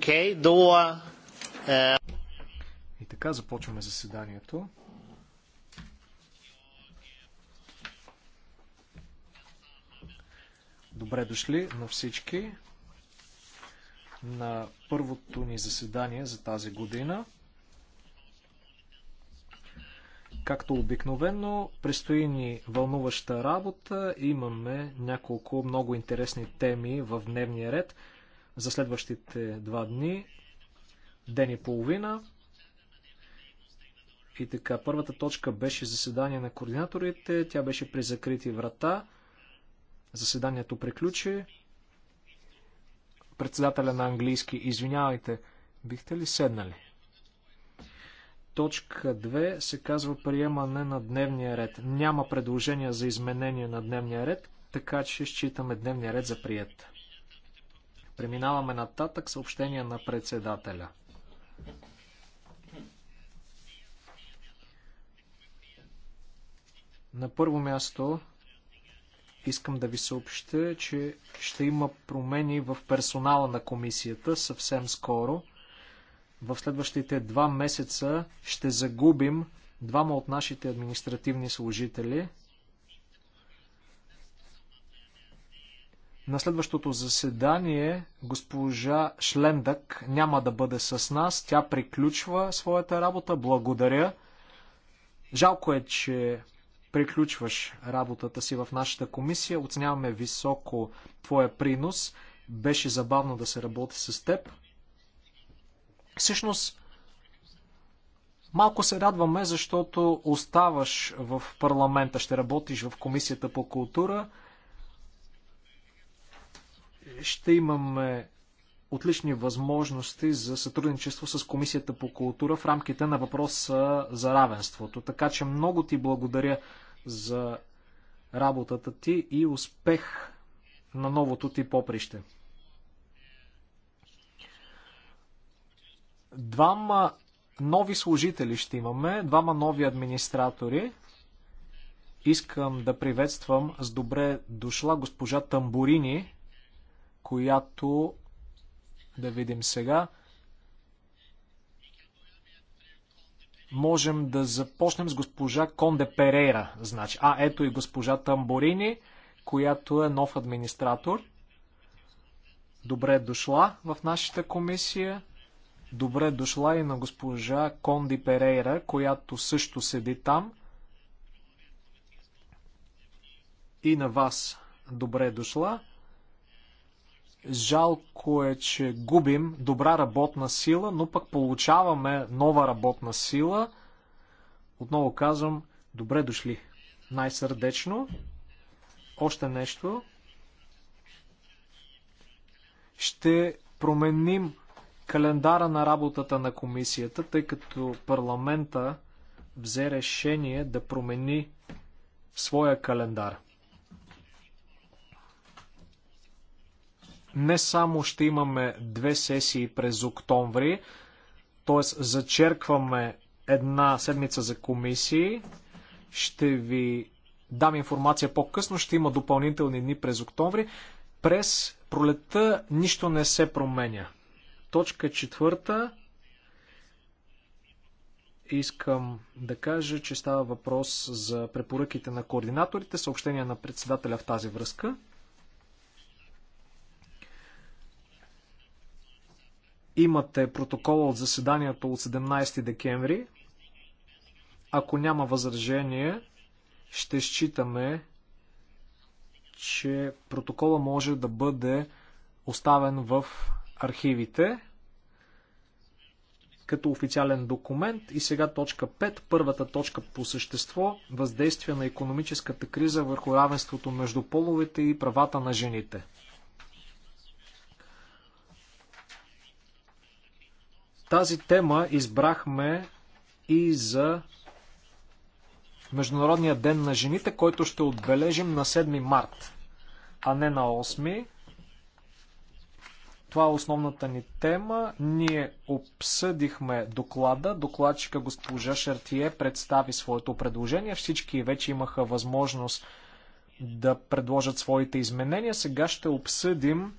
Окей, okay, до... И така започваме заседанието. Добре дошли на всички на първото ни заседание за тази година. Както обикновено, предстои ни вълнуваща работа. Имаме няколко много интересни теми в дневния ред за следващите два дни, ден и половина. И така, първата точка беше заседание на координаторите, тя беше при закрити врата. Заседанието приключи. Председателя на английски, извинявайте, бихте ли седнали? Точка 2 се казва приемане на дневния ред. Няма предложения за изменение на дневния ред, така че считаме дневния ред за прият. Преминаваме нататък съобщение на председателя. На първо място искам да ви съобща, че ще има промени в персонала на комисията съвсем скоро. В следващите два месеца ще загубим двама от нашите административни служители – На следващото заседание госпожа Шлендък няма да бъде с нас. Тя приключва своята работа. Благодаря. Жалко е, че приключваш работата си в нашата комисия. Оценяваме високо твоя принос. Беше забавно да се работи с теб. Всъщност, малко се радваме, защото оставаш в парламента, ще работиш в комисията по култура ще имаме отлични възможности за сътрудничество с Комисията по култура в рамките на въпроса за равенството. Така че много ти благодаря за работата ти и успех на новото ти поприще. Двама нови служители ще имаме, двама нови администратори. Искам да приветствам с добре дошла госпожа Тамбурини, която да видим сега. Можем да започнем с госпожа Конде Перейра. Значи. А, ето и госпожа Тамборини, която е нов администратор. Добре дошла в нашата комисия. Добре дошла и на госпожа Конди Перейра, която също седи там. И на вас добре дошла. Жалко е, че губим добра работна сила, но пък получаваме нова работна сила. Отново казвам, добре дошли. Най-сърдечно. Още нещо. Ще променим календара на работата на комисията, тъй като парламента взе решение да промени своя календар. не само ще имаме две сесии през октомври, т.е. зачеркваме една седмица за комисии, ще ви дам информация по-късно, ще има допълнителни дни през октомври. През пролета нищо не се променя. Точка четвърта. Искам да кажа, че става въпрос за препоръките на координаторите, съобщения на председателя в тази връзка. Имате протокола от заседанието от 17 декември. Ако няма възражение, ще считаме, че протокола може да бъде оставен в архивите като официален документ. И сега точка 5, първата точка по същество въздействие на економическата криза върху равенството между половете и правата на жените. Тази тема избрахме и за Международния ден на жените, който ще отбележим на 7 март, а не на 8. Това е основната ни тема. Ние обсъдихме доклада. Докладчика госпожа Шартие представи своето предложение. Всички вече имаха възможност да предложат своите изменения. Сега ще обсъдим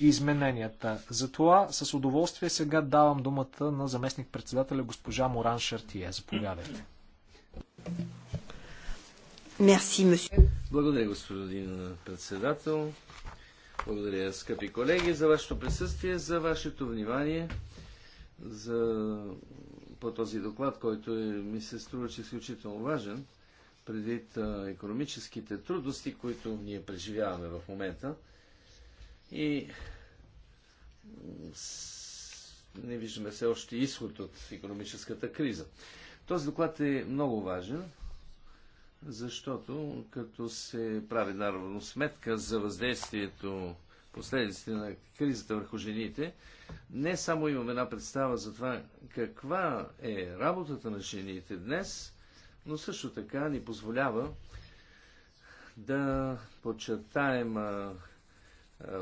измененията. Затова с удоволствие сега давам думата на заместник председателя госпожа Моран Шартие. Заповядайте. Мерси, Благодаря, господин председател. Благодаря, скъпи колеги, за вашето присъствие, за вашето внимание, за... по този доклад, който е, ми се струва, че е изключително важен, предвид а, економическите трудности, които ние преживяваме в момента. И не виждаме все още изход от економическата криза. Този доклад е много важен, защото като се прави наравно сметка за въздействието, последиците на кризата върху жените, не само имаме една представа за това каква е работата на жените днес, но също така ни позволява да подчертаем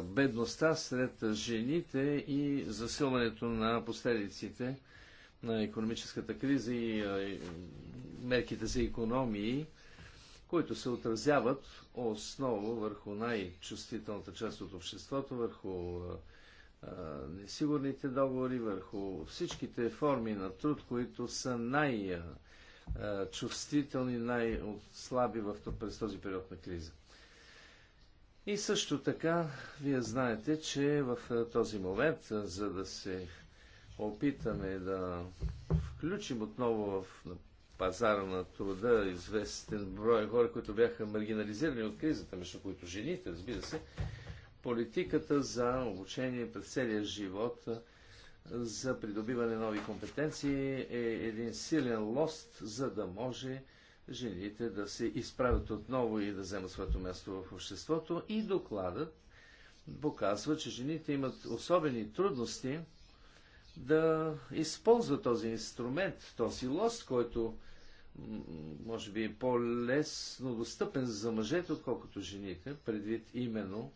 бедността сред жените и засилването на последиците на економическата криза и мерките за економии, които се отразяват основно върху най-чувствителната част от обществото, върху несигурните договори, върху всичките форми на труд, които са най- чувствителни, най-слаби през този период на криза. И също така, вие знаете, че в е, този момент, е, за да се опитаме да включим отново в пазара на труда известен брой хора, които бяха маргинализирани от кризата, между които жените, разбира се, политиката за обучение през целия живот е, за придобиване нови компетенции е един силен лост, за да може жените да се изправят отново и да вземат своето място в обществото. И докладът показва, че жените имат особени трудности да използват този инструмент, този лост, който може би е по-лесно достъпен за мъжете, отколкото жените, предвид именно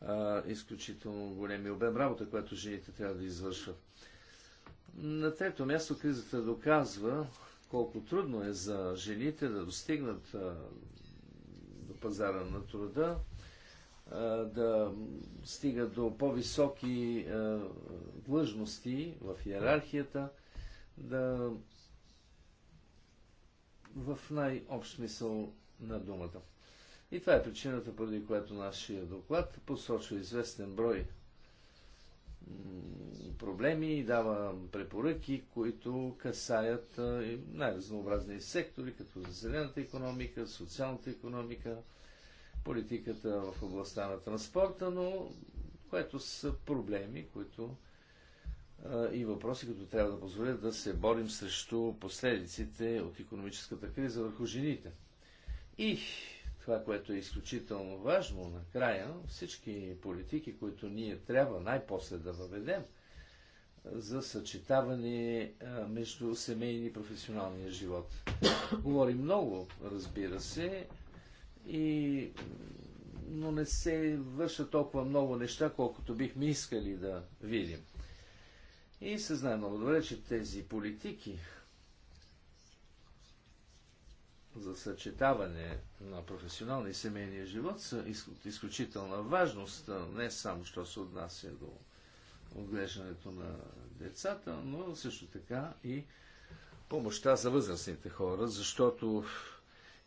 а, изключително големи обем работа, която жените трябва да извършват. На трето място кризата доказва, колко трудно е за жените да достигнат до пазара на труда, да стигат до по-високи длъжности в иерархията, да в най-общ смисъл на думата. И това е причината, поради която нашия доклад посочва известен брой проблеми и дава препоръки, които касаят най-разнообразни сектори, като зелената економика, социалната економика, политиката в областта на транспорта, но което са проблеми, които и въпроси, които трябва да позволят да се борим срещу последиците от економическата криза върху жените. И това, което е изключително важно, накрая всички политики, които ние трябва най-после да въведем за съчетаване между семейния и професионалния живот. Говори много, разбира се, и... но не се вършат толкова много неща, колкото бихме искали да видим. И се знае много добре, че тези политики, за съчетаване на професионалния и семейния живот са от изключителна важност, не само, що се отнася до отглеждането на децата, но също така и помощта за възрастните хора, защото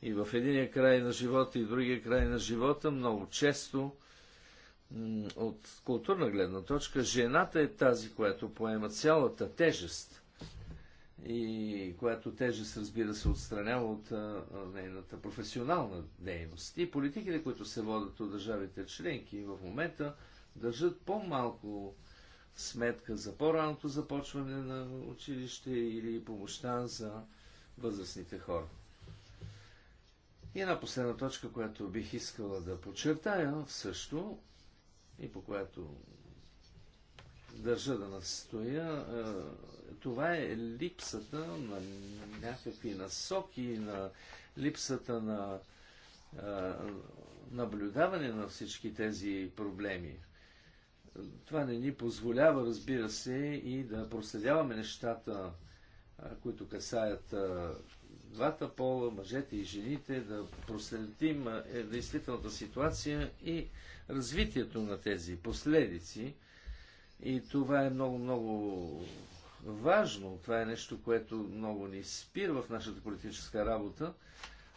и в единия край на живота и в другия край на живота много често от културна гледна точка, жената е тази, която поема цялата тежест и която тежест, разбира се, отстранява от а, нейната професионална дейност. И политиките, които се водят от държавите членки в момента, държат по-малко сметка за по-раното започване на училище или помощта за възрастните хора. И една последна точка, която бих искала да подчертая също и по която държа да настоя, това е липсата на някакви насоки, на липсата на а, наблюдаване на всички тези проблеми. Това не ни позволява, разбира се, и да проследяваме нещата, а, които касаят а, двата пола, мъжете и жените, да проследим е, действителната ситуация и развитието на тези последици. И това е много-много важно. Това е нещо, което много ни спира в нашата политическа работа,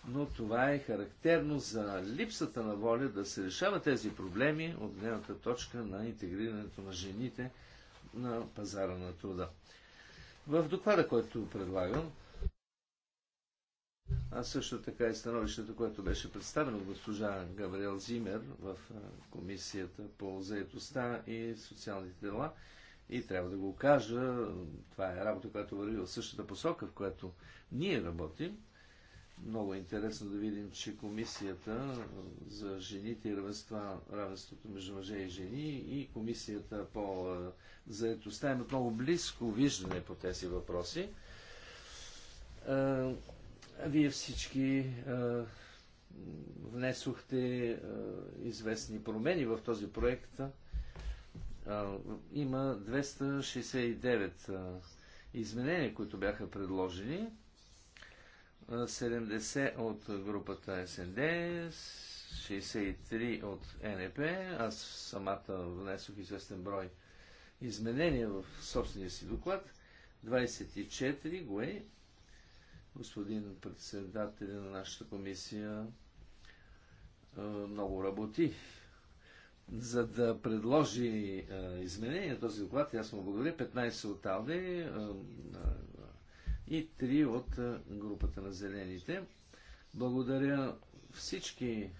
но това е характерно за липсата на воля да се решава тези проблеми от гледната точка на интегрирането на жените на пазара на труда. В доклада, който предлагам, а също така и становището, което беше представено от госпожа Габриел Зимер в Комисията по заедостта и социалните дела, и трябва да го кажа, това е работа, която върви в същата посока, в която ние работим. Много е интересно да видим, че комисията за жените и равенства, равенството между мъже и жени и комисията по заедостта имат много близко виждане по тези въпроси. Вие всички внесохте известни промени в този проект има 269 изменения, които бяха предложени. 70 от групата СНД, 63 от НП. Аз самата внесох известен брой изменения в собствения си доклад. 24 го е господин председател на нашата комисия много работи за да предложи а, е, изменение на този доклад. Аз му благодаря. 15 от АЛДЕ е, е, и 3 от а, групата на зелените. Благодаря всички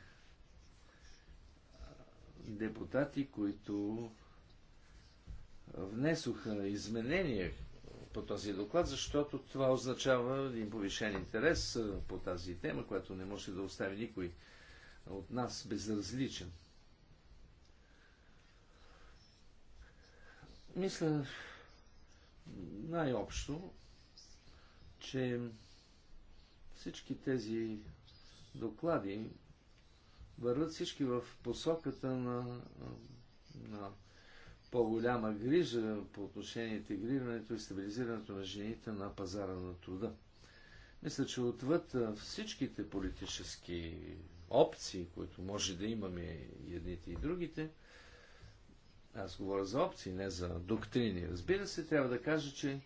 депутати, които внесоха изменения по този доклад, защото това означава един повишен интерес по тази тема, която не може да остави никой от нас безразличен. Мисля най-общо, че всички тези доклади върват всички в посоката на, на по-голяма грижа по отношение интегрирането и стабилизирането на жените на пазара на труда. Мисля, че отвъд всичките политически опции, които може да имаме и едните и другите, аз говоря за опции, не за доктрини. Разбира се, трябва да кажа, че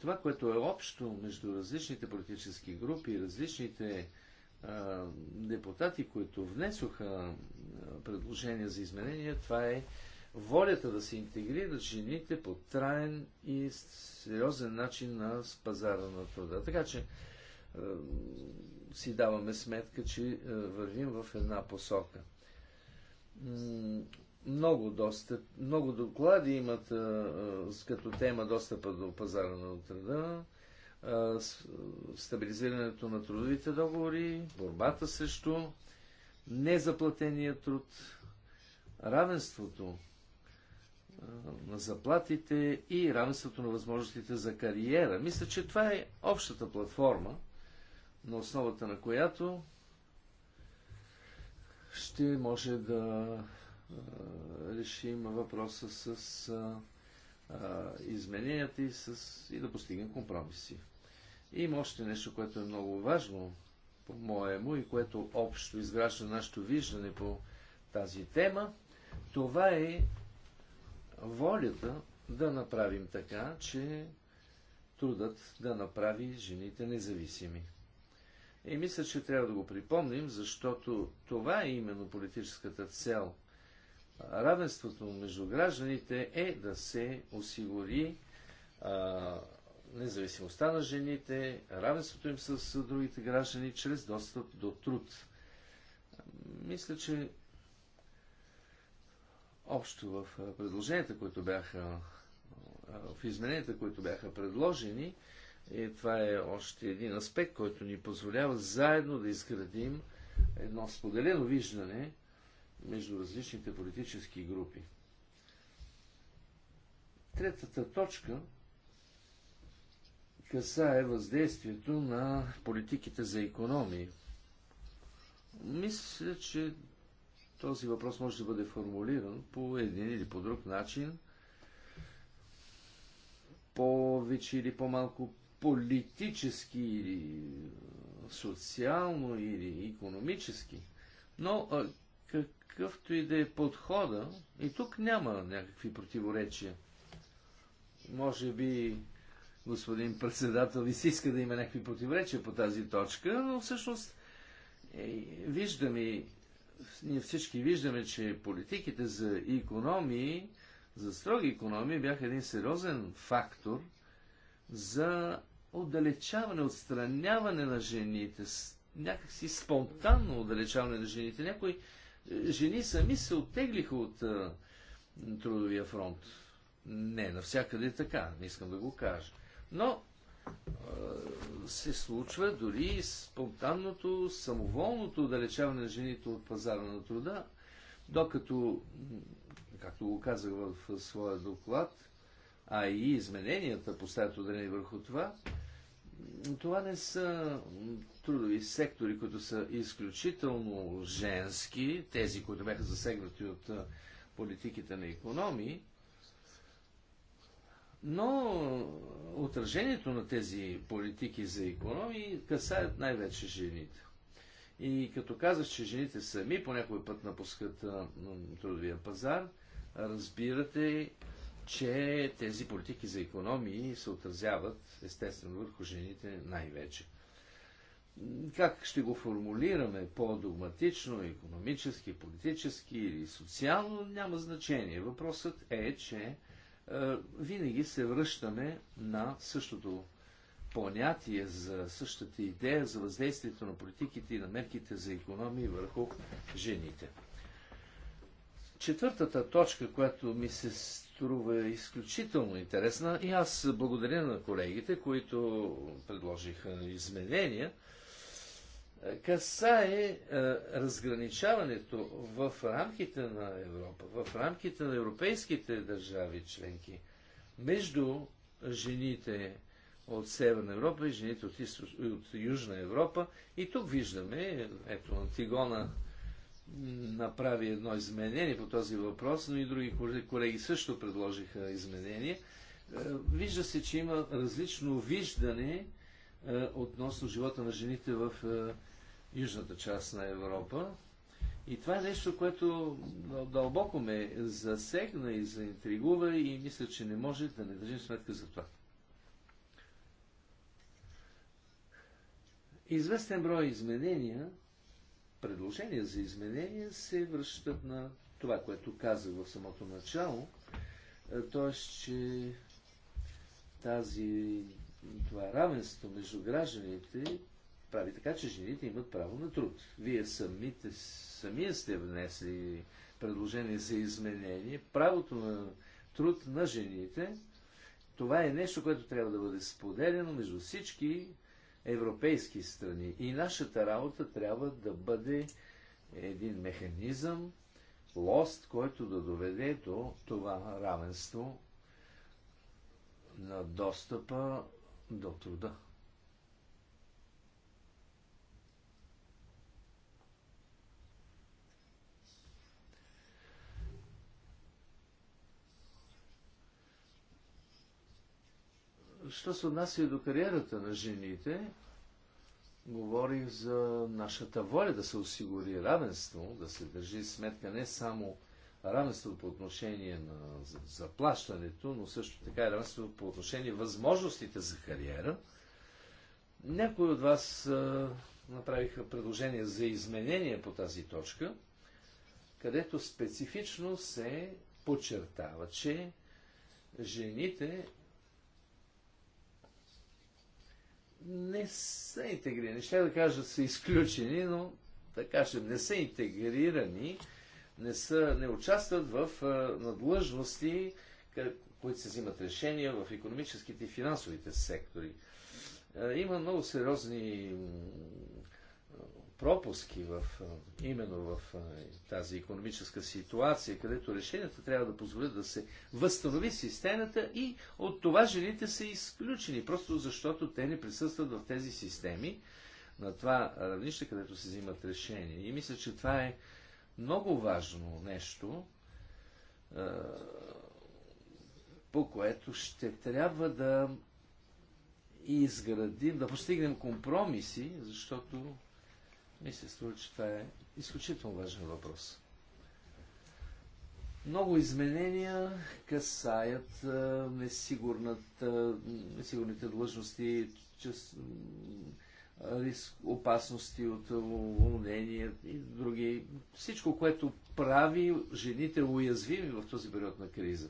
това, което е общо между различните политически групи, и различните а, депутати, които внесоха а, предложения за изменения, това е волята да се интегрират жените по траен и сериозен начин на пазара на труда. Така че а, си даваме сметка, че а, вървим в една посока много, доста, много доклади имат а, с като тема достъпа до пазара на труда, стабилизирането на трудовите договори, борбата срещу незаплатения труд, равенството а, на заплатите и равенството на възможностите за кариера. Мисля, че това е общата платформа, на основата на която ще може да е, решим въпроса с а, а, измененията и, с, и да постигнем компромиси. И има още нещо, което е много важно, по-моему, и което общо изгражда нашето виждане по тази тема. Това е волята да направим така, че трудът да направи жените независими. И мисля, че трябва да го припомним, защото това е именно политическата цел равенството между гражданите е да се осигури независимостта на жените, равенството им с другите граждани чрез достъп до труд. Мисля, че общо в предложенията, които бяха в измененията, които бяха предложени, и е, това е още един аспект, който ни позволява заедно да изградим едно споделено виждане между различните политически групи. Третата точка касае въздействието на политиките за економии. Мисля, че този въпрос може да бъде формулиран по един или по друг начин, повече или по-малко политически или социално или економически. Но какъвто и да е подхода, и тук няма някакви противоречия. Може би, господин председател, ви се иска да има някакви противоречия по тази точка, но всъщност е, виждаме, ние всички виждаме, че политиките за економии, за строги економии бяха един сериозен фактор за отдалечаване, отстраняване на жените, някакси спонтанно отдалечаване на жените. Някой, жени сами се оттеглиха от а, трудовия фронт. Не, навсякъде е така, не искам да го кажа. Но а, се случва дори спонтанното, самоволното отдалечаване на жените от пазара на труда, докато, както го казах в своя доклад, а и измененията поставят ударение върху това, това не са трудови сектори, които са изключително женски, тези, които бяха засегнати от политиките на економии, но отражението на тези политики за економии касаят най-вече жените. И като казах, че жените сами по някой път напускат трудовия пазар, разбирате, че тези политики за економии се отразяват естествено върху жените най-вече как ще го формулираме по-догматично, економически, политически или социално, няма значение. Въпросът е, че е, винаги се връщаме на същото понятие, за същата идея за въздействието на политиките и на мерките за економии върху жените. Четвъртата точка, която ми се струва изключително интересна, и аз благодаря на колегите, които предложиха изменения – касае е, разграничаването в рамките на Европа, в рамките на европейските държави членки, между жените от Северна Европа и жените от, Исто... от Южна Европа. И тук виждаме, ето Антигона направи едно изменение по този въпрос, но и други колеги също предложиха изменение. Е, вижда се, че има различно виждане е, относно живота на жените в южната част на Европа. И това е нещо, което дълбоко ме засегна и заинтригува и мисля, че не може да не държим сметка за това. Известен брой изменения, предложения за изменения се връщат на това, което казах в самото начало, т.е. че тази, това равенство между гражданите прави така, че жените имат право на труд. Вие самите, самия сте внесли предложение за изменение. Правото на труд на жените, това е нещо, което трябва да бъде споделено между всички европейски страни. И нашата работа трябва да бъде един механизъм, лост, който да доведе до това равенство на достъпа до труда. Що се отнася и до кариерата на жените, говорих за нашата воля да се осигури равенство, да се държи сметка не само равенство по отношение на заплащането, но също така и равенство по отношение възможностите за кариера. Някои от вас направиха предложение за изменение по тази точка, където специфично се подчертава, че жените не са интегрирани. Ще да кажа, са изключени, но да кажем, не са интегрирани, не, са, не участват в надлъжности, които се взимат решения в економическите и финансовите сектори. Има много сериозни пропуски в, именно в тази економическа ситуация, където решенията трябва да позволят да се възстанови системата и от това жените са изключени, просто защото те не присъстват в тези системи на това равнище, където се взимат решения. И мисля, че това е много важно нещо, по което ще трябва да изградим, да постигнем компромиси, защото ми се струва, че това е изключително важен въпрос. Много изменения касаят несигурните длъжности, чест, риск, опасности от уволнение и други. Всичко, което прави жените уязвими в този период на криза.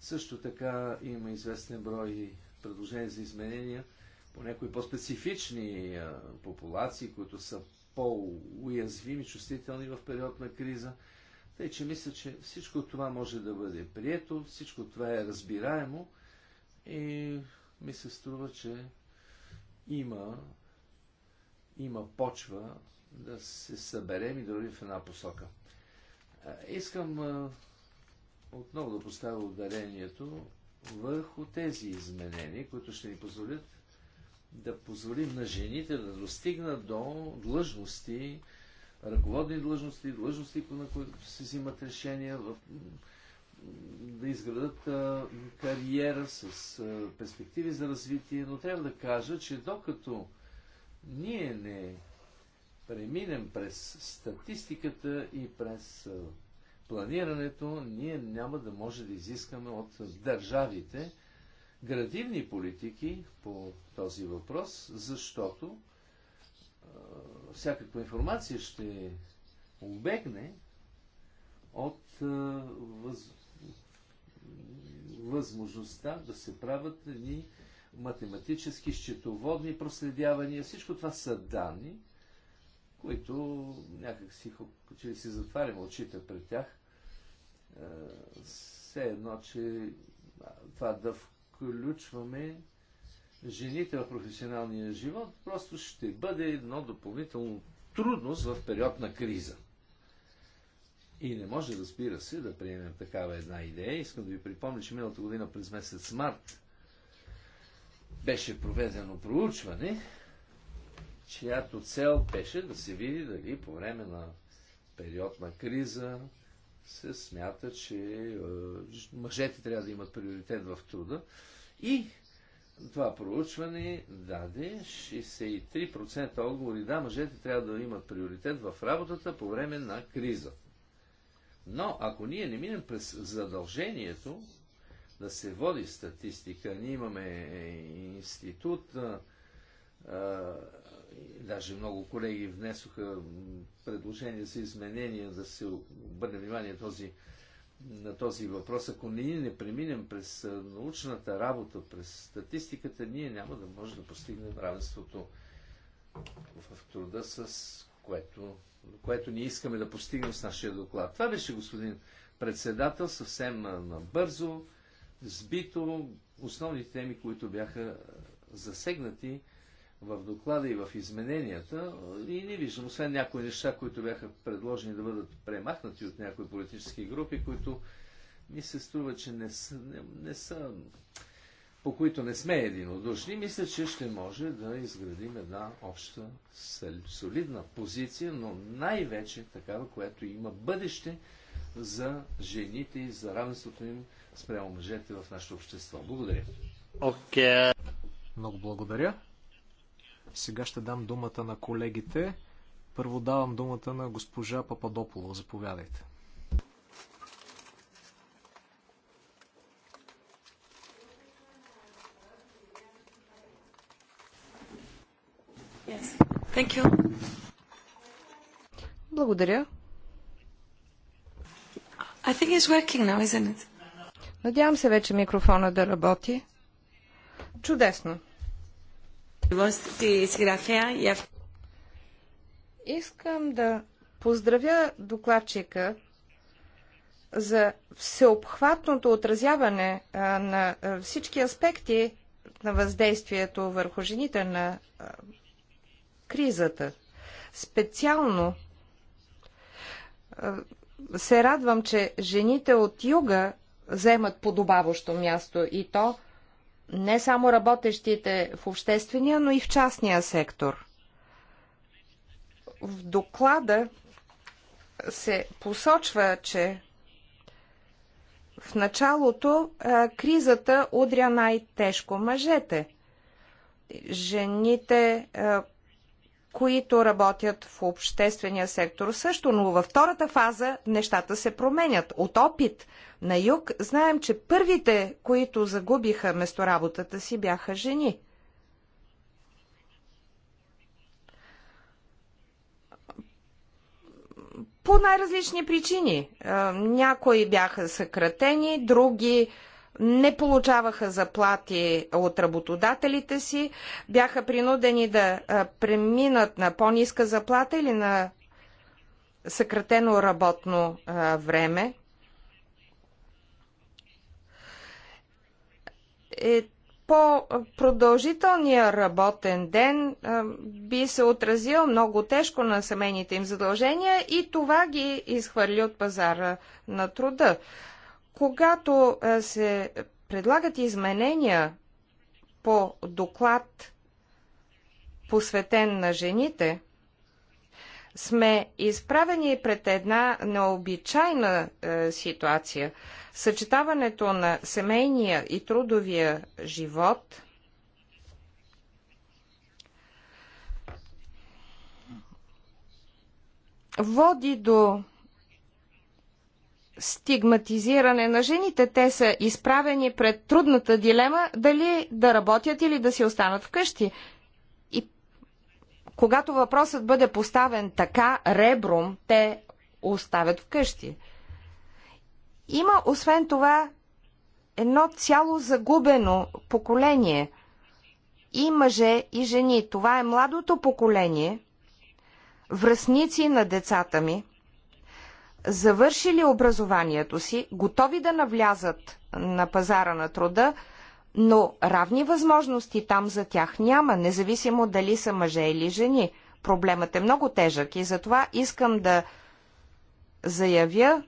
Също така има известен брой предложения за изменения по някои по-специфични популации, които са по-уязвими, чувствителни в период на криза. Тъй, че мисля, че всичко това може да бъде прието, всичко това е разбираемо и ми се струва, че има, има почва да се съберем и да вървим в една посока. Искам отново да поставя ударението върху тези изменения, които ще ни позволят да позволим на жените да достигнат до длъжности, ръководни длъжности, длъжности, на които се взимат решения, в, да изградат а, кариера с а, перспективи за развитие, но трябва да кажа, че докато ние не преминем през статистиката и през а, планирането, ние няма да може да изискаме от държавите градивни политики по този въпрос, защото всякаква информация ще обегне от въз... възможността да се правят едни математически, счетоводни проследявания. Всичко това са данни, които някак си, че си затваряме очите пред тях. Все едно, че това да включваме жените в професионалния живот, просто ще бъде едно допълнително трудност в период на криза. И не може, разбира се, да приемем такава една идея. Искам да ви припомня, че миналата година през месец март беше проведено проучване, чиято цел беше да се види дали по време на период на криза се смята, че е, мъжете трябва да имат приоритет в труда. И това проучване даде 63% отговори. Да, мъжете трябва да имат приоритет в работата по време на криза. Но ако ние не минем през задължението да се води статистика, ние имаме институт, е, е, даже много колеги внесоха предложения за изменения да се обърне внимание този, на този въпрос. Ако ние не преминем през научната работа, през статистиката, ние няма да можем да постигнем равенството в труда, с което, което ние искаме да постигнем с нашия доклад. Това беше, господин председател, съвсем набързо, сбито, основни теми, които бяха засегнати в доклада и в измененията и не виждам, освен някои неща, които бяха предложени да бъдат премахнати от някои политически групи, които ми се струва, че не са, не, не са по които не сме единодушни, мисля, че ще може да изградим една обща солидна позиция, но най-вече такава, която има бъдеще за жените и за равенството им спрямо мъжете в нашето общество. Благодаря. Okay. Много благодаря. Сега ще дам думата на колегите. Първо давам думата на госпожа Пападополо. Заповядайте. Yes. Благодаря. I think it's working now, isn't it? Надявам се вече микрофона да работи. Чудесно. Искам да поздравя докладчика за всеобхватното отразяване на всички аспекти на въздействието върху жените на кризата. Специално се радвам, че жените от юга вземат подобаващо място и то не само работещите в обществения, но и в частния сектор. В доклада се посочва, че в началото а, кризата удря най-тежко мъжете. Жените а, които работят в обществения сектор също, но във втората фаза нещата се променят. От опит на юг знаем, че първите, които загубиха местоработата си, бяха жени. По най-различни причини. Е, някои бяха съкратени, други не получаваха заплати от работодателите си, бяха принудени да преминат на по-ниска заплата или на съкратено работно време. Е, по-продължителния работен ден би се отразил много тежко на семейните им задължения и това ги изхвърли от пазара на труда. Когато е, се предлагат изменения по доклад, посветен на жените, сме изправени пред една необичайна е, ситуация. Съчетаването на семейния и трудовия живот води до стигматизиране на жените. Те са изправени пред трудната дилема дали да работят или да си останат вкъщи. И когато въпросът бъде поставен така, ребром, те оставят вкъщи. Има, освен това, едно цяло загубено поколение. И мъже, и жени. Това е младото поколение, връзници на децата ми – завършили образованието си, готови да навлязат на пазара на труда, но равни възможности там за тях няма, независимо дали са мъже или жени. Проблемът е много тежък и затова искам да заявя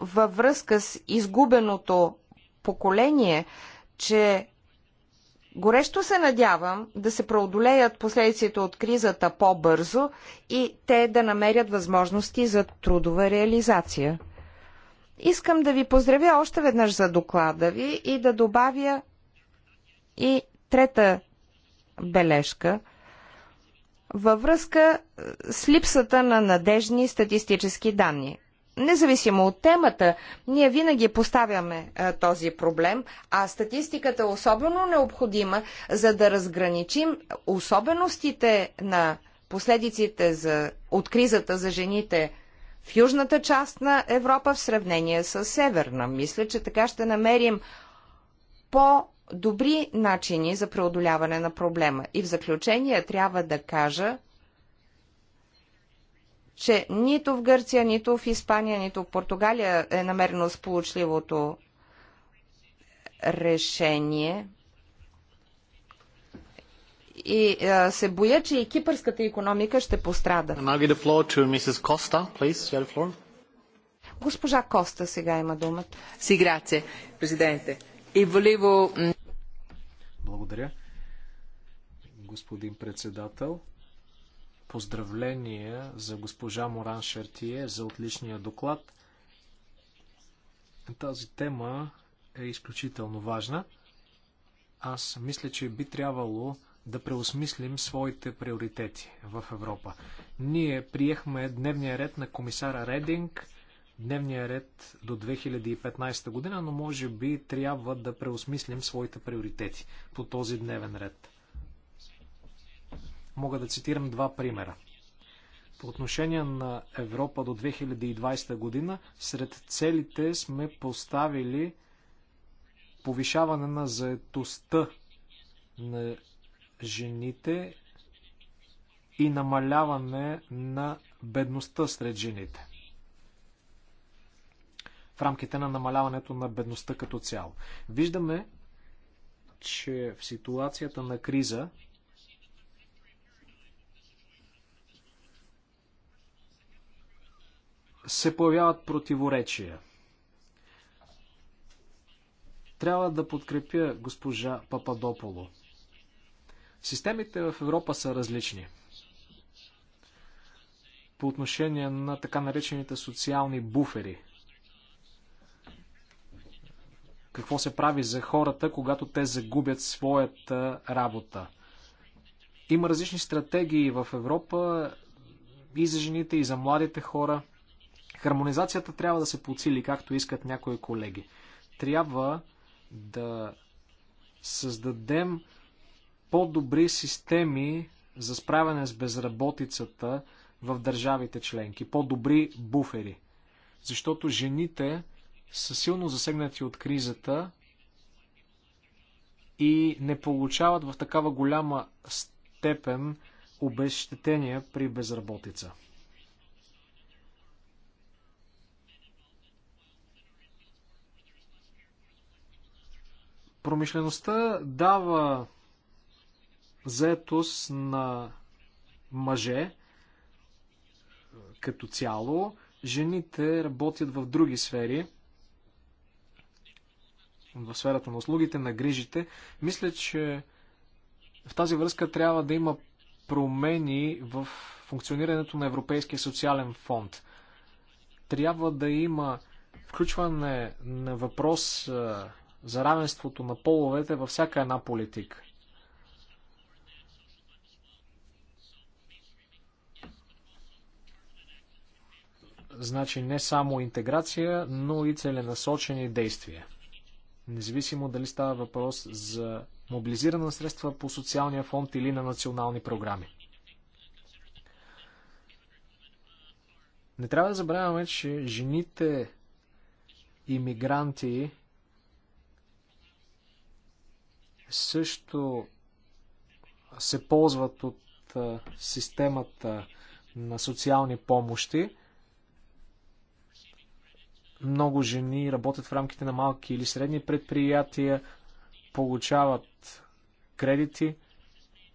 във връзка с изгубеното поколение, че Горещо се надявам да се преодолеят последиците от кризата по-бързо и те да намерят възможности за трудова реализация. Искам да ви поздравя още веднъж за доклада ви и да добавя и трета бележка във връзка с липсата на надежни статистически данни. Независимо от темата, ние винаги поставяме а, е, този проблем, а статистиката е особено необходима, за да разграничим особеностите на последиците за, от кризата за жените в южната част на Европа в сравнение с северна. Мисля, че така ще намерим по-добри начини за преодоляване на проблема. И в заключение трябва да кажа, че нито в Гърция, нито в Испания, нито в Португалия е намерено сполучливото решение. И а, се боя, че и кипърската економика ще пострада. Госпожа Коста сега има думата. Си, грация, президенте. И воливо... Благодаря, господин председател. Поздравления за госпожа Моран Шартие за отличния доклад. Тази тема е изключително важна. Аз мисля, че би трябвало да преосмислим своите приоритети в Европа. Ние приехме дневния ред на комисара Рединг, дневния ред до 2015 година, но може би трябва да преосмислим своите приоритети по този дневен ред. Мога да цитирам два примера. По отношение на Европа до 2020 година, сред целите сме поставили повишаване на заетостта на жените и намаляване на бедността сред жените. В рамките на намаляването на бедността като цяло. Виждаме, че в ситуацията на криза се появяват противоречия. Трябва да подкрепя госпожа Пападополо. Системите в Европа са различни. По отношение на така наречените социални буфери. Какво се прави за хората, когато те загубят своята работа? Има различни стратегии в Европа и за жените, и за младите хора – Хармонизацията трябва да се подсили, както искат някои колеги. Трябва да създадем по-добри системи за справяне с безработицата в държавите членки, по-добри буфери. Защото жените са силно засегнати от кризата и не получават в такава голяма степен обещетения при безработица. Промишлеността дава заетост на мъже като цяло. Жените работят в други сфери, в сферата на услугите, на грижите. Мисля, че в тази връзка трябва да има промени в функционирането на Европейския социален фонд. Трябва да има включване на въпрос за равенството на половете във всяка една политика. Значи не само интеграция, но и целенасочени действия. Независимо дали става въпрос за мобилизирана средства по социалния фонд или на национални програми. Не трябва да забравяме, че жените иммигранти също се ползват от системата на социални помощи. Много жени работят в рамките на малки или средни предприятия, получават кредити.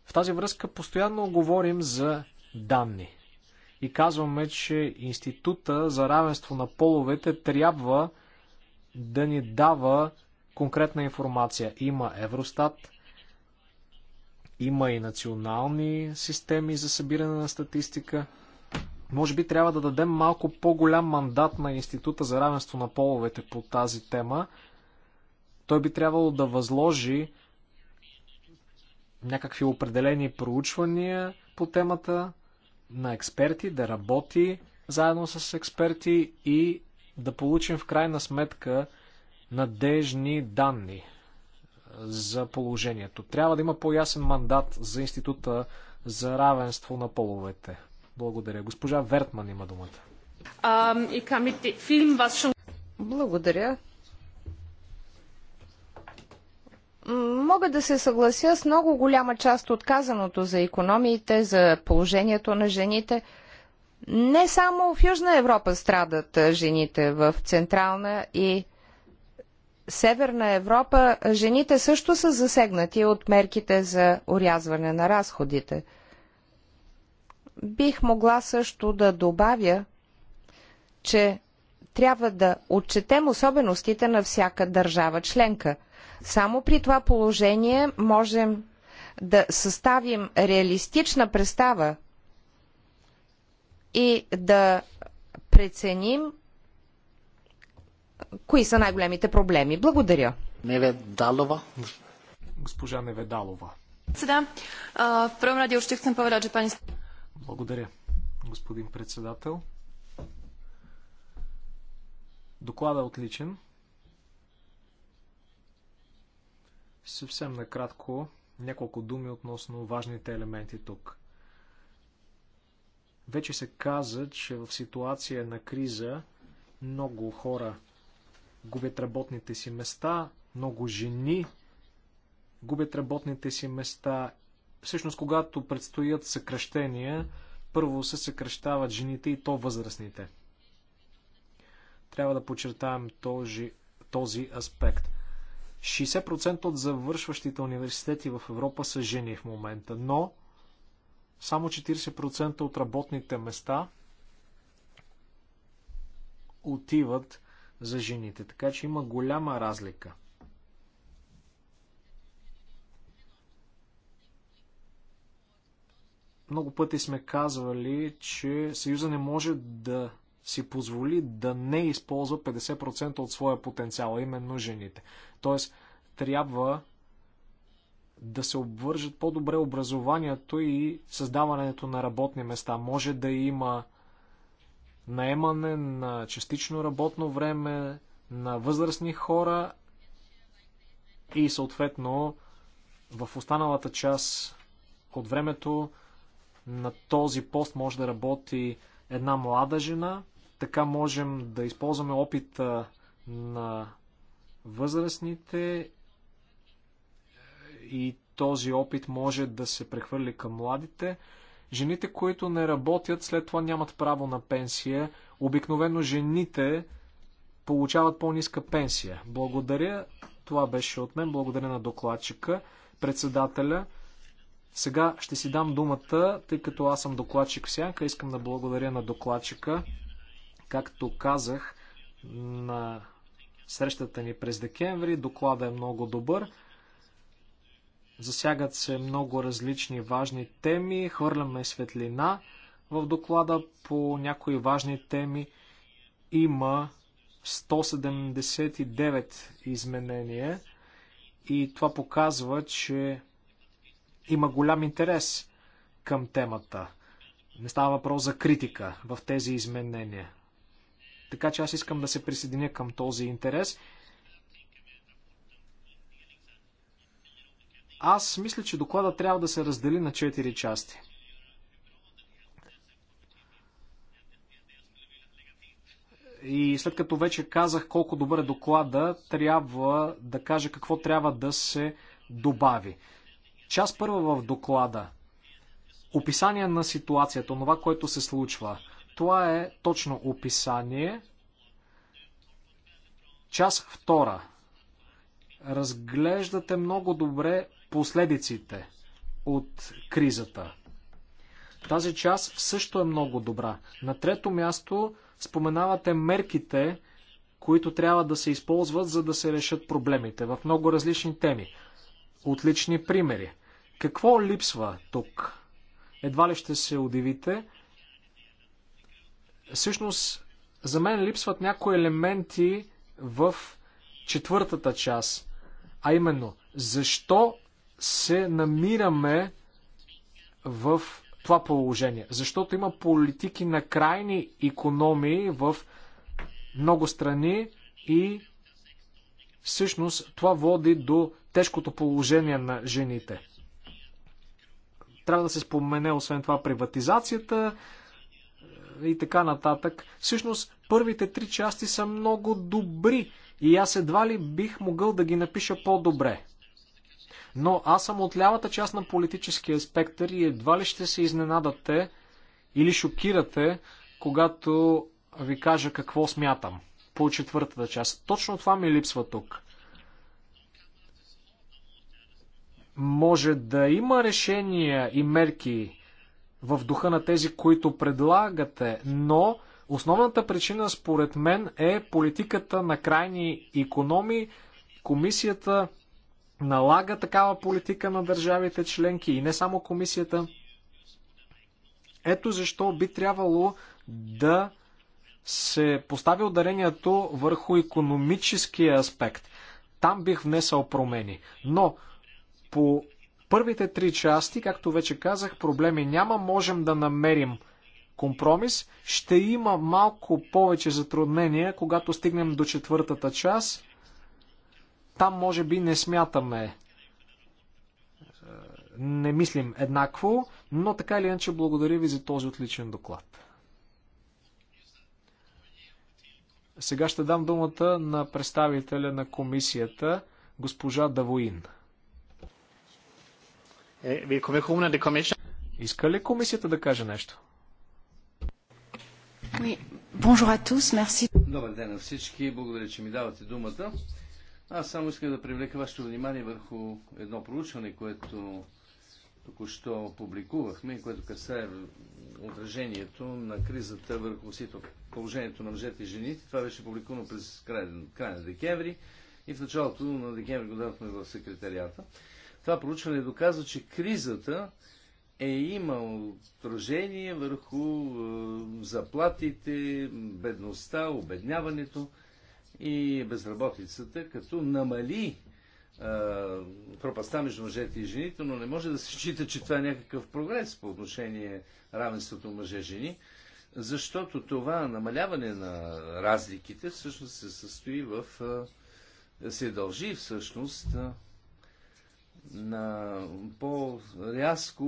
В тази връзка постоянно говорим за данни. И казваме, че Института за равенство на половете трябва да ни дава конкретна информация. Има Евростат, има и национални системи за събиране на статистика. Може би трябва да дадем малко по-голям мандат на Института за равенство на половете по тази тема. Той би трябвало да възложи някакви определени проучвания по темата на експерти, да работи заедно с експерти и да получим в крайна сметка надежни данни за положението. Трябва да има по-ясен мандат за Института за равенство на половете. Благодаря. Госпожа Вертман има думата. Благодаря. Мога да се съглася с много голяма част от казаното за економиите, за положението на жените. Не само в Южна Европа страдат жените, в Централна и Северна Европа жените също са засегнати от мерките за урязване на разходите. Бих могла също да добавя, че трябва да отчетем особеностите на всяка държава членка. Само при това положение можем да съставим реалистична представа и да преценим кои са най-големите проблеми. Благодаря. Неведалова. Госпожа Неведалова. Седа, в първом ради още съм поведа, че пани... Благодаря, господин председател. Доклада е отличен. Съвсем накратко няколко думи относно важните елементи тук. Вече се каза, че в ситуация на криза много хора губят работните си места, много жени губят работните си места. Всъщност, когато предстоят съкръщения, първо се съкръщават жените и то възрастните. Трябва да подчертаем този, този аспект. 60% от завършващите университети в Европа са жени в момента, но само 40% от работните места отиват за жените. Така че има голяма разлика. Много пъти сме казвали, че Съюза не може да си позволи да не използва 50% от своя потенциал, именно жените. Тоест, трябва да се обвържат по-добре образованието и създаването на работни места. Може да има наемане, на частично работно време, на възрастни хора и съответно в останалата част от времето на този пост може да работи една млада жена. Така можем да използваме опита на възрастните и този опит може да се прехвърли към младите. Жените, които не работят, след това нямат право на пенсия. Обикновено жените получават по-ниска пенсия. Благодаря. Това беше от мен. Благодаря на докладчика, председателя. Сега ще си дам думата, тъй като аз съм докладчик в сянка. Искам да благодаря на докладчика. Както казах на срещата ни през декември, доклада е много добър. Засягат се много различни важни теми, хвърляме светлина в доклада по някои важни теми. Има 179 изменения и това показва, че има голям интерес към темата. Не става въпрос за критика в тези изменения. Така че аз искам да се присъединя към този интерес Аз мисля, че доклада трябва да се раздели на 4 части. И след като вече казах колко добър е доклада, трябва да кажа какво трябва да се добави. Част първа в доклада. Описание на ситуацията, това, което се случва. Това е точно описание. Част втора. Разглеждате много добре последиците от кризата. Тази част също е много добра. На трето място споменавате мерките, които трябва да се използват, за да се решат проблемите в много различни теми. Отлични примери. Какво липсва тук? Едва ли ще се удивите. Всъщност, за мен липсват някои елементи в четвъртата част. А именно, защо се намираме в това положение. Защото има политики на крайни економии в много страни и всъщност това води до тежкото положение на жените. Трябва да се спомене освен това приватизацията е, и така нататък. Всъщност първите три части са много добри и аз едва ли бих могъл да ги напиша по-добре. Но аз съм от лявата част на политическия спектър и едва ли ще се изненадате или шокирате, когато ви кажа какво смятам по четвъртата част. Точно това ми липсва тук. Може да има решения и мерки в духа на тези, които предлагате, но основната причина според мен е политиката на крайни економи, Комисията налага такава политика на държавите членки и не само комисията. Ето защо би трябвало да се постави ударението върху економическия аспект. Там бих внесъл промени. Но по първите три части, както вече казах, проблеми няма. Можем да намерим компромис. Ще има малко повече затруднения, когато стигнем до четвъртата част. Там може би не смятаме, е, не мислим еднакво, но така или иначе благодаря ви за този отличен доклад. Сега ще дам думата на представителя на комисията, госпожа Давоин. Е, е Иска ли комисията да каже нещо? Добър ден на всички. Благодаря, че ми давате думата. Аз само искам да привлека вашето внимание върху едно проучване, което току-що публикувахме, което касае отражението на кризата върху положението на мъжете и жените. Това беше публикувано през края, край на декември и в началото на декември го дадохме в секретарията. Това проучване доказва, че кризата е имал отражение върху е, заплатите, бедността, обедняването – и безработицата, като намали пропаста между мъжете и жените, но не може да се счита, че това е някакъв прогрес по отношение равенството мъже-жени, защото това намаляване на разликите всъщност се състои в... се дължи всъщност на по-рязко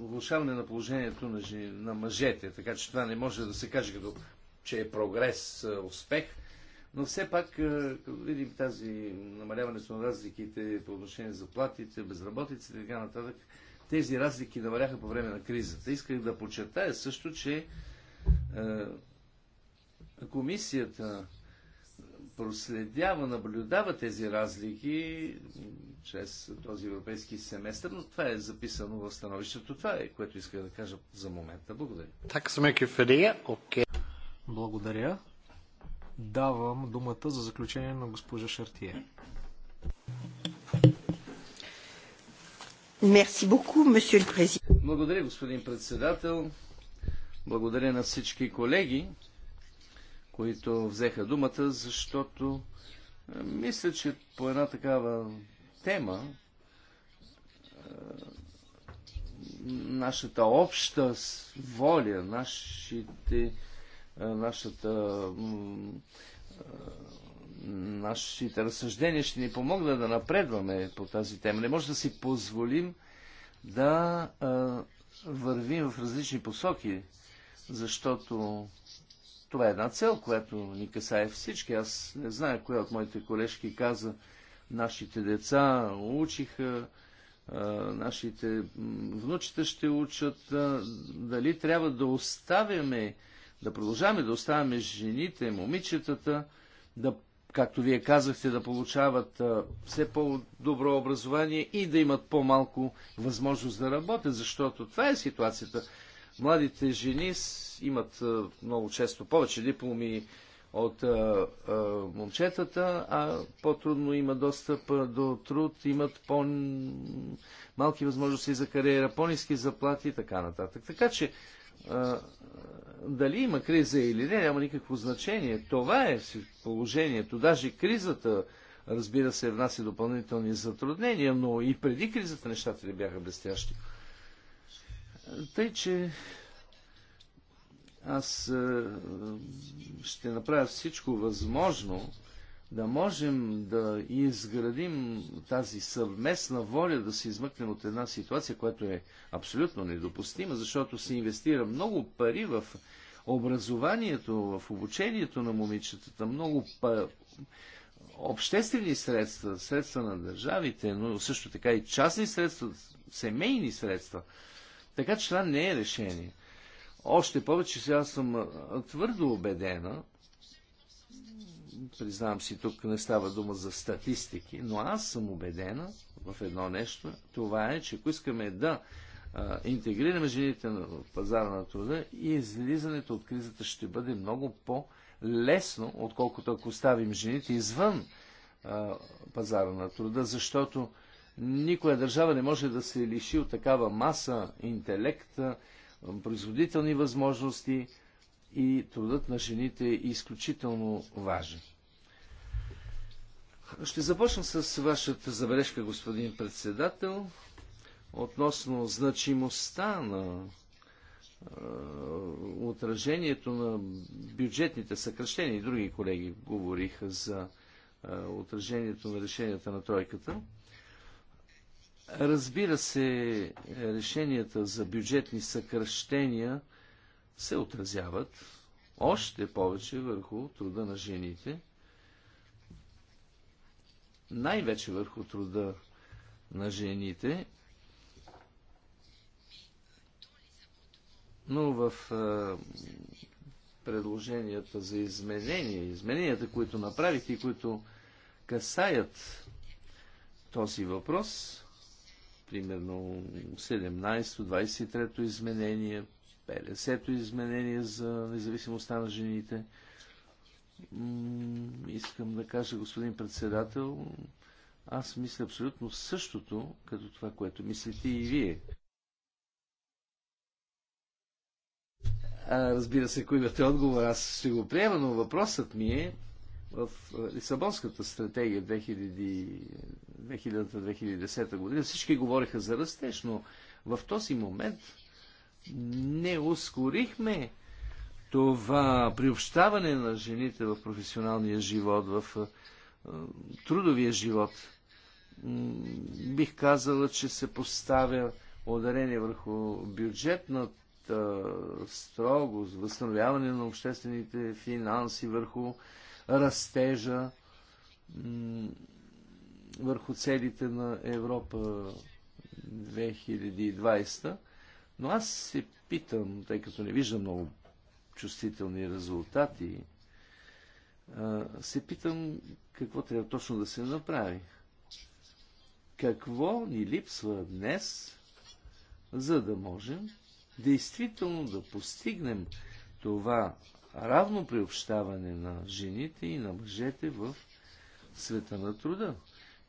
влушаване на положението на, жени, на мъжете. Така че това не може да се каже като, че е прогрес, успех – но все пак, е, като видим тази намаляването на разликите по отношение на заплатите, безработиците и така нататък, тези разлики намаляха по време на кризата. Исках да подчертая също, че е, комисията проследява, наблюдава тези разлики чрез този европейски семестър, но това е записано в становището. Това е, което исках да кажа за момента. Благодаря. Е, Благодаря. Давам думата за заключение на госпожа Шартие. Благодаря, господин председател. Благодаря на всички колеги, които взеха думата, защото е, мисля, че по една такава тема е, нашата обща воля, нашите е, нашата е, нашите разсъждения ще ни помогна да напредваме по тази тема. Не може да си позволим да е, вървим в различни посоки, защото това е една цел, която ни касае всички. Аз не знам коя от моите колежки каза, нашите деца учиха, нашите внучета ще учат, дали трябва да оставяме да продължаваме да оставяме жените, момичетата, да, както вие казахте, да получават а, все по-добро образование и да имат по-малко възможност да работят, защото това е ситуацията. Младите жени имат а, много често повече дипломи от а, а, момчетата, а по-трудно има достъп а, до труд, имат по-малки възможности за кариера, по-низки заплати и така нататък. Така че дали има криза или не, няма никакво значение. Това е положението. Даже кризата, разбира се, внася допълнителни затруднения, но и преди кризата нещата не бяха блестящи. Тъй, че аз ще направя всичко възможно, да можем да изградим тази съвместна воля да се измъкнем от една ситуация, която е абсолютно недопустима, защото се инвестира много пари в образованието, в обучението на момичетата, много па... обществени средства, средства на държавите, но също така и частни средства, семейни средства. Така че това не е решение. Още повече сега съм твърдо убедена, признавам си, тук не става дума за статистики, но аз съм убедена в едно нещо. Това е, че ако искаме да а, интегрираме жените на пазара на труда и излизането от кризата ще бъде много по-лесно, отколкото ако ставим жените извън а, пазара на труда, защото никоя държава не може да се лиши от такава маса интелекта, производителни възможности, и трудът на жените е изключително важен. Ще започна с вашата забележка, господин председател, относно значимостта на е, отражението на бюджетните съкръщения. И други колеги говориха за е, отражението на решенията на тройката. Разбира се, решенията за бюджетни съкръщения – се отразяват още повече върху труда на жените, най-вече върху труда на жените, но в а, предложенията за изменения, измененията, които направихте и които касаят този въпрос, примерно 17-23 изменение, 50-то изменение за независимостта на жените. Искам да кажа, господин председател, аз мисля абсолютно същото, като това, което мислите и вие. А, разбира се, кой имате отговор, аз ще го приема, но въпросът ми е в Лисабонската стратегия 2000-2010 година всички говориха за растеж, но в този момент не ускорихме това приобщаване на жените в професионалния живот, в трудовия живот. Бих казала, че се поставя ударение върху бюджетната строгост, възстановяване на обществените финанси, върху растежа, върху целите на Европа 2020. Но аз се питам, тъй като не виждам много чувствителни резултати, се питам какво трябва точно да се направи. Какво ни липсва днес, за да можем действително да постигнем това равно приобщаване на жените и на мъжете в света на труда.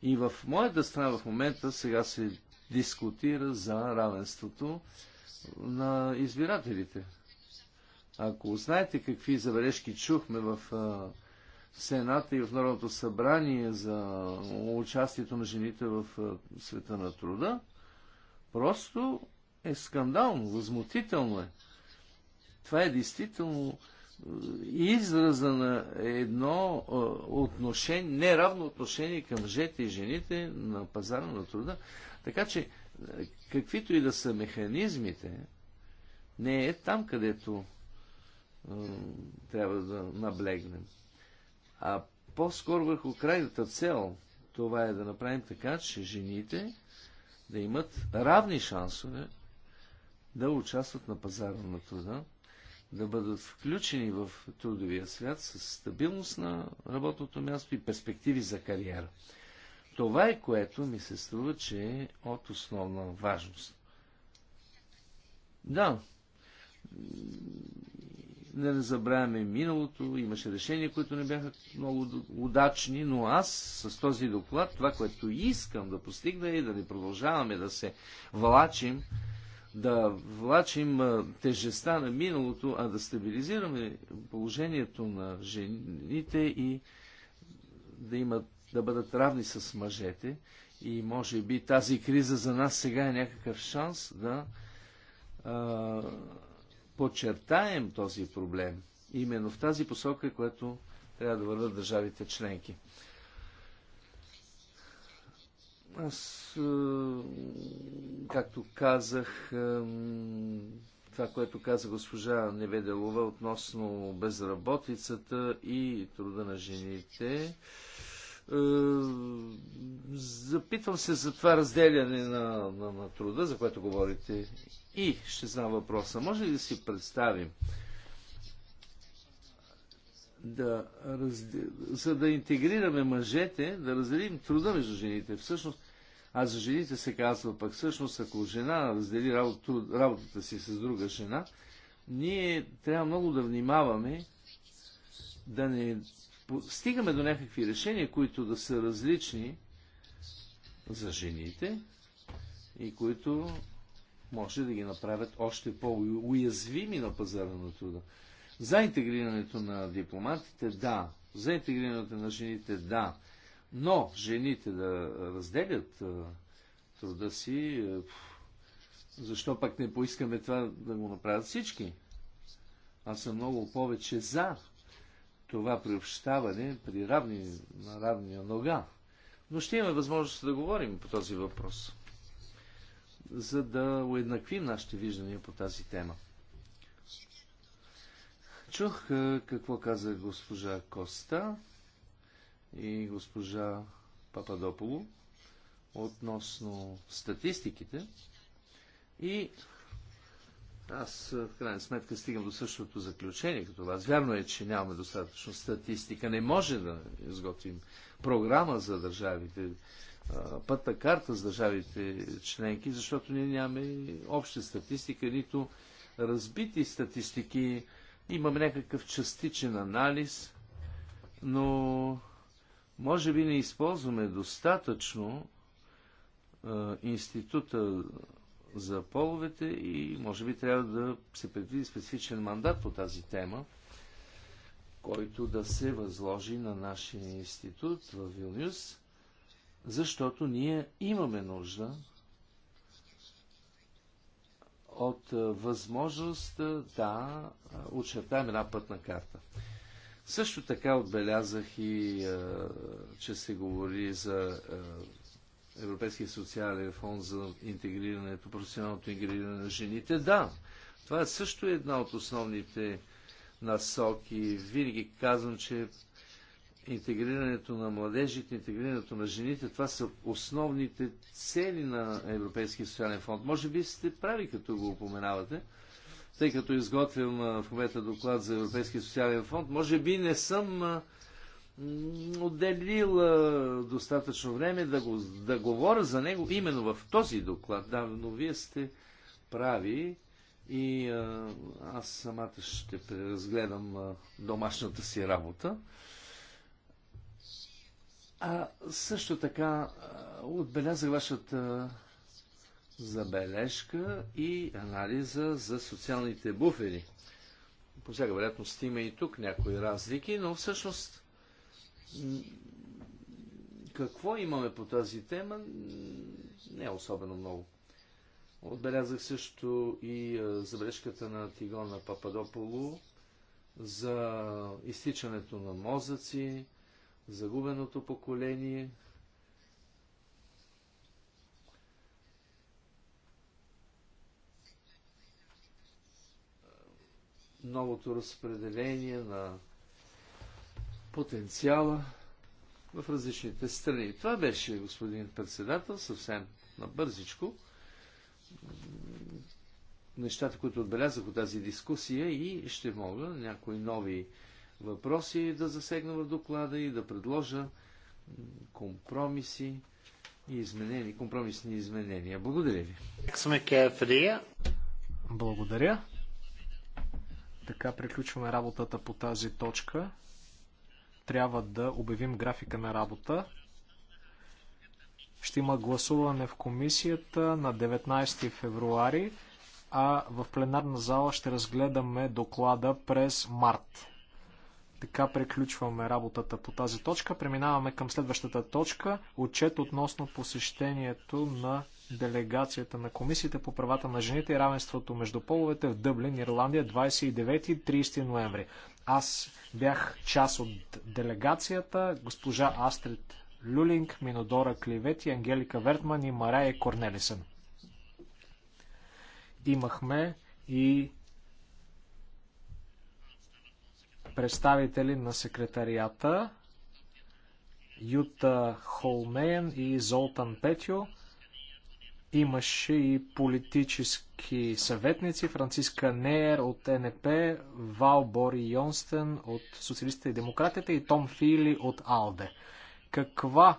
И в моята страна в момента сега се дискутира за равенството на избирателите. Ако знаете какви забележки чухме в Сената и в Народното събрание за участието на жените в света на труда, просто е скандално, възмутително е. Това е действително израза на едно отношение, неравно отношение към жете и жените на пазара на труда. Така че каквито и да са механизмите, не е там, където е, трябва да наблегнем. А по-скоро върху крайната цел, това е да направим така, че жените да имат равни шансове да участват на пазара на труда, да бъдат включени в трудовия свят с стабилност на работното място и перспективи за кариера. Това е което ми се струва, че е от основна важност. Да, не забравяме миналото, имаше решения, които не бяха много удачни, но аз с този доклад, това, което искам да постигна е да не продължаваме да се влачим, да влачим тежеста на миналото, а да стабилизираме положението на жените и да имат да бъдат равни с мъжете и може би тази криза за нас сега е някакъв шанс да а, подчертаем този проблем. Именно в тази посока, която трябва да върват държавите членки. Аз, както казах, това, което каза госпожа Неведелова относно безработицата и труда на жените, е, запитвам се за това разделяне на, на, на труда, за което говорите. И ще знам въпроса. Може ли да си представим да разде... за да интегрираме мъжете, да разделим труда между жените? Всъщност, а за жените се казва пък всъщност, ако жена раздели работата си с друга жена, ние трябва много да внимаваме да не стигаме до някакви решения, които да са различни за жените и които може да ги направят още по-уязвими на пазара на труда. За интегрирането на дипломатите, да. За интегрирането на жените, да. Но жените да разделят труда си, защо пък не поискаме това да го направят всички? Аз съм много повече за това приобщаване при равни, на равния нога. Но ще имаме възможност да говорим по този въпрос, за да уеднаквим нашите виждания по тази тема. Чух какво каза госпожа Коста и госпожа Пападополо относно статистиките и аз в крайна сметка стигам до същото заключение като вас. Вярно е, че нямаме достатъчно статистика. Не може да изготвим програма за държавите, пътна карта с държавите членки, защото ние нямаме обща статистика, нито разбити статистики. Имаме някакъв частичен анализ, но може би не използваме достатъчно института за половете и може би трябва да се предвиди специфичен мандат по тази тема, който да се възложи на нашия институт в Вилнюс, защото ние имаме нужда от възможност да очертаем една пътна карта. Също така отбелязах и, че се говори за Европейския социален фонд за интегрирането, професионалното интегриране на жените. Да, това е също една от основните насоки. Винаги казвам, че интегрирането на младежите, интегрирането на жените, това са основните цели на Европейския социален фонд. Може би сте прави, като го упоменавате, тъй като изготвям в момента доклад за Европейския социален фонд. Може би не съм отделил достатъчно време да, го, да говоря за него именно в този доклад. Да, но вие сте прави и а, аз самата ще преразгледам а, домашната си работа. А също така а, отбелязах вашата забележка и анализа за социалните буфери. По всяка вероятност има и тук някои разлики, но всъщност какво имаме по тази тема? Не е особено много. Отбелязах също и забележката на Тигона на Пападополу за изтичането на мозъци, загубеното поколение. новото разпределение на потенциала в различните страни. Това беше, господин председател, съвсем набързичко. Нещата, които отбелязах от тази дискусия и ще мога някои нови въпроси да засегна в доклада и да предложа компромиси и изменени, компромисни изменения. Благодаря ви. Благодаря. Така приключваме работата по тази точка трябва да обявим графика на работа. Ще има гласуване в комисията на 19 февруари, а в пленарна зала ще разгледаме доклада през март. Така приключваме работата по тази точка. Преминаваме към следващата точка. Отчет относно посещението на делегацията на Комисията по правата на жените и равенството между половете в Дъблин, Ирландия, 29 и 30 ноември. Аз бях част от делегацията. Госпожа Астрид Люлинг, Минодора Кливети, Ангелика Вертман и Марая Корнелисън. Имахме и представители на секретарията Юта Холмейн и Золтан Петю. Имаше и политически съветници, Франциска Неер от НП, Вал Бори Йонстен от Социалистите и Демократите и Том Фили от АЛДЕ. Каква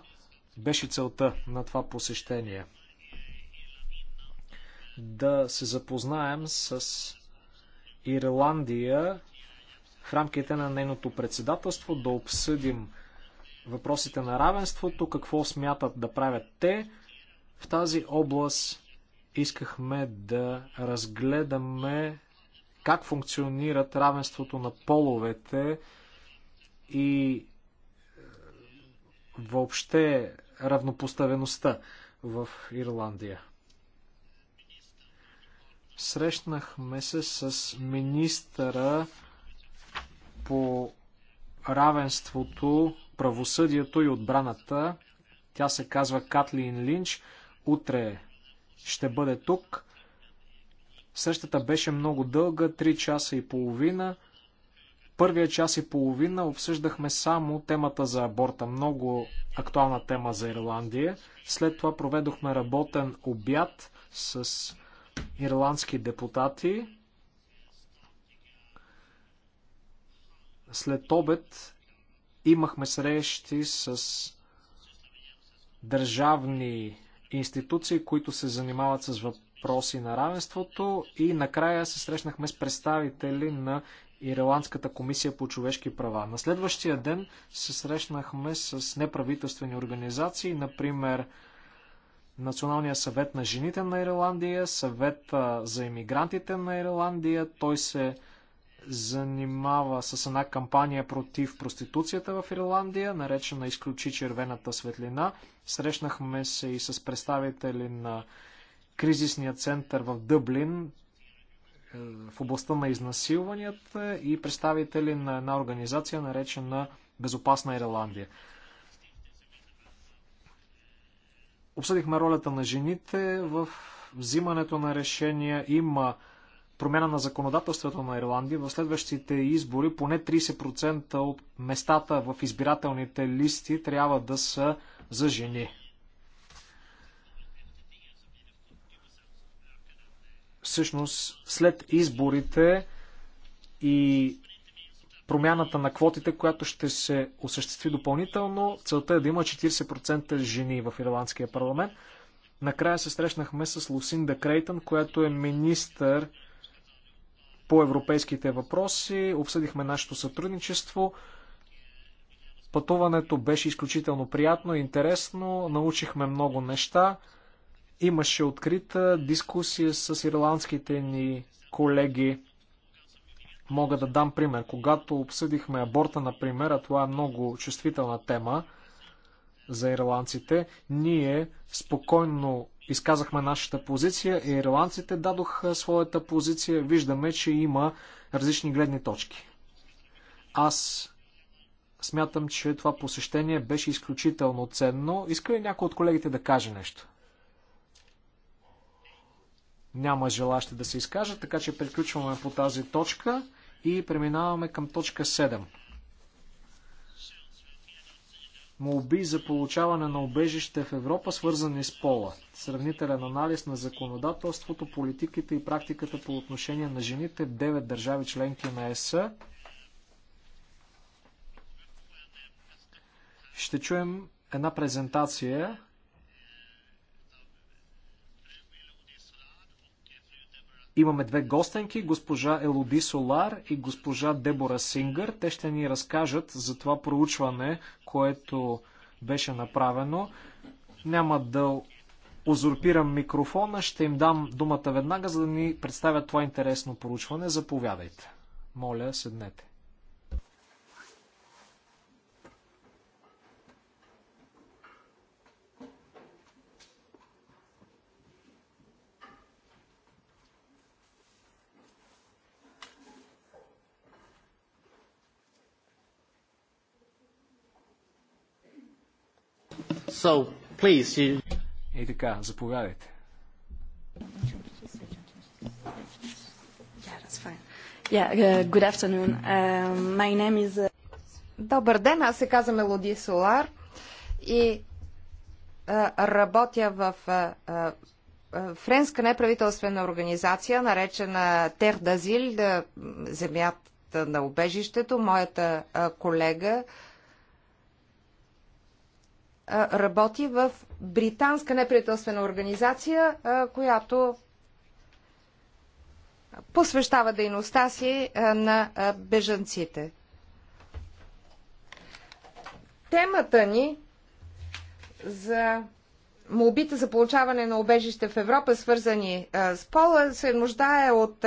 беше целта на това посещение? Да се запознаем с Ирландия в рамките на нейното председателство, да обсъдим въпросите на равенството, какво смятат да правят те, в тази област искахме да разгледаме как функционират равенството на половете и е, въобще равнопоставеността в Ирландия. Срещнахме се с министъра по равенството, правосъдието и отбраната. Тя се казва Катлин Линч – утре ще бъде тук. Срещата беше много дълга, 3 часа и половина. Първия час и половина обсъждахме само темата за аборта, много актуална тема за Ирландия. След това проведохме работен обяд с ирландски депутати. След обед имахме срещи с държавни институции, които се занимават с въпроси на равенството и накрая се срещнахме с представители на Ирландската комисия по човешки права. На следващия ден се срещнахме с неправителствени организации, например Националния съвет на жените на Ирландия, съвет за иммигрантите на Ирландия. Той се занимава с една кампания против проституцията в Ирландия, наречена Изключи червената светлина. Срещнахме се и с представители на кризисния център в Дъблин е, в областта на изнасилванията и представители на една организация, наречена Безопасна Ирландия. Обсъдихме ролята на жените в взимането на решения. Има промяна на законодателството на Ирландия, в следващите избори поне 30% от местата в избирателните листи трябва да са за жени. Всъщност, след изборите и промяната на квотите, която ще се осъществи допълнително, целта е да има 40% жени в Ирландския парламент. Накрая се срещнахме с Лусинда Крейтън, която е министър по европейските въпроси, обсъдихме нашето сътрудничество. Пътуването беше изключително приятно и интересно, научихме много неща. Имаше открита дискусия с ирландските ни колеги. Мога да дам пример. Когато обсъдихме аборта, например, а това е много чувствителна тема за ирландците, ние спокойно изказахме нашата позиция, ирландците дадоха своята позиция, виждаме, че има различни гледни точки. Аз смятам, че това посещение беше изключително ценно. Иска ли някой от колегите да каже нещо? Няма желащи да се изкажат, така че приключваме по тази точка и преминаваме към точка 7 молби за получаване на обежище в Европа, свързани с пола. Сравнителен анализ на законодателството, политиките и практиката по отношение на жените в 9 държави членки на ЕС. Ще чуем една презентация Имаме две гостенки, госпожа Елоди Солар и госпожа Дебора Сингър. Те ще ни разкажат за това проучване, което беше направено. Няма да узурпирам микрофона, ще им дам думата веднага, за да ни представят това интересно проучване. Заповядайте. Моля, седнете. So, please, you... Ей така, заповядайте. Uh, um, uh, Добър ден, аз се казвам Елоди Солар и е, работя в е, е, френска неправителствена организация, наречена Тер Дазиль, земята на убежището. Моята колега работи в британска неприятелствена организация, която посвещава дейността си на бежанците. Темата ни за молбите за получаване на обежище в Европа, свързани с пола, се нуждае от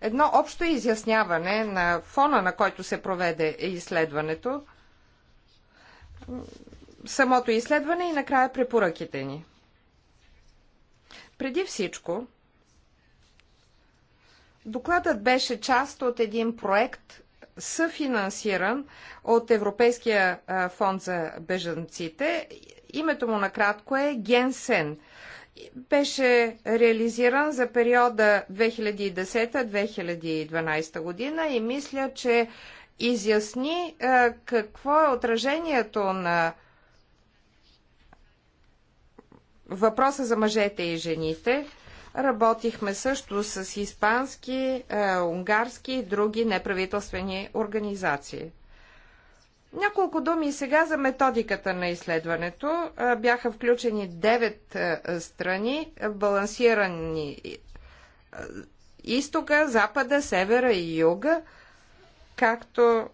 едно общо изясняване на фона, на който се проведе изследването самото изследване и накрая препоръките ни. Преди всичко, докладът беше част от един проект, съфинансиран от Европейския фонд за бежанците. Името му накратко е Генсен. Беше реализиран за периода 2010-2012 година и мисля, че изясни какво е отражението на въпроса за мъжете и жените работихме също с испански, е, унгарски и други неправителствени организации. Няколко думи сега за методиката на изследването. Е, бяха включени 9 е, страни, балансирани е, изтока, запада, севера и юга, както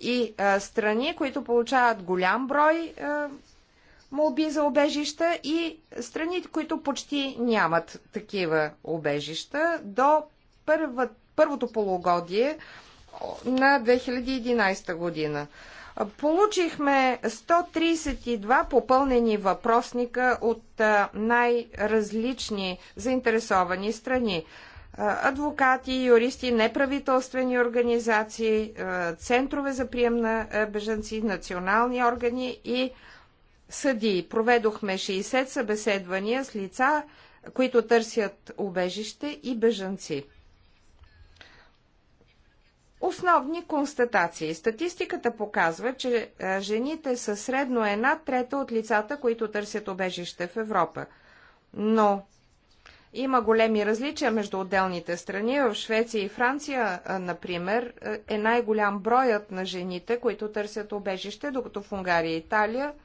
и страни, които получават голям брой молби за обежища и страните, които почти нямат такива обежища до първа, първото полугодие на 2011 година. Получихме 132 попълнени въпросника от най-различни заинтересовани страни. Адвокати, юристи, неправителствени организации, центрове за прием на беженци, национални органи и съдии. Проведохме 60 събеседвания с лица, които търсят убежище и бежанци. Основни констатации. Статистиката показва, че е, жените са средно една трета от лицата, които търсят обежище в Европа. Но има големи различия между отделните страни. В Швеция и Франция, е, например, е, е най-голям броят на жените, които търсят обежище, докато в Унгария и Италия –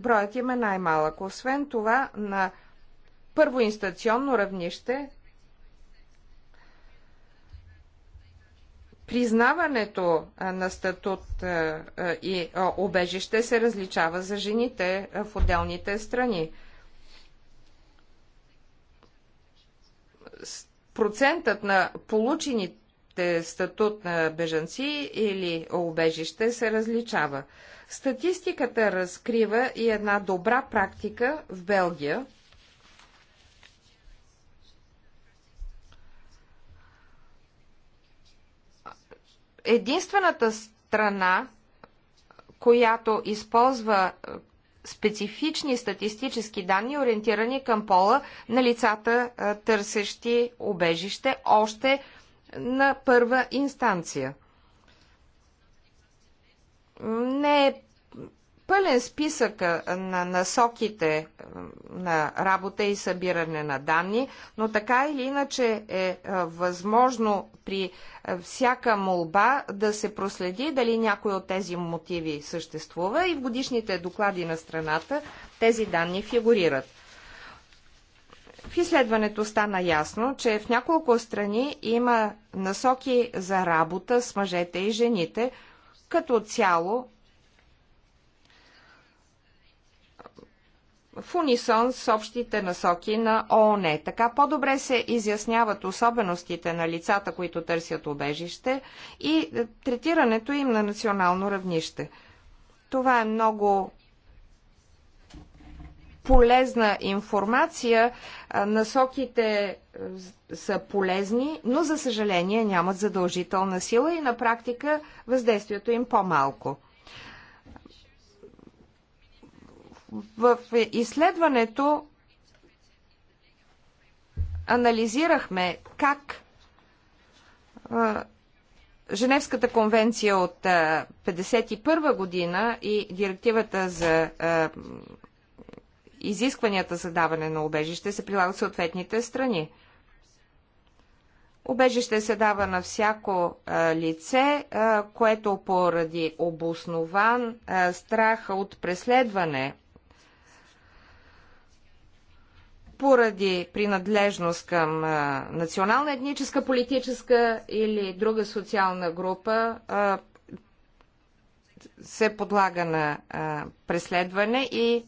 броят им е най-малък. Освен това, на първоинстанционно равнище признаването на статут и обежище се различава за жените в отделните страни. Процентът на получените статут на бежанци или обежище се различава. Статистиката разкрива и една добра практика в Белгия. Единствената страна, която използва е, специфични статистически данни, ориентирани към пола на лицата, е, търсещи убежище, още на първа инстанция. Не е пълен списък на насоките на работа и събиране на данни, но така или иначе е възможно при всяка молба да се проследи дали някой от тези мотиви съществува и в годишните доклади на страната тези данни фигурират. В изследването стана ясно, че в няколко страни има насоки за работа с мъжете и жените, като цяло в унисон с общите насоки на ООН. Така по-добре се изясняват особеностите на лицата, които търсят убежище и третирането им на национално равнище. Това е много полезна информация. Насоките са полезни, но за съжаление нямат задължителна сила и на практика въздействието им по-малко. В изследването анализирахме как Женевската конвенция от 1951 година и директивата за изискванията за даване на убежище се прилагат в съответните страни. Обежище се дава на всяко лице, което поради обоснован страх от преследване, поради принадлежност към национална, етническа, политическа или друга социална група, се подлага на преследване и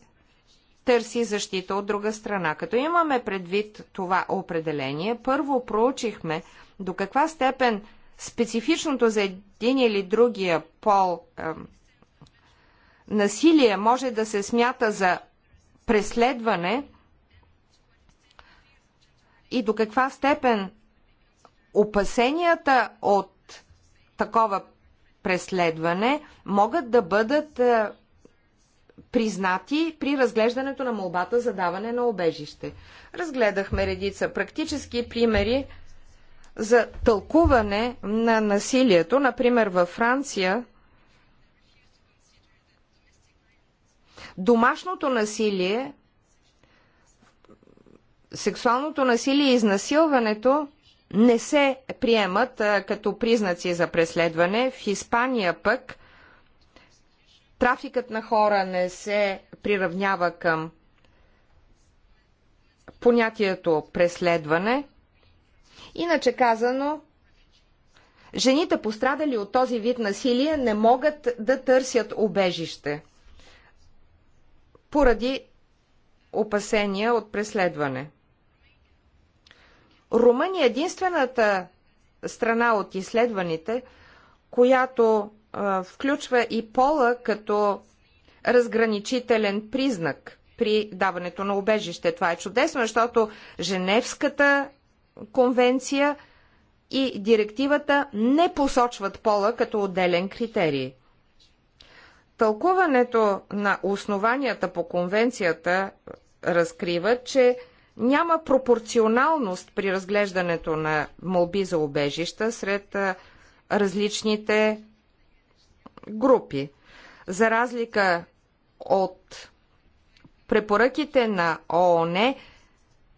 търси защита от друга страна. Като имаме предвид това определение, първо проучихме до каква степен специфичното за един или другия пол е, насилие може да се смята за преследване и до каква степен опасенията от такова преследване могат да бъдат е, признати при разглеждането на молбата за даване на обежище. Разгледахме редица практически примери за тълкуване на насилието. Например, във Франция домашното насилие, сексуалното насилие и изнасилването не се приемат а, като признаци за преследване. В Испания пък Трафикът на хора не се приравнява към понятието преследване. Иначе казано, жените пострадали от този вид насилие не могат да търсят обежище поради опасения от преследване. Румъния е единствената страна от изследваните, която включва и пола като разграничителен признак при даването на обежище. Това е чудесно, защото Женевската конвенция и директивата не посочват пола като отделен критерий. Тълкуването на основанията по конвенцията разкрива, че няма пропорционалност при разглеждането на молби за обежища сред различните групи. За разлика от препоръките на ООН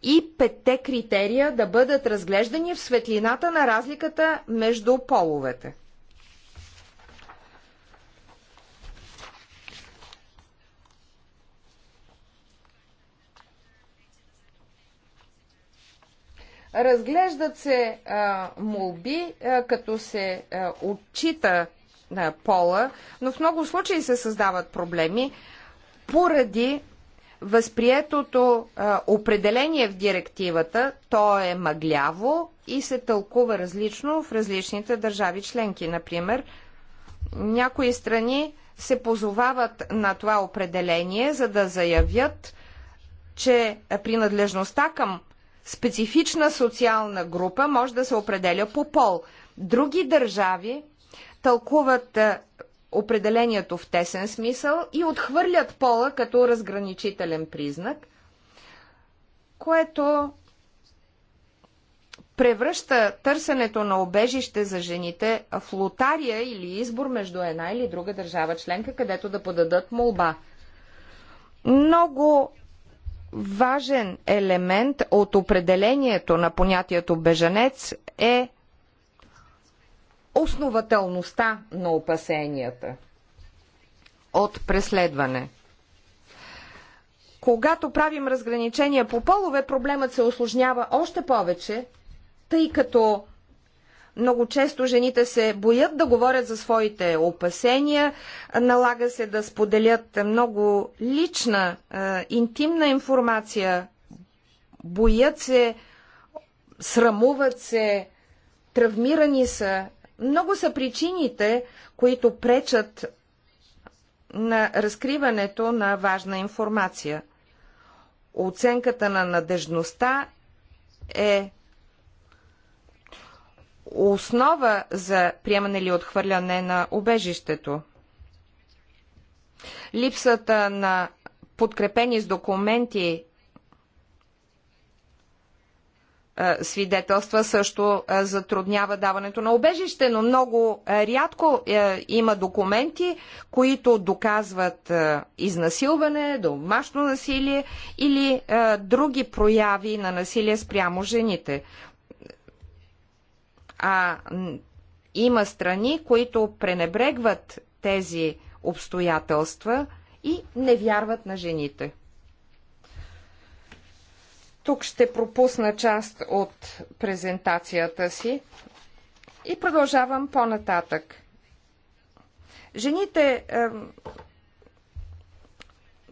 и петте критерия да бъдат разглеждани в светлината на разликата между половете. Разглеждат се а, молби, а, като се а, отчита на пола, но в много случаи се създават проблеми поради възприетото а, определение в директивата, то е мъгляво и се тълкува различно в различните държави членки. Например, някои страни се позовават на това определение, за да заявят, че принадлежността към специфична социална група може да се определя по пол. Други държави тълкуват е, определението в тесен смисъл и отхвърлят пола като разграничителен признак, което превръща търсенето на обежище за жените в лотария или избор между една или друга държава членка, където да подадат молба. Много важен елемент от определението на понятието бежанец е основателността на опасенията от преследване. Когато правим разграничения по полове, проблемът се осложнява още повече, тъй като много често жените се боят да говорят за своите опасения, налага се да споделят много лична, интимна информация, боят се, срамуват се, травмирани са много са причините, които пречат на разкриването на важна информация. Оценката на надежността е основа за приемане или отхвърляне на обежището. Липсата на подкрепени с документи свидетелства също затруднява даването на обежище, но много рядко има документи, които доказват изнасилване, домашно насилие или други прояви на насилие спрямо жените. А има страни, които пренебрегват тези обстоятелства и не вярват на жените. Тук ще пропусна част от презентацията си и продължавам по-нататък. Жените е,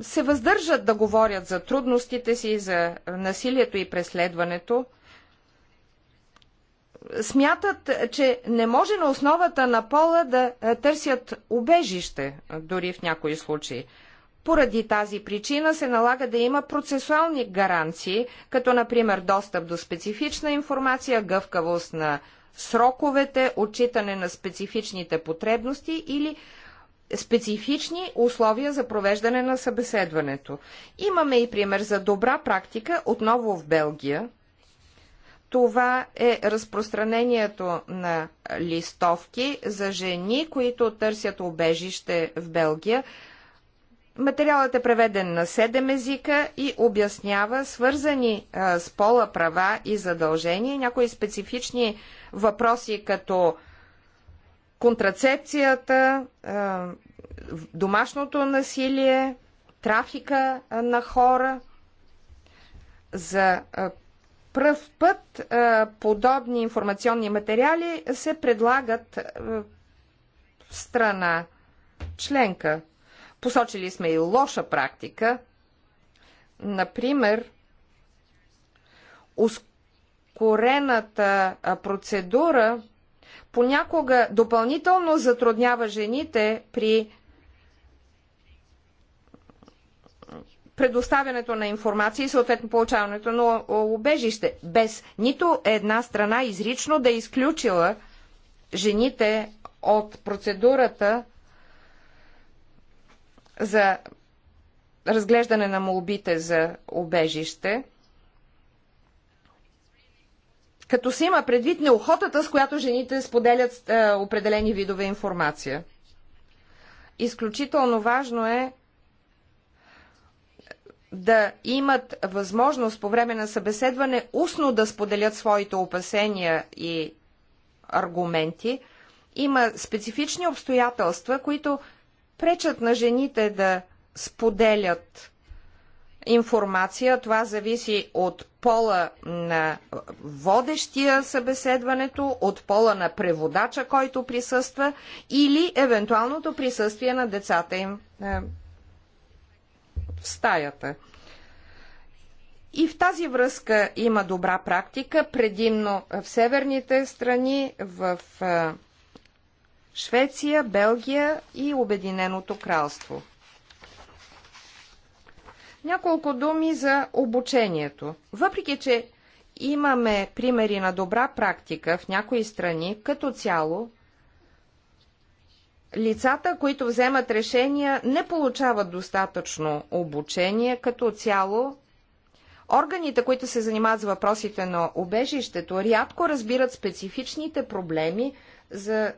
се въздържат да говорят за трудностите си, за насилието и преследването. Смятат, че не може на основата на пола да е, търсят убежище, дори в някои случаи. Поради тази причина се налага да има процесуални гаранции, като например достъп до специфична информация, гъвкавост на сроковете, отчитане на специфичните потребности или специфични условия за провеждане на събеседването. Имаме и пример за добра практика, отново в Белгия. Това е разпространението на листовки за жени, които търсят обежище в Белгия Материалът е преведен на 7 езика и обяснява свързани а, с пола права и задължения, някои специфични въпроси като контрацепцията, а, домашното насилие, трафика а, на хора. За пръв път подобни информационни материали се предлагат в страна членка Посочили сме и лоша практика. Например, ускорената процедура понякога допълнително затруднява жените при предоставянето на информация и съответно получаването на убежище, без нито една страна изрично да е изключила жените от процедурата за разглеждане на молбите за обежище, като се има предвид неохотата, с която жените споделят е, определени видове информация. Изключително важно е да имат възможност по време на събеседване устно да споделят своите опасения и аргументи. Има специфични обстоятелства, които пречат на жените да споделят информация. Това зависи от пола на водещия събеседването, от пола на преводача, който присъства или евентуалното присъствие на децата им е, в стаята. И в тази връзка има добра практика, предимно в северните страни, в е, Швеция, Белгия и Обединеното кралство. Няколко думи за обучението. Въпреки, че имаме примери на добра практика в някои страни, като цяло, лицата, които вземат решения, не получават достатъчно обучение, като цяло Органите, които се занимават с въпросите на обежището, рядко разбират специфичните проблеми за е,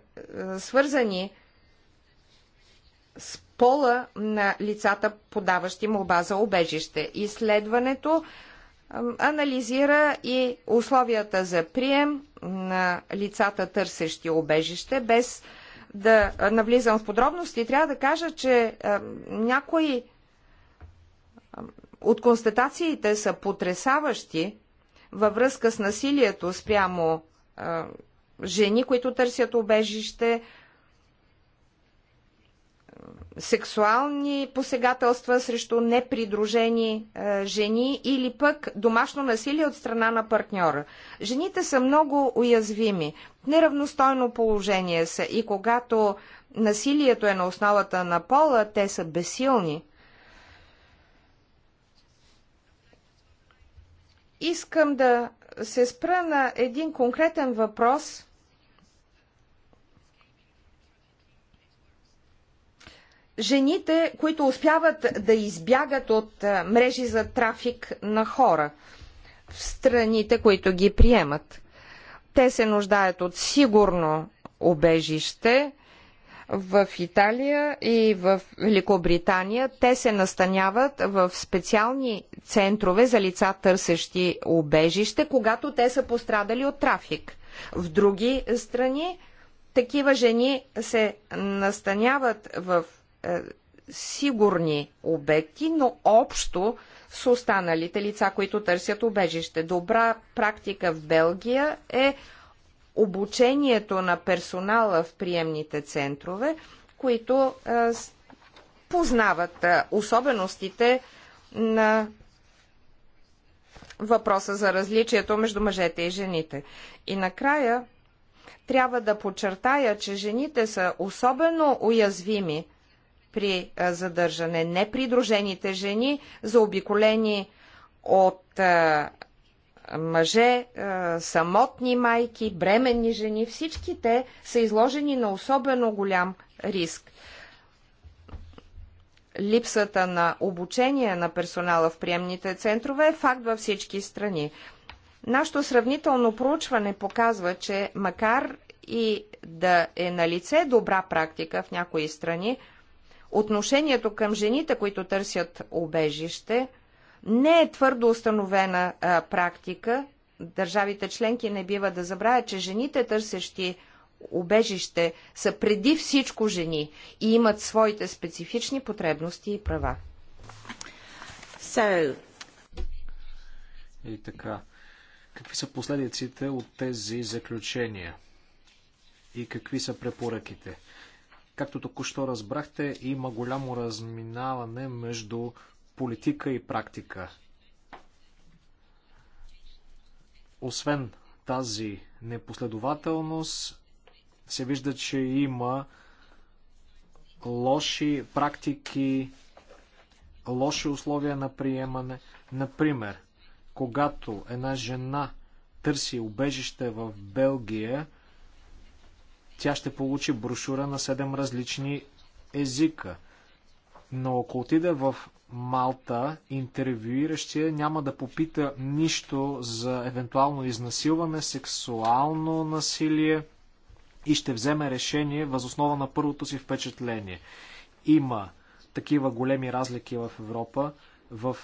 свързани с пола на лицата, подаващи молба за обежище. Изследването анализира и условията за прием на лицата, търсещи обежище, без да навлизам в подробности. Трябва да кажа, че някои от констатациите са потрясаващи във връзка с насилието спрямо жени, които търсят обежище, сексуални посегателства срещу непридружени е, жени или пък домашно насилие от страна на партньора. Жените са много уязвими. Неравностойно положение са и когато насилието е на основата на пола, те са безсилни. Искам да се спра на един конкретен въпрос, жените, които успяват да избягат от мрежи за трафик на хора в страните, които ги приемат. Те се нуждаят от сигурно обежище, в Италия и в Великобритания. Те се настаняват в специални центрове за лица търсещи убежище, когато те са пострадали от трафик. В други страни такива жени се настаняват в е, сигурни обекти, но общо с останалите лица, които търсят убежище. Добра практика в Белгия е обучението на персонала в приемните центрове, които а, познават а, особеностите на въпроса за различието между мъжете и жените. И накрая трябва да подчертая, че жените са особено уязвими при задържане. Непридружените жени, заобиколени от а, мъже, самотни майки, бременни жени, всички те са изложени на особено голям риск. Липсата на обучение на персонала в приемните центрове е факт във всички страни. Нашето сравнително проучване показва, че макар и да е на лице добра практика в някои страни, отношението към жените, които търсят обежище – не е твърдо установена а, практика. Държавите членки не бива да забравят, че жените търсещи убежище са преди всичко жени и имат своите специфични потребности и права. So... И така. Какви са последиците от тези заключения? И какви са препоръките? Както току-що разбрахте, има голямо разминаване между политика и практика. Освен тази непоследователност, се вижда, че има лоши практики, лоши условия на приемане. Например, когато една жена търси убежище в Белгия, тя ще получи брошура на 7 различни езика. Но ако отида в Малта, интервюиращия няма да попита нищо за евентуално изнасилване, сексуално насилие и ще вземе решение възоснова на първото си впечатление. Има такива големи разлики в Европа. В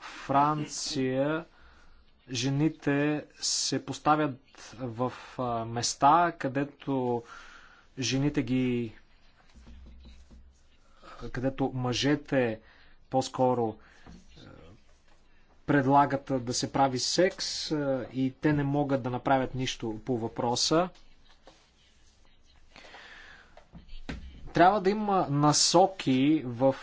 Франция жените се поставят в места, където жените ги където мъжете по-скоро е, предлагат да се прави секс е, и те не могат да направят нищо по въпроса. Трябва да има насоки в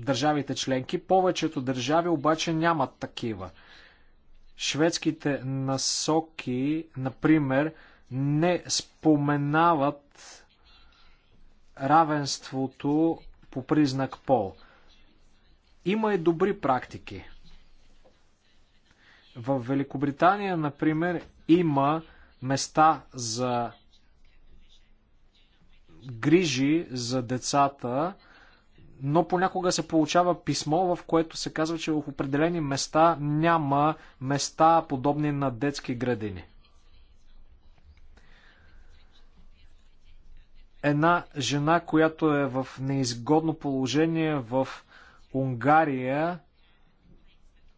държавите членки. Повечето държави обаче нямат такива. Шведските насоки, например, не споменават равенството по признак пол. Има и добри практики. В Великобритания, например, има места за грижи за децата, но понякога се получава писмо, в което се казва, че в определени места няма места подобни на детски градини. една жена, която е в неизгодно положение в Унгария,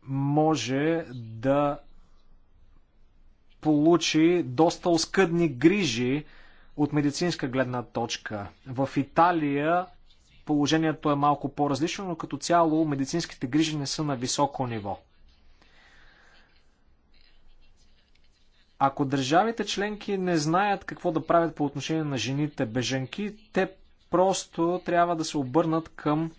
може да получи доста оскъдни грижи от медицинска гледна точка. В Италия положението е малко по-различно, но като цяло медицинските грижи не са на високо ниво. Ако държавите членки не знаят какво да правят по отношение на жените беженки, те просто трябва да се обърнат към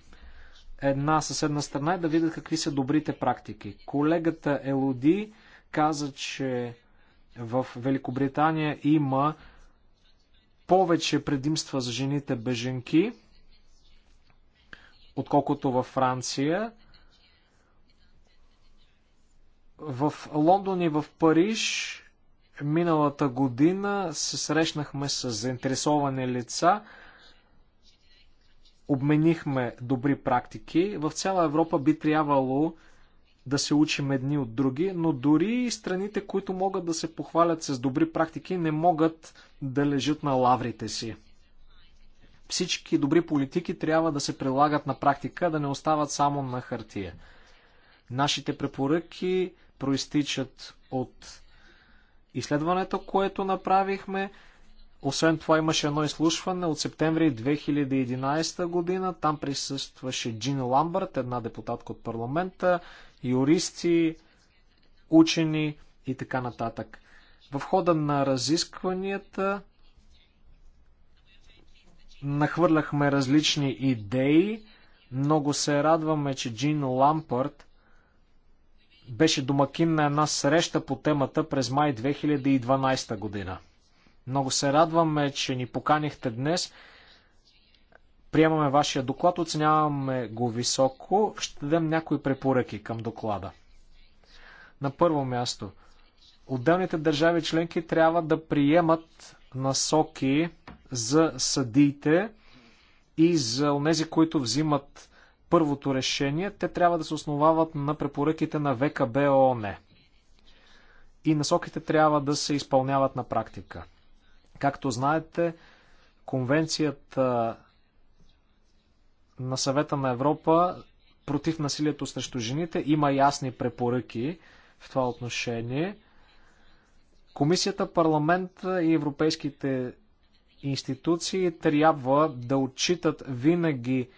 една съседна страна и да видят какви са добрите практики. Колегата Елоди каза, че в Великобритания има повече предимства за жените беженки, отколкото във Франция. В Лондон и в Париж Миналата година се срещнахме с заинтересовани лица, обменихме добри практики. В цяла Европа би трябвало да се учим едни от други, но дори и страните, които могат да се похвалят с добри практики, не могат да лежат на лаврите си. Всички добри политики трябва да се прилагат на практика, да не остават само на хартия. Нашите препоръки проистичат от изследването, което направихме. Освен това имаше едно изслушване от септември 2011 година. Там присъстваше Джин Ламбърт, една депутатка от парламента, юристи, учени и така нататък. В хода на разискванията нахвърляхме различни идеи. Много се радваме, че Джин Лампърт беше домакин на една среща по темата през май 2012 година. Много се радваме, че ни поканихте днес. Приемаме вашия доклад, оценяваме го високо. Ще дадем някои препоръки към доклада. На първо място, отделните държави членки трябва да приемат насоки за съдиите и за онези, които взимат първото решение, те трябва да се основават на препоръките на ВКБ ООН. И насоките трябва да се изпълняват на практика. Както знаете, конвенцията на съвета на Европа против насилието срещу жените има ясни препоръки в това отношение. Комисията, парламент и европейските институции трябва да отчитат винаги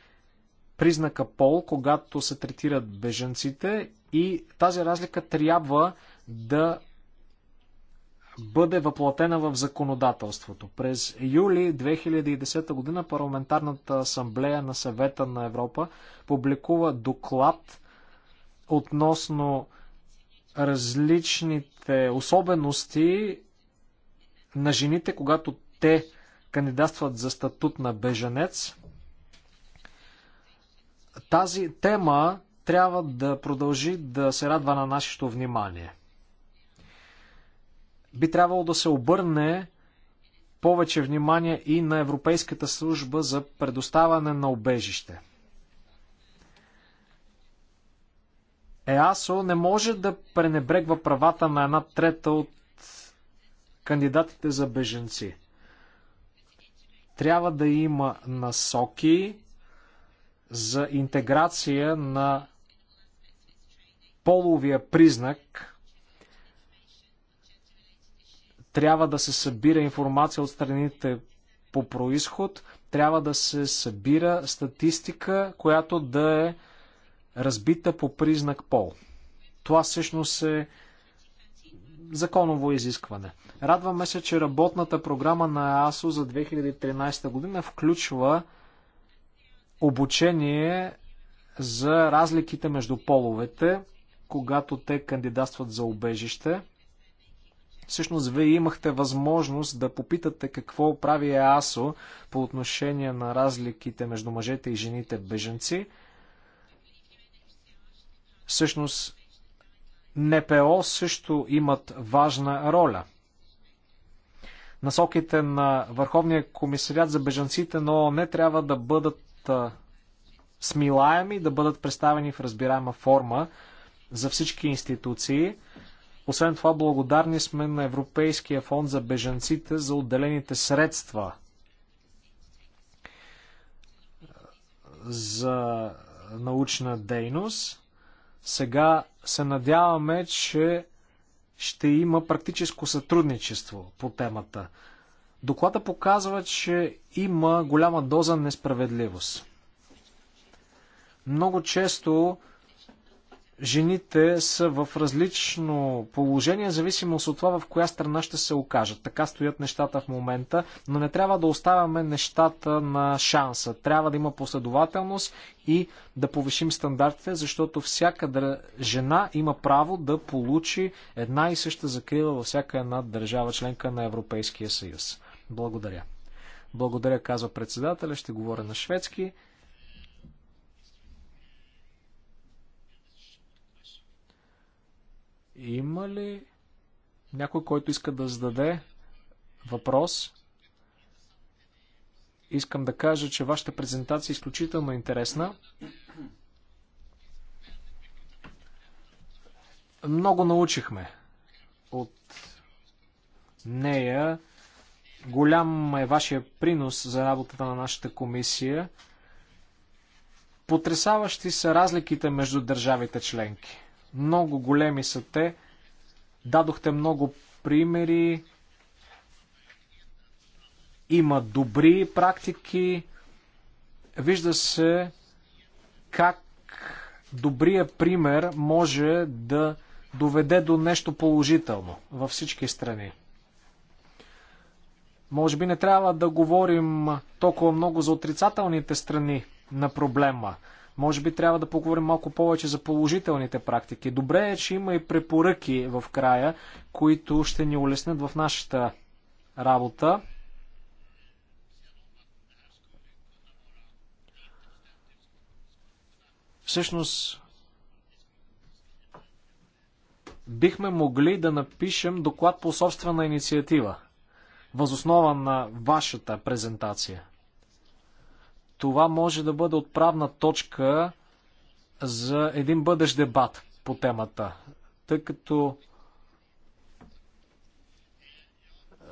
признака пол, когато се третират беженците и тази разлика трябва да бъде въплатена в законодателството. През юли 2010 г. Парламентарната асамблея на съвета на Европа публикува доклад относно различните особености на жените, когато те кандидатстват за статут на беженец. Тази тема трябва да продължи да се радва на нашето внимание. Би трябвало да се обърне повече внимание и на Европейската служба за предоставане на обежище. ЕАСО не може да пренебрегва правата на една трета от кандидатите за беженци. Трябва да има насоки, за интеграция на половия признак трябва да се събира информация от страните по происход, трябва да се събира статистика, която да е разбита по признак пол. Това всъщност е законово изискване. Радваме се, че работната програма на ЕАСО за 2013 година включва обучение за разликите между половете, когато те кандидатстват за убежище. Всъщност, вие имахте възможност да попитате какво прави ЕАСО по отношение на разликите между мъжете и жените беженци. Всъщност, НПО също имат важна роля. Насоките на Върховния комисариат за бежанците, но не трябва да бъдат смилаеми, да бъдат представени в разбираема форма за всички институции. Освен това, благодарни сме на Европейския фонд за бежанците за отделените средства за научна дейност. Сега се надяваме, че ще има практическо сътрудничество по темата. Доклада показва, че има голяма доза несправедливост. Много често жените са в различно положение, зависимост от това в коя страна ще се окажат. Така стоят нещата в момента, но не трябва да оставяме нещата на шанса. Трябва да има последователност и да повишим стандартите, защото всяка жена има право да получи една и съща закрива във всяка една държава членка на Европейския съюз. Благодаря. Благодаря, казва председателя. Ще говоря на шведски. Има ли някой, който иска да зададе въпрос? Искам да кажа, че вашата презентация е изключително интересна. Много научихме от нея Голям е вашия принос за работата на нашата комисия. Потресаващи са разликите между държавите членки. Много големи са те. Дадохте много примери. Има добри практики. Вижда се как добрия пример може да доведе до нещо положително във всички страни. Може би не трябва да говорим толкова много за отрицателните страни на проблема. Може би трябва да поговорим малко повече за положителните практики. Добре е, че има и препоръки в края, които ще ни улеснят в нашата работа. Всъщност, бихме могли да напишем доклад по собствена инициатива – възоснова на вашата презентация. Това може да бъде отправна точка за един бъдещ дебат по темата, тъй като е,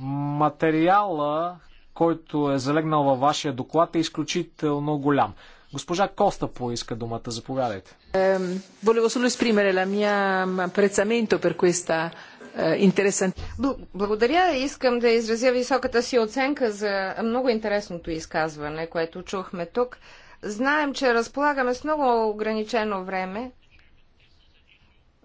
материала, който е залегнал във вашия доклад, е изключително голям. Госпожа Коста поиска думата. Заповядайте. Ehm, volevo solo esprimere la mia apprezzamento per questa е, интересен. Благодаря. Искам да изразя високата си оценка за много интересното изказване, което чухме тук. Знаем, че разполагаме с много ограничено време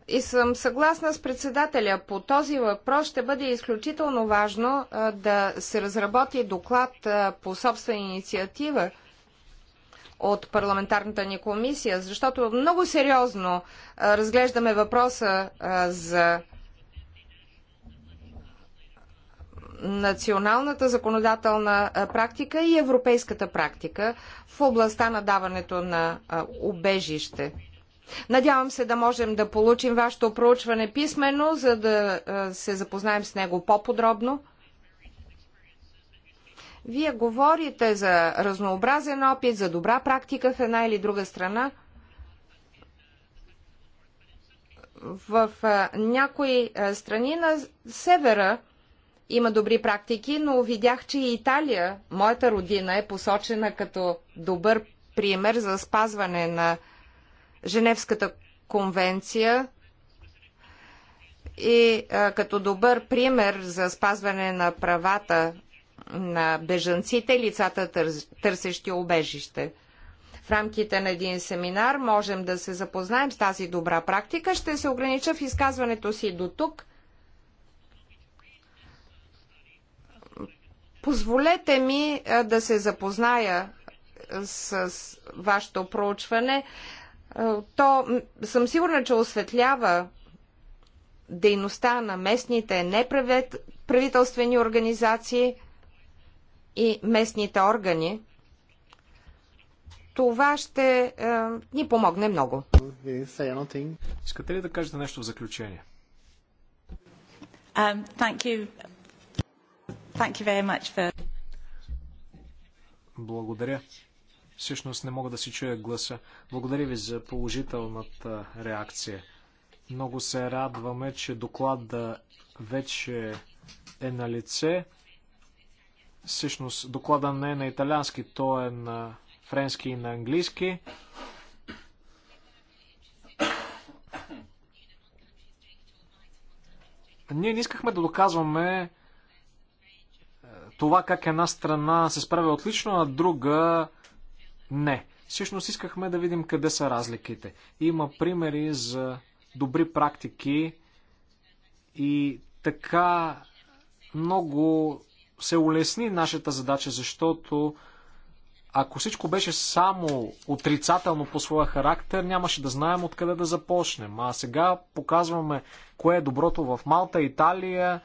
и съм съгласна с председателя. По този въпрос ще бъде изключително важно е, да се разработи доклад е, по собствена инициатива от парламентарната ни комисия, защото много сериозно разглеждаме въпроса за националната законодателна практика и европейската практика в областта на даването на убежище. Надявам се да можем да получим вашето проучване писменно, за да се запознаем с него по-подробно. Вие говорите за разнообразен опит, за добра практика в една или друга страна. В някои страни на севера има добри практики, но видях, че и Италия, моята родина, е посочена като добър пример за спазване на Женевската конвенция и а, е, като добър пример за спазване на правата на бежанците и лицата, търсещи обежище. В рамките на един семинар можем да се запознаем с тази добра практика. Ще се огранича в изказването си до тук. Позволете ми да се запозная с вашето проучване. То съм сигурна, че осветлява дейността на местните неправителствени организации и местните органи. Това ще е, ни помогне много. Искате ли да кажете нещо в заключение? Um, Thank you very much for... Благодаря. Всъщност не мога да си чуя гласа. Благодаря ви за положителната реакция. Много се радваме, че доклада вече е на лице. Всъщност доклада не е на италиански, то е на френски и на английски. Ние не искахме да доказваме това как една страна се справя отлично, а друга не. Всъщност искахме да видим къде са разликите. Има примери за добри практики и така много се улесни нашата задача, защото ако всичко беше само отрицателно по своя характер, нямаше да знаем откъде да започнем. А сега показваме кое е доброто в Малта, Италия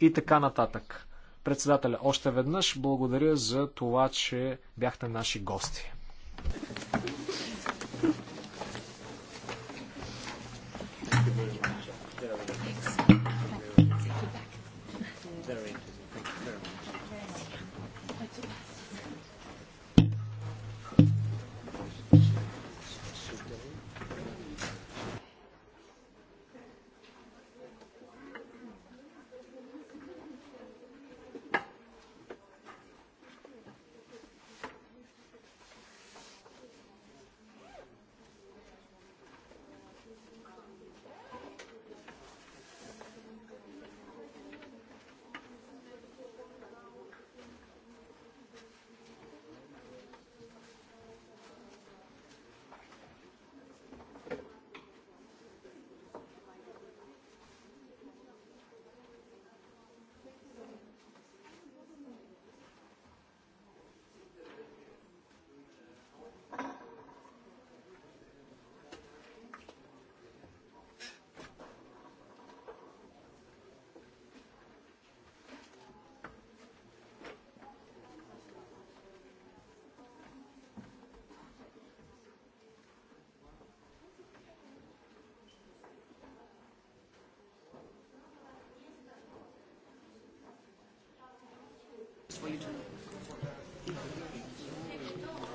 и така нататък. Председателя, още веднъж благодаря за това, че бяхте наши гости.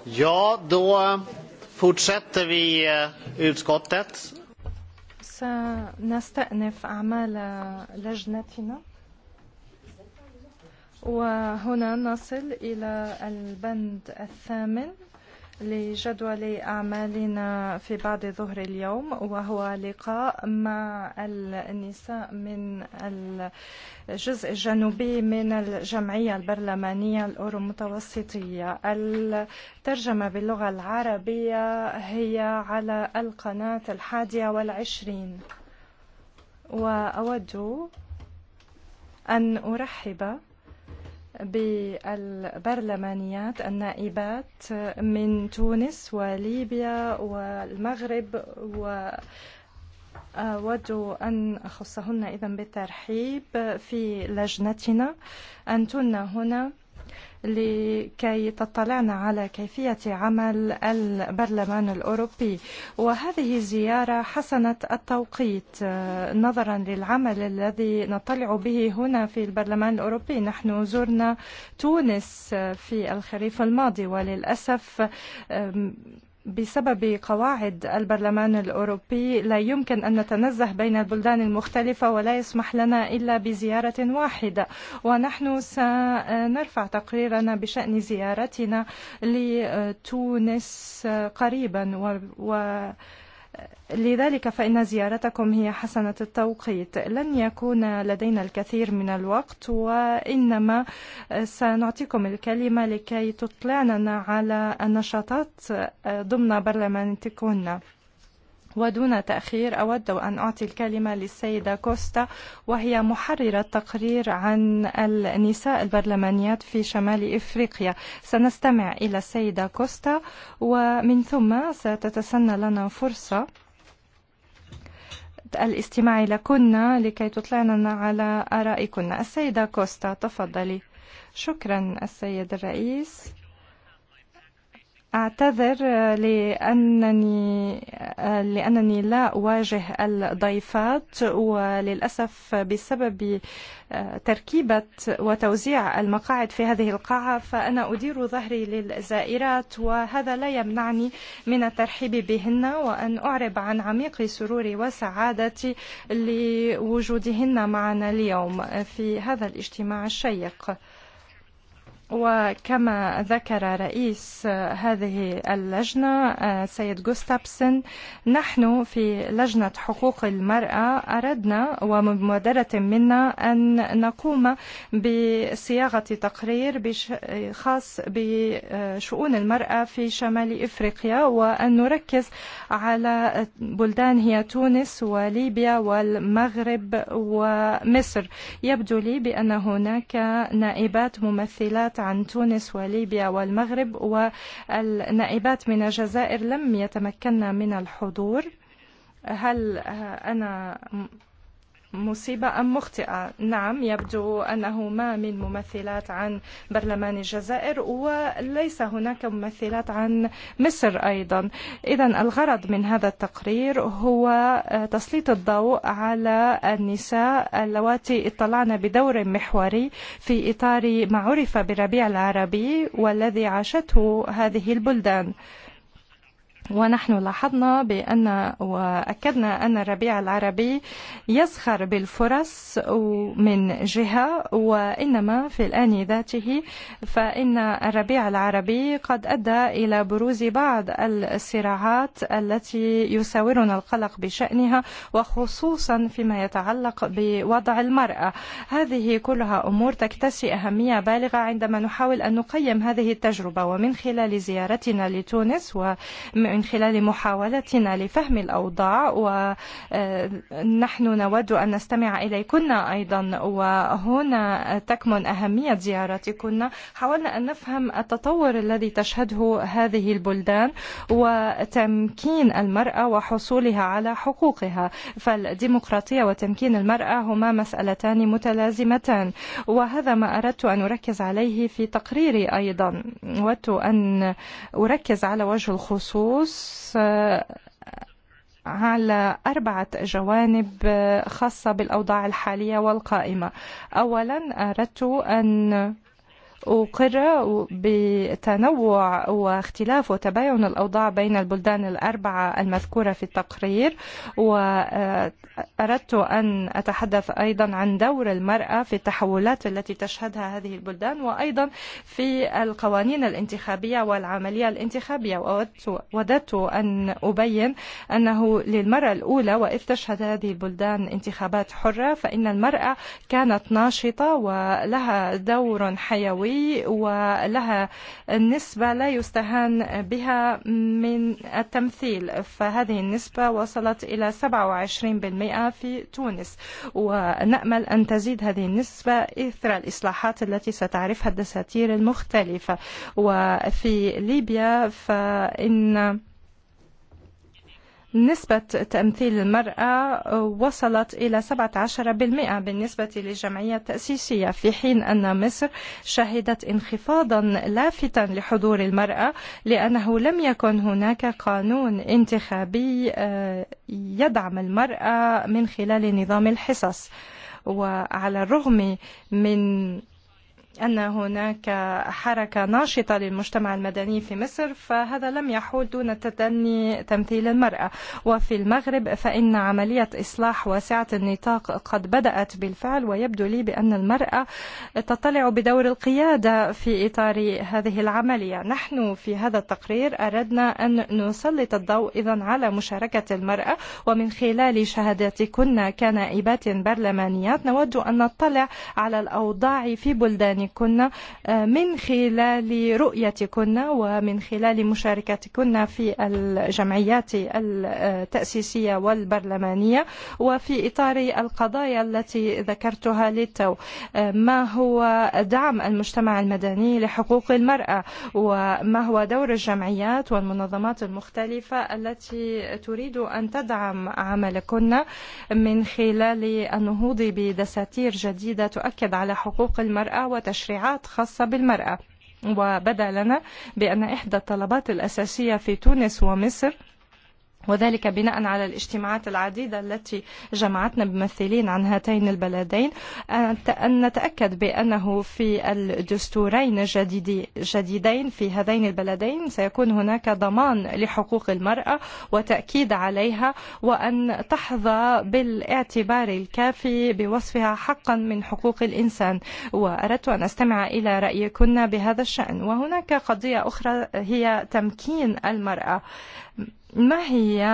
Ja, då fortsätter vi utskottet. سنستأنف أعمال لجنتنا وهنا نصل إلى البند الثامن لجدول أعمالنا في بعد ظهر اليوم وهو لقاء مع النساء من الجزء الجنوبي من الجمعية البرلمانية الأورو متوسطية الترجمة باللغة العربية هي على القناة الحادية والعشرين وأود أن أرحب بالبرلمانيات النائبات من تونس وليبيا والمغرب و أود أن أخصهن إذا بالترحيب في لجنتنا أنتن هنا لكي تطلعنا على كيفية عمل البرلمان الأوروبي وهذه زيارة حسنت التوقيت نظرا للعمل الذي نطلع به هنا في البرلمان الأوروبي نحن زرنا تونس في الخريف الماضي وللأسف بسبب قواعد البرلمان الأوروبي لا يمكن أن نتنزه بين البلدان المختلفة ولا يسمح لنا إلا بزيارة واحدة ونحن سنرفع تقريرنا بشأن زيارتنا لتونس قريبا و, و... لذلك فإن زيارتكم هي حسنة التوقيت لن يكون لدينا الكثير من الوقت وإنما سنعطيكم الكلمة لكي تطلعنا على النشاطات ضمن برلمان تكون ودون تأخير أود أن أعطي الكلمة للسيدة كوستا وهي محررة تقرير عن النساء البرلمانيات في شمال إفريقيا سنستمع إلى السيدة كوستا ومن ثم ستتسنى لنا فرصة الاستماع لكنا لكي تطلعنا على آرائكن السيدة كوستا تفضلي شكرا السيد الرئيس أعتذر لأنني لأنني لا أواجه الضيفات وللأسف بسبب تركيبة وتوزيع المقاعد في هذه القاعة فأنا أدير ظهري للزائرات وهذا لا يمنعني من الترحيب بهن وأن أعرب عن عميق سروري وسعادتي لوجودهن معنا اليوم في هذا الاجتماع الشيق. وكما ذكر رئيس هذه اللجنة سيد جوستابسن نحن في لجنة حقوق المرأة أردنا ومبادرة منا أن نقوم بصياغة تقرير خاص بشؤون المرأة في شمال إفريقيا وأن نركز على بلدان هي تونس وليبيا والمغرب ومصر يبدو لي بأن هناك نائبات ممثلات النائبات عن تونس وليبيا والمغرب والنائبات من الجزائر لم يتمكنا من الحضور هل أنا مصيبة أم مخطئة نعم يبدو أنهما من ممثلات عن برلمان الجزائر وليس هناك ممثلات عن مصر أيضا إذا الغرض من هذا التقرير هو تسليط الضوء على النساء اللواتي اطلعنا بدور محوري في إطار ما عرف بالربيع العربي والذي عاشته هذه البلدان. ونحن لاحظنا بأن وأكدنا أن الربيع العربي يزخر بالفرص من جهة وإنما في الآن ذاته فإن الربيع العربي قد أدى إلى بروز بعض الصراعات التي يساورنا القلق بشأنها وخصوصا فيما يتعلق بوضع المرأة هذه كلها أمور تكتسي أهمية بالغة عندما نحاول أن نقيم هذه التجربة ومن خلال زيارتنا لتونس ومن من خلال محاولتنا لفهم الأوضاع ونحن نود أن نستمع إليكن أيضا وهنا تكمن أهمية زيارتكن حاولنا أن نفهم التطور الذي تشهده هذه البلدان وتمكين المرأة وحصولها على حقوقها فالديمقراطية وتمكين المرأة هما مسألتان متلازمتان وهذا ما أردت أن أركز عليه في تقريري أيضا أودت أن أركز على وجه الخصوص الدروس على أربعة جوانب خاصة بالأوضاع الحالية والقائمة أولا أردت أن أقر بتنوع واختلاف وتباين الأوضاع بين البلدان الأربعة المذكورة في التقرير وأردت أن أتحدث أيضا عن دور المرأة في التحولات التي تشهدها هذه البلدان وأيضا في القوانين الانتخابية والعملية الانتخابية وددت أن أبين أنه للمرة الأولى وإذ تشهد هذه البلدان انتخابات حرة فإن المرأة كانت ناشطة ولها دور حيوي الدولي ولها نسبة لا يستهان بها من التمثيل فهذه النسبة وصلت إلى 27% في تونس ونأمل أن تزيد هذه النسبة إثر الإصلاحات التي ستعرفها الدساتير المختلفة وفي ليبيا فإن نسبة تمثيل المرأة وصلت إلى 17% بالنسبة للجمعية التأسيسية في حين أن مصر شهدت انخفاضا لافتا لحضور المرأة لأنه لم يكن هناك قانون انتخابي يدعم المرأة من خلال نظام الحصص وعلى الرغم من أن هناك حركة ناشطة للمجتمع المدني في مصر فهذا لم يحول دون تدني تمثيل المرأة وفي المغرب فإن عملية إصلاح واسعة النطاق قد بدأت بالفعل ويبدو لي بأن المرأة تطلع بدور القيادة في إطار هذه العملية نحن في هذا التقرير أردنا أن نسلط الضوء إذا على مشاركة المرأة ومن خلال شهاداتكن كنائبات برلمانيات نود أن نطلع على الأوضاع في بلدان كنا من خلال رؤيتكن ومن خلال مشاركتكن في الجمعيات التأسيسية والبرلمانية وفي إطار القضايا التي ذكرتها للتو ما هو دعم المجتمع المدني لحقوق المرأة وما هو دور الجمعيات والمنظمات المختلفة التي تريد أن تدعم عملكن من خلال النهوض بدساتير جديدة تؤكد على حقوق المرأة وتشجيع تشريعات خاصة بالمرأة وبدا لنا بأن إحدى الطلبات الأساسية في تونس ومصر وذلك بناء على الاجتماعات العديدة التي جمعتنا بممثلين عن هاتين البلدين أن نتأكد بأنه في الدستورين الجديدين في هذين البلدين سيكون هناك ضمان لحقوق المرأة وتأكيد عليها وأن تحظى بالاعتبار الكافي بوصفها حقا من حقوق الإنسان وأردت أن أستمع إلى رأيكن بهذا الشأن وهناك قضية أخرى هي تمكين المرأة ما هي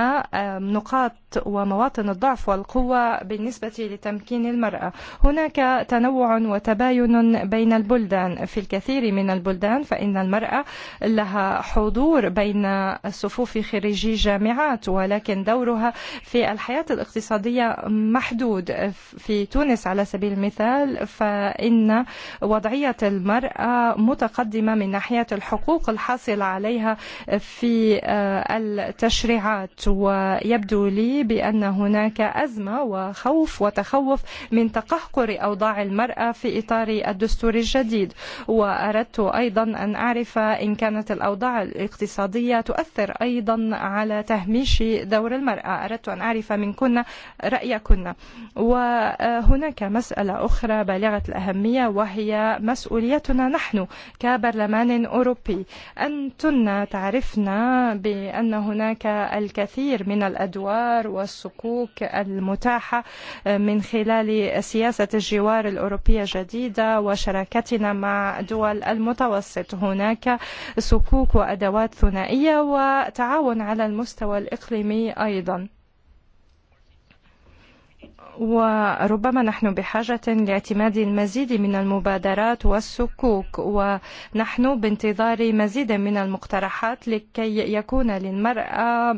نقاط ومواطن الضعف والقوة بالنسبة لتمكين المرأة هناك تنوع وتباين بين البلدان في الكثير من البلدان فإن المرأة لها حضور بين الصفوف خريجي جامعات ولكن دورها في الحياة الاقتصادية محدود في تونس على سبيل المثال فإن وضعية المرأة متقدمة من ناحية الحقوق الحاصلة عليها في التشريعات ويبدو لي بأن هناك أزمة وخوف وتخوف من تقهقر أوضاع المرأة في إطار الدستور الجديد وأردت أيضا أن أعرف إن كانت الأوضاع الاقتصادية تؤثر أيضا على تهميش دور المرأة أردت أن أعرف من منكن رأيكن وهناك مسألة أخرى بالغة الأهمية وهي مسؤوليتنا نحن كبرلمان أوروبي أنتن تعرفنا بأن هناك الكثير من الأدوار والصكوك المتاحة من خلال سياسة الجوار الأوروبية الجديدة وشراكتنا مع دول المتوسط هناك صكوك وأدوات ثنائية وتعاون على المستوى الإقليمي أيضا وربما نحن بحاجة لاعتماد المزيد من المبادرات والسكوك ونحن بانتظار مزيد من المقترحات لكي يكون للمرأة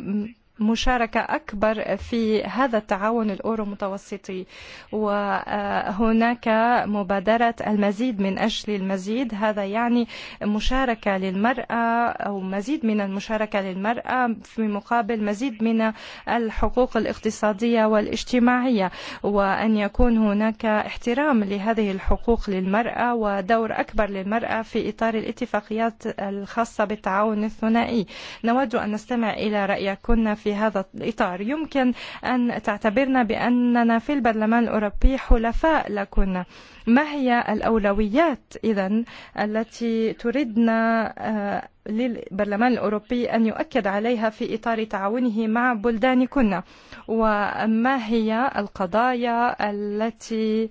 مشاركة أكبر في هذا التعاون الأورو متوسطي وهناك مبادرة المزيد من أجل المزيد هذا يعني مشاركة للمرأة أو مزيد من المشاركة للمرأة في مقابل مزيد من الحقوق الاقتصادية والاجتماعية وأن يكون هناك احترام لهذه الحقوق للمرأة ودور أكبر للمرأة في إطار الاتفاقيات الخاصة بالتعاون الثنائي نود أن نستمع إلى رأيكن في بهذا الإطار يمكن أن تعتبرنا بأننا في البرلمان الأوروبي حلفاء لكنا ما هي الأولويات إذا التي تريدنا للبرلمان الأوروبي أن يؤكد عليها في إطار تعاونه مع بلدانكن وما هي القضايا التي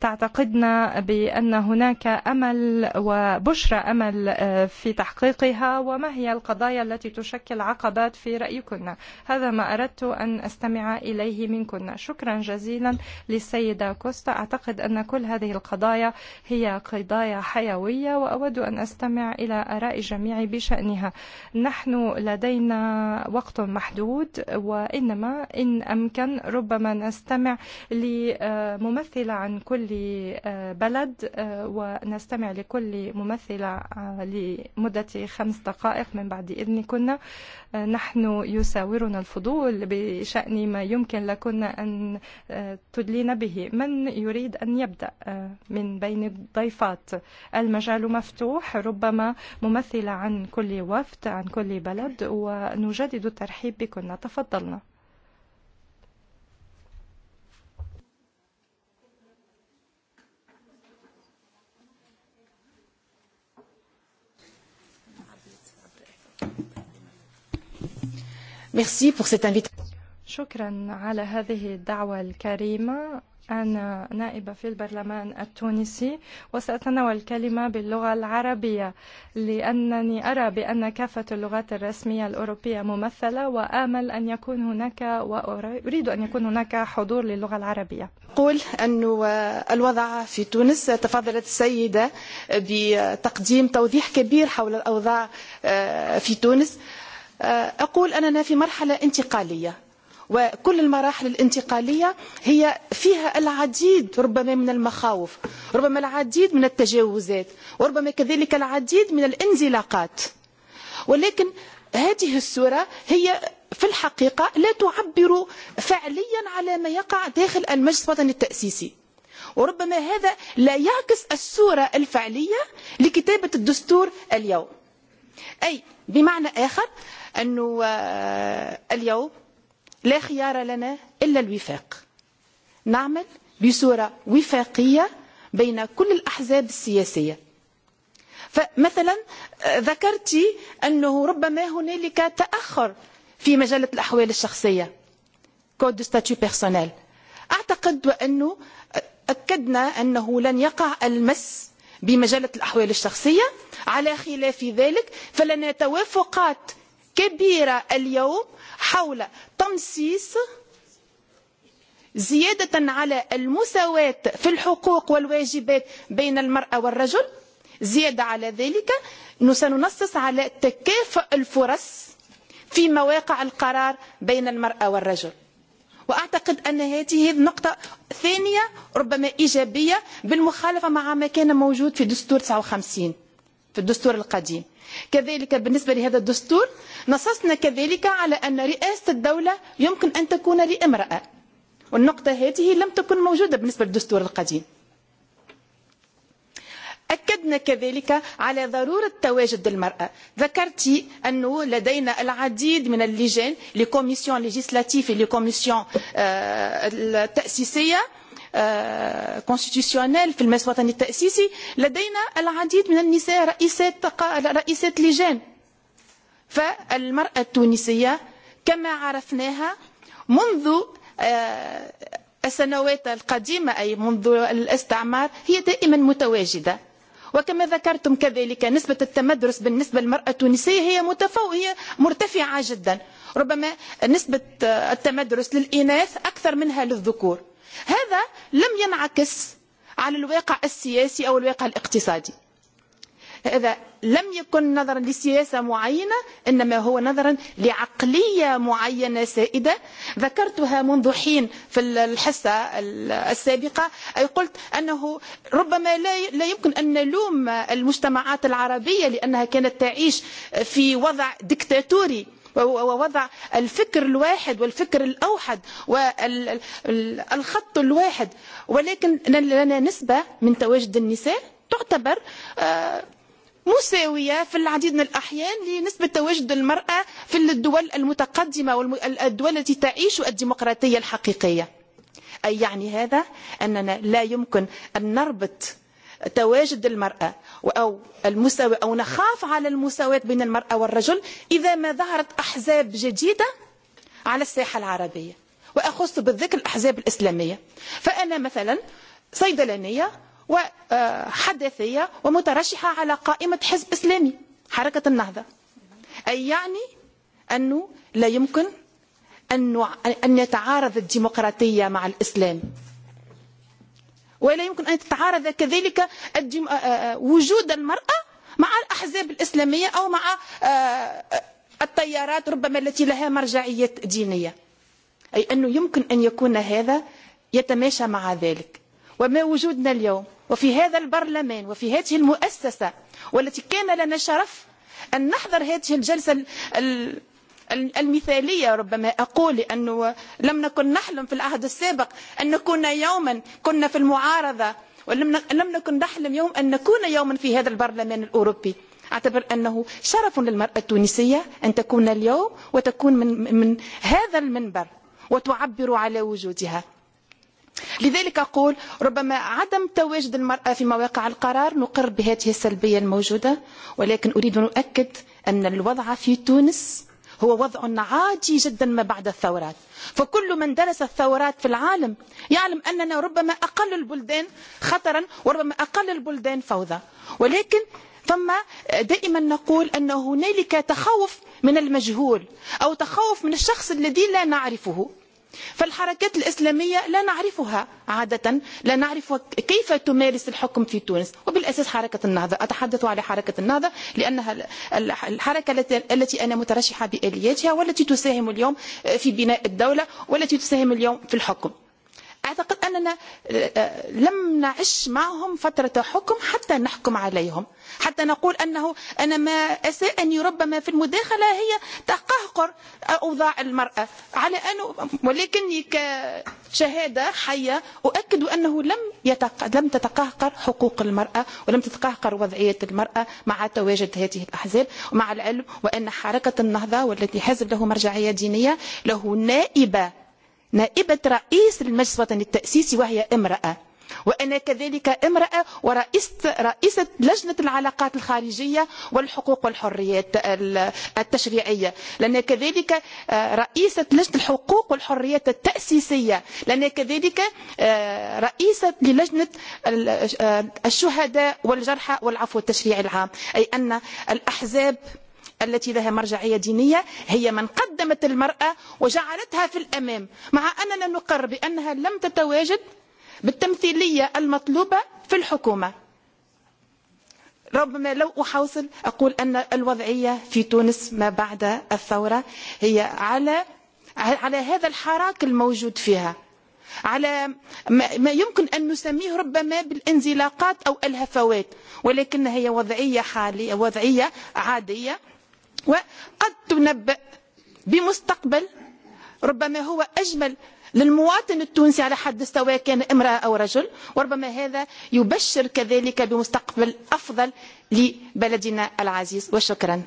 تعتقدن بأن هناك أمل وبشرى أمل في تحقيقها وما هي القضايا التي تشكل عقبات في رأيكن هذا ما أردت أن أستمع إليه منكن شكرا جزيلا للسيدة كوستا أعتقد أن كل هذه القضايا هي قضايا حيوية وأود أن أستمع إلى آراء الجميع بشأنها نحن لدينا وقت محدود وإنما إن أمكن ربما نستمع لممثلة عن كل لبلد ونستمع لكل ممثلة لمدة خمس دقائق من بعد إذن كنا نحن يساورنا الفضول بشأن ما يمكن لكنا أن تدلين به من يريد أن يبدأ من بين الضيفات المجال مفتوح ربما ممثلة عن كل وفد عن كل بلد ونجدد الترحيب بكنا تفضلنا Merci pour cette invitation. أنا نائبة في البرلمان التونسي وسأتناول الكلمة باللغة العربية لأنني أرى بأن كافة اللغات الرسمية الأوروبية ممثلة وآمل أن يكون هناك وأريد أن يكون هناك حضور للغة العربية أقول أن الوضع في تونس تفضلت السيدة بتقديم توضيح كبير حول الأوضاع في تونس أقول أننا في مرحلة انتقالية وكل المراحل الانتقالية هي فيها العديد ربما من المخاوف ربما العديد من التجاوزات وربما كذلك العديد من الانزلاقات ولكن هذه الصورة هي في الحقيقة لا تعبر فعليا على ما يقع داخل المجلس الوطني التأسيسي وربما هذا لا يعكس الصورة الفعلية لكتابة الدستور اليوم أي بمعنى آخر أنه اليوم لا خيار لنا إلا الوفاق نعمل بصورة وفاقية بين كل الأحزاب السياسية فمثلا ذكرت أنه ربما هنالك تأخر في مجلة الأحوال الشخصية كود ستاتيو بيرسونيل أعتقد أنه أكدنا أنه لن يقع المس بمجلة الأحوال الشخصية على خلاف ذلك فلنا توافقات كبيرة اليوم حول تمسيس زيادة على المساواة في الحقوق والواجبات بين المرأة والرجل زيادة على ذلك سننصص على تكافؤ الفرص في مواقع القرار بين المرأة والرجل وأعتقد أن هذه نقطة ثانية ربما إيجابية بالمخالفة مع ما كان موجود في دستور 59 في الدستور القديم كذلك بالنسبة لهذا الدستور نصصنا كذلك على أن رئاسة الدولة يمكن أن تكون لامرأة والنقطة هذه لم تكن موجودة بالنسبة للدستور القديم أكدنا كذلك على ضرورة تواجد المرأة ذكرت أنه لدينا العديد من اللجان لكوميسيون ليجيسلاتيف لكوميسيون التأسيسية كونستيتيسيونيل في المجلس الوطني التأسيسي لدينا العديد من النساء رئيسات رئيسات لجان فالمرأة التونسية كما عرفناها منذ السنوات القديمة أي منذ الاستعمار هي دائما متواجدة وكما ذكرتم كذلك نسبة التمدرس بالنسبة للمرأة التونسية هي متفوق هي مرتفعة جدا ربما نسبة التمدرس للإناث أكثر منها للذكور هذا لم ينعكس على الواقع السياسي أو الواقع الاقتصادي هذا لم يكن نظرا لسياسة معينة إنما هو نظرا لعقلية معينة سائدة ذكرتها منذ حين في الحصة السابقة أي قلت أنه ربما لا يمكن أن نلوم المجتمعات العربية لأنها كانت تعيش في وضع ديكتاتوري ووضع الفكر الواحد والفكر الأوحد والخط الواحد ولكن لنا نسبة من تواجد النساء تعتبر مساوية في العديد من الأحيان لنسبة تواجد المرأة في الدول المتقدمة والدول التي تعيش الديمقراطية الحقيقية أي يعني هذا أننا لا يمكن أن نربط تواجد المرأة أو المساواة أو نخاف على المساواة بين المرأة والرجل إذا ما ظهرت أحزاب جديدة على الساحة العربية وأخص بالذكر الأحزاب الإسلامية فأنا مثلا صيدلانية وحدثية ومترشحة على قائمة حزب إسلامي حركة النهضة أي يعني أنه لا يمكن أن يتعارض الديمقراطية مع الإسلام ولا يمكن أن تتعارض كذلك وجود المرأة مع الأحزاب الإسلامية أو مع التيارات ربما التي لها مرجعية دينية أي أنه يمكن أن يكون هذا يتماشى مع ذلك وما وجودنا اليوم وفي هذا البرلمان وفي هذه المؤسسة والتي كان لنا شرف أن نحضر هذه الجلسة المثالية ربما أقول أنه لم نكن نحلم في العهد السابق أن نكون يوما كنا في المعارضة ولم نكن نحلم يوم أن نكون يوما في هذا البرلمان الأوروبي أعتبر أنه شرف للمرأة التونسية أن تكون اليوم وتكون من, من هذا المنبر وتعبر على وجودها لذلك أقول ربما عدم تواجد المرأة في مواقع القرار نقر بهذه السلبية الموجودة ولكن أريد أن أؤكد أن الوضع في تونس هو وضع عاجي جدا ما بعد الثورات فكل من درس الثورات في العالم يعلم أننا ربما أقل البلدان خطرا وربما أقل البلدان فوضى ولكن ثم دائما نقول أن هنالك تخوف من المجهول أو تخوف من الشخص الذي لا نعرفه فالحركات الإسلامية لا نعرفها عادة لا نعرف كيف تمارس الحكم في تونس وبالأساس حركة النهضة أتحدث على حركة النهضة لأنها الحركة التي أنا مترشحة بآلياتها والتي تساهم اليوم في بناء الدولة والتي تساهم اليوم في الحكم أعتقد أننا لم نعش معهم فترة حكم حتى نحكم عليهم حتى نقول أنه أنا ما أساءني ربما في المداخلة هي تقهقر أوضاع المرأة على أنه ولكني كشهادة حية أؤكد أنه لم يتق... لم تتقهقر حقوق المرأة ولم تتقهقر وضعية المرأة مع تواجد هذه الأحزاب ومع العلم وأن حركة النهضة والتي حزب له مرجعية دينية له نائبة نائبة رئيس المجلس الوطني التأسيسي وهي امرأة وأنا كذلك امرأة ورئيسة رئيسة لجنة العلاقات الخارجية والحقوق والحريات التشريعية لأن كذلك رئيسة لجنة الحقوق والحريات التأسيسية لأن كذلك رئيسة للجنة الشهداء والجرحى والعفو التشريعي العام أي أن الأحزاب التي لها مرجعية دينية هي من قدمت المرأة وجعلتها في الأمام مع أننا نقر بأنها لم تتواجد بالتمثيلية المطلوبة في الحكومة ربما لو أحوصل أقول أن الوضعية في تونس ما بعد الثورة هي على على هذا الحراك الموجود فيها على ما يمكن أن نسميه ربما بالانزلاقات أو الهفوات ولكن هي وضعية حالية وضعية عادية وقد تنبأ بمستقبل ربما هو أجمل للمواطن التونسي على حد سواء كان امرأة أو رجل وربما هذا يبشر كذلك بمستقبل أفضل لبلدنا العزيز وشكرا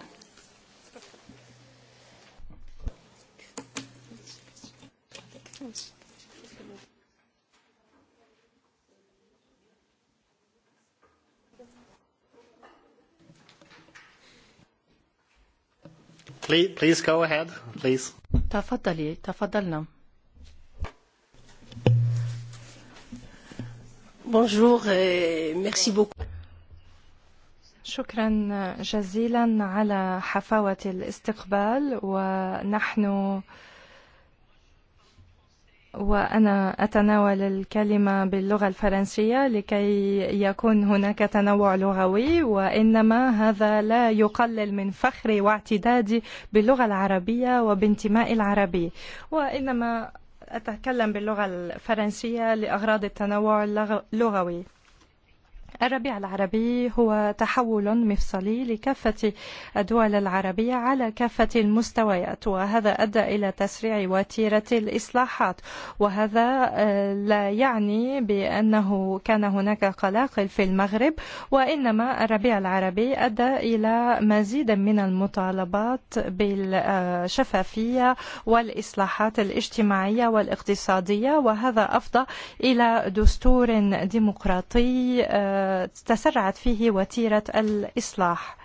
Please, please go ahead, please. تفضلي تفضلنا. Bonjour et merci beaucoup. شكرا جزيلا على حفاوة الاستقبال ونحن وأنا أتناول الكلمة باللغة الفرنسية لكي يكون هناك تنوع لغوي وإنما هذا لا يقلل من فخري واعتدادي باللغة العربية وبانتماء العربي وإنما أتكلم باللغة الفرنسية لأغراض التنوع اللغوي الربيع العربي هو تحول مفصلي لكافة الدول العربية على كافة المستويات وهذا أدى إلى تسريع وتيرة الإصلاحات وهذا لا يعني بأنه كان هناك قلاقل في المغرب وإنما الربيع العربي أدى إلى مزيد من المطالبات بالشفافية والإصلاحات الاجتماعية والاقتصادية وهذا أفضى إلى دستور ديمقراطي تسرعت فيه وتيرة الإصلاح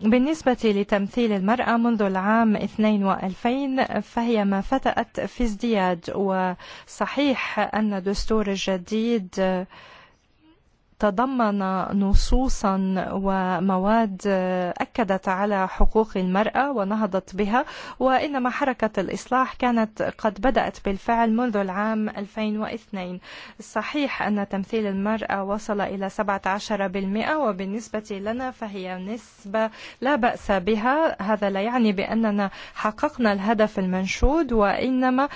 بالنسبة لتمثيل المرأة منذ العام 2000 فهي ما فتأت في ازدياد وصحيح أن الدستور الجديد تضمن نصوصا ومواد أكدت على حقوق المرأة ونهضت بها وإنما حركة الإصلاح كانت قد بدأت بالفعل منذ العام 2002 صحيح أن تمثيل المرأة وصل إلى 17% وبالنسبة لنا فهي نسبة لا بأس بها هذا لا يعني بأننا حققنا الهدف المنشود وإنما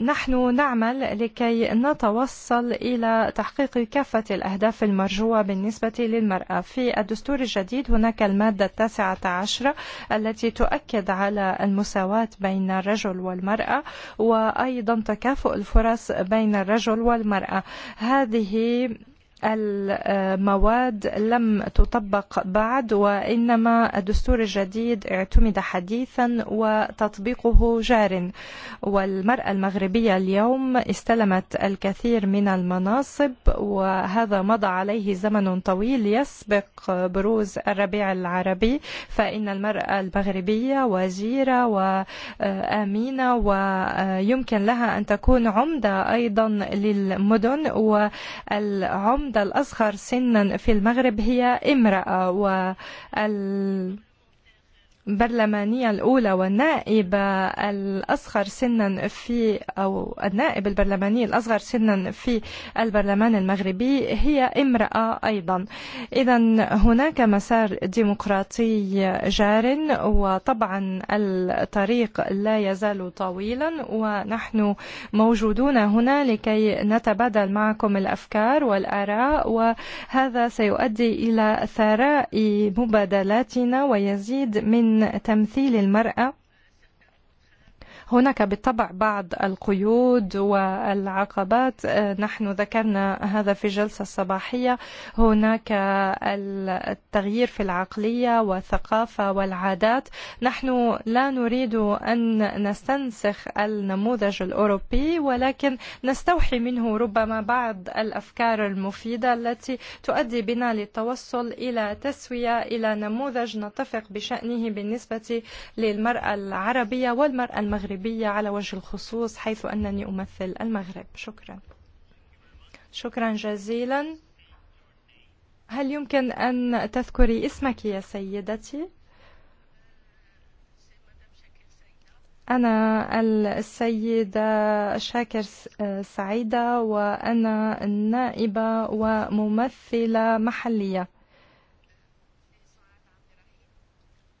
نحن نعمل لكي نتوصل إلى تحقيق كافة الأهداف المرجوة بالنسبة للمرأة في الدستور الجديد هناك المادة التاسعة عشرة التي تؤكد على المساواة بين الرجل والمرأة وأيضا تكافؤ الفرص بين الرجل والمرأة هذه المواد لم تطبق بعد وإنما الدستور الجديد اعتمد حديثا وتطبيقه جار والمرأة المغربية اليوم استلمت الكثير من المناصب وهذا مضى عليه زمن طويل يسبق بروز الربيع العربي فإن المرأة المغربية وزيرة وآمينة ويمكن لها أن تكون عمدة أيضا للمدن والعمدة العمدة الأصغر سنا في المغرب هي امرأة وال البرلمانية الأولى والنائبة الأصغر سنا في أو النائب البرلماني الأصغر سنا في البرلمان المغربي هي امرأة أيضا إذا هناك مسار ديمقراطي جار وطبعا الطريق لا يزال طويلا ونحن موجودون هنا لكي نتبادل معكم الأفكار والآراء وهذا سيؤدي إلى ثراء مبادلاتنا ويزيد من تمثيل المرأة هناك بالطبع بعض القيود والعقبات نحن ذكرنا هذا في الجلسة الصباحية هناك التغيير في العقلية والثقافة والعادات نحن لا نريد أن نستنسخ النموذج الأوروبي ولكن نستوحي منه ربما بعض الأفكار المفيدة التي تؤدي بنا للتوصل إلى تسوية إلى نموذج نتفق بشأنه بالنسبة للمرأة العربية والمرأة المغربية المغربية على وجه الخصوص حيث أنني أمثل المغرب شكرا شكرا جزيلا هل يمكن أن تذكري اسمك يا سيدتي؟ أنا السيدة شاكر سعيدة وأنا النائبة وممثلة محلية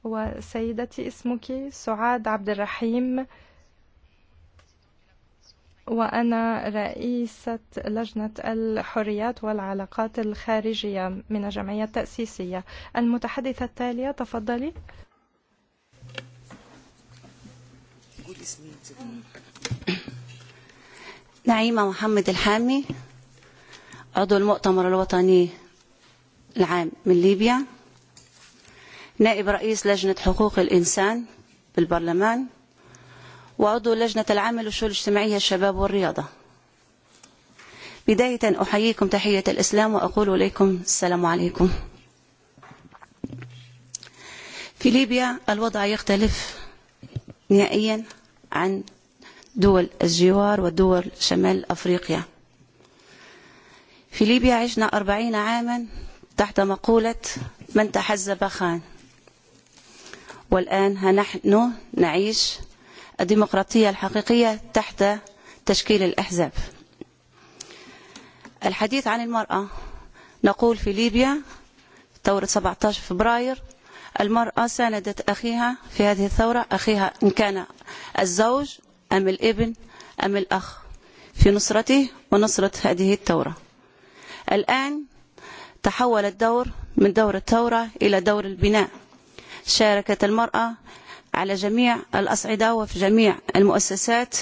وسيدتي اسمك سعاد عبد الرحيم وأنا رئيسة لجنة الحريات والعلاقات الخارجية من الجمعية التأسيسية المتحدثة التالية تفضلي نعيمة محمد الحامي عضو المؤتمر الوطني العام من ليبيا نائب رئيس لجنة حقوق الإنسان بالبرلمان وعضو لجنة العمل والشؤون الاجتماعية الشباب والرياضة بداية أحييكم تحية الإسلام وأقول إليكم السلام عليكم في ليبيا الوضع يختلف نهائيا عن دول الجوار ودول شمال أفريقيا في ليبيا عشنا أربعين عاما تحت مقولة من تحزب خان والآن نحن نعيش الديمقراطية الحقيقية تحت تشكيل الأحزاب الحديث عن المرأة نقول في ليبيا ثورة 17 فبراير المرأة ساندت أخيها في هذه الثورة أخيها إن كان الزوج أم الإبن أم الأخ في نصرته ونصرة هذه الثورة الآن تحول الدور من دور الثورة إلى دور البناء شاركت المرأة على جميع الأصعدة وفي جميع المؤسسات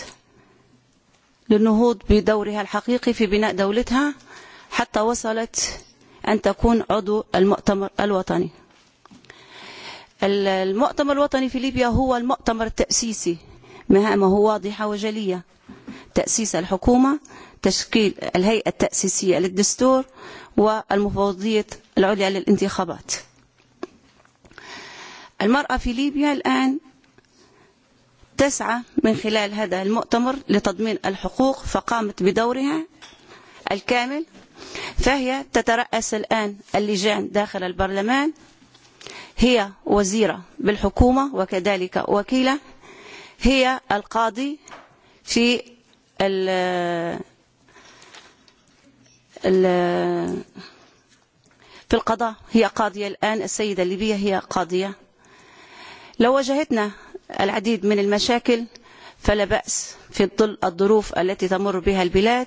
للنهوض بدورها الحقيقي في بناء دولتها حتى وصلت أن تكون عضو المؤتمر الوطني المؤتمر الوطني في ليبيا هو المؤتمر التأسيسي مهامه واضحة وجلية تأسيس الحكومة تشكيل الهيئة التأسيسية للدستور والمفوضية العليا للانتخابات المرأة في ليبيا الآن تسعى من خلال هذا المؤتمر لتضمين الحقوق فقامت بدورها الكامل فهي تترأس الآن اللجان داخل البرلمان هي وزيرة بالحكومة وكذلك وكيلة هي القاضي في ال ال في القضاء هي قاضية الآن السيدة الليبية هي قاضية لو واجهتنا العديد من المشاكل فلا بأس في ظل الظروف التي تمر بها البلاد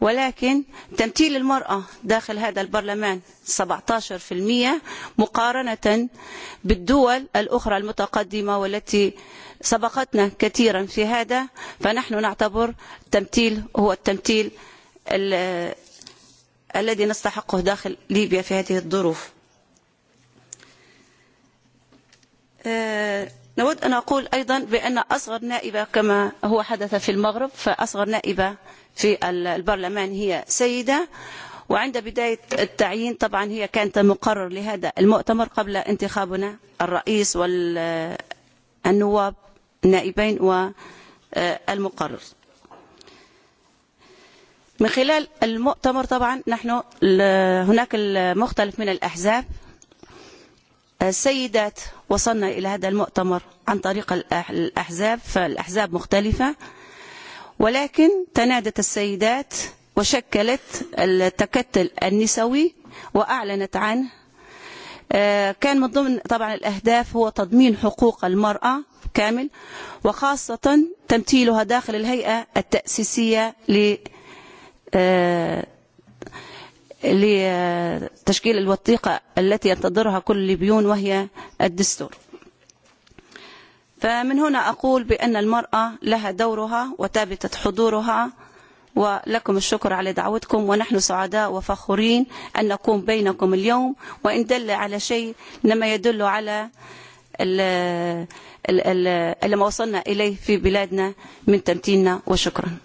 ولكن تمثيل المرأة داخل هذا البرلمان 17% مقارنة بالدول الأخرى المتقدمة والتي سبقتنا كثيرا في هذا فنحن نعتبر التمثيل هو التمثيل الذي نستحقه داخل ليبيا في هذه الظروف نود أن أقول أيضا بأن أصغر نائبة كما هو حدث في المغرب فأصغر نائبة في البرلمان هي سيدة وعند بداية التعيين طبعا هي كانت مقرر لهذا المؤتمر قبل انتخابنا الرئيس والنواب النائبين والمقرر من خلال المؤتمر طبعا نحن هناك المختلف من الأحزاب السيدات وصلنا إلى هذا المؤتمر عن طريق الأحزاب فالأحزاب مختلفة ولكن تنادت السيدات وشكلت التكتل النسوي وأعلنت عنه كان من ضمن طبعا الأهداف هو تضمين حقوق المرأة كامل وخاصة تمثيلها داخل الهيئة التأسيسية لتشكيل الوثيقة التي ينتظرها كل الليبيون وهي الدستور فمن هنا أقول بأن المرأة لها دورها وثابتة حضورها ولكم الشكر على دعوتكم ونحن سعداء وفخورين أن نكون بينكم اليوم وإن دل على شيء لما يدل على اللي ما وصلنا إليه في بلادنا من تمتيننا وشكرا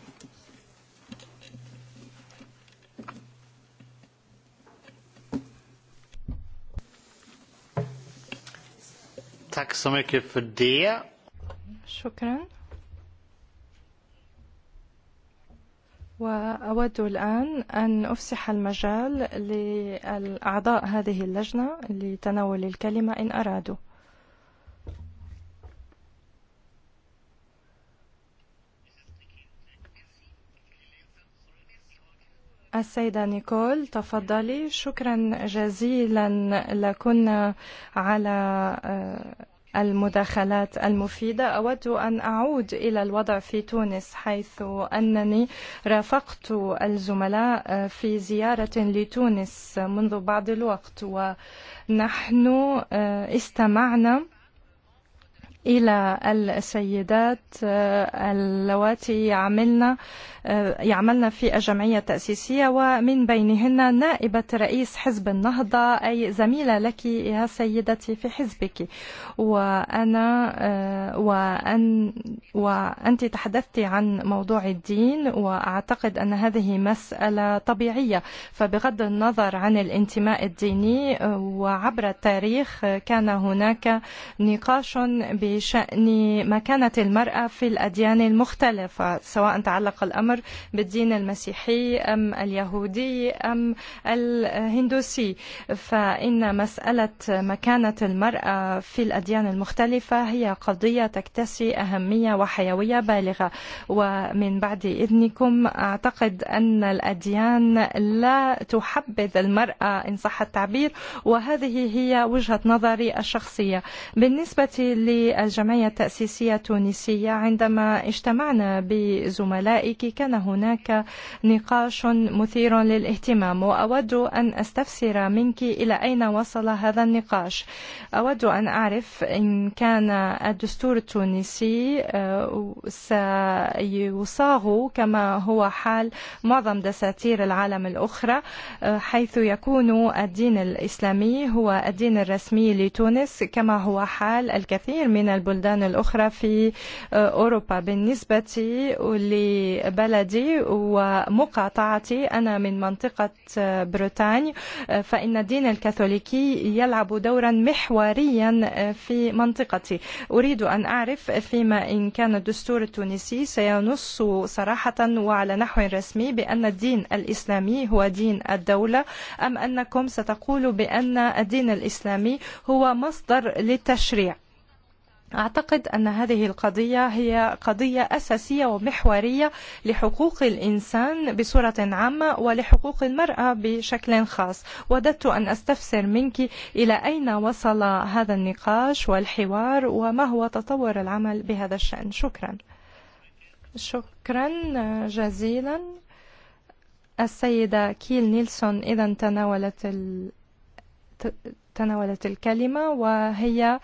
Tack så mycket för det. شكرا. وأود الآن أن أفسح المجال لأعضاء هذه اللجنة لتناول الكلمة إن أرادوا. السيدة نيكول تفضلي شكرا جزيلا لكن على المداخلات المفيدة أود أن أعود إلى الوضع في تونس حيث أنني رافقت الزملاء في زيارة لتونس منذ بعض الوقت ونحن استمعنا إلى السيدات اللواتي عملنا يعملن في الجمعية التأسيسية ومن بينهن نائبة رئيس حزب النهضة أي زميلة لك يا سيدتي في حزبك وأنا وأن وأنت تحدثت عن موضوع الدين وأعتقد أن هذه مسألة طبيعية فبغض النظر عن الانتماء الديني وعبر التاريخ كان هناك نقاش ب بشأن مكانة المرأة في الأديان المختلفة سواء تعلق الأمر بالدين المسيحي أم اليهودي أم الهندوسي فإن مسألة مكانة المرأة في الأديان المختلفة هي قضية تكتسي أهمية وحيوية بالغة ومن بعد إذنكم أعتقد أن الأديان لا تحبذ المرأة إن صح التعبير وهذه هي وجهة نظري الشخصية بالنسبة لل الجمعية التأسيسية التونسية عندما اجتمعنا بزملائك كان هناك نقاش مثير للاهتمام وأود أن أستفسر منك إلى أين وصل هذا النقاش أود أن أعرف إن كان الدستور التونسي سيصاغ كما هو حال معظم دساتير العالم الأخرى حيث يكون الدين الإسلامي هو الدين الرسمي لتونس كما هو حال الكثير من من البلدان الأخرى في أوروبا بالنسبة لبلدي ومقاطعتي أنا من منطقة بريطانيا فإن الدين الكاثوليكي يلعب دورا محوريا في منطقتي أريد أن أعرف فيما إن كان الدستور التونسي سينص صراحة وعلى نحو رسمي بأن الدين الإسلامي هو دين الدولة أم أنكم ستقولوا بأن الدين الإسلامي هو مصدر للتشريع أعتقد أن هذه القضية هي قضية أساسية ومحورية لحقوق الإنسان بصورة عامة ولحقوق المرأة بشكل خاص وددت أن أستفسر منك إلى أين وصل هذا النقاش والحوار وما هو تطور العمل بهذا الشأن شكرا شكرا جزيلا السيدة كيل نيلسون إذا تناولت ال... تناولت الكلمة وهي آه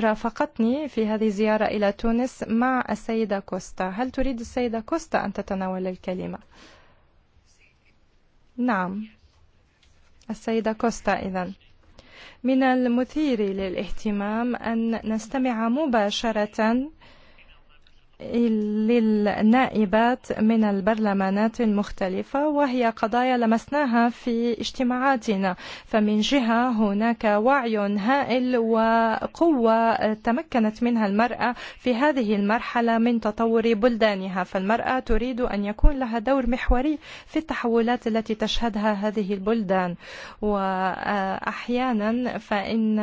رافقتني في هذه الزيارة إلى تونس مع السيدة كوستا هل تريد السيدة كوستا أن تتناول الكلمة؟ نعم السيدة كوستا إذا من المثير للاهتمام أن نستمع مباشرة للنائبات من البرلمانات المختلفة وهي قضايا لمسناها في اجتماعاتنا فمن جهة هناك وعي هائل وقوة تمكنت منها المرأة في هذه المرحلة من تطور بلدانها فالمرأة تريد أن يكون لها دور محوري في التحولات التي تشهدها هذه البلدان وأحيانا فإن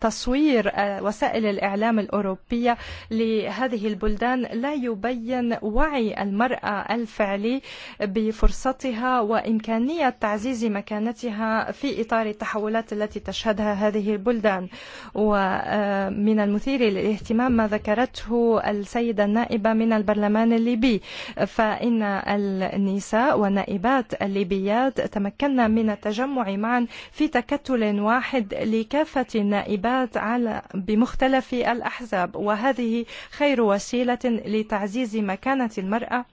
تصوير وسائل الإعلام الأوروبية لهذه البلدان لا يبين وعي المرأة الفعلي بفرصتها وإمكانية تعزيز مكانتها في إطار التحولات التي تشهدها هذه البلدان ومن المثير للاهتمام ما ذكرته السيدة النائبة من البرلمان الليبي فإن النساء ونائبات الليبيات تمكنا من التجمع معا في تكتل واحد لكافة النائبات الإباد على بمختلف الأحزاب وهذه خير وسيلة لتعزيز مكانة المرأة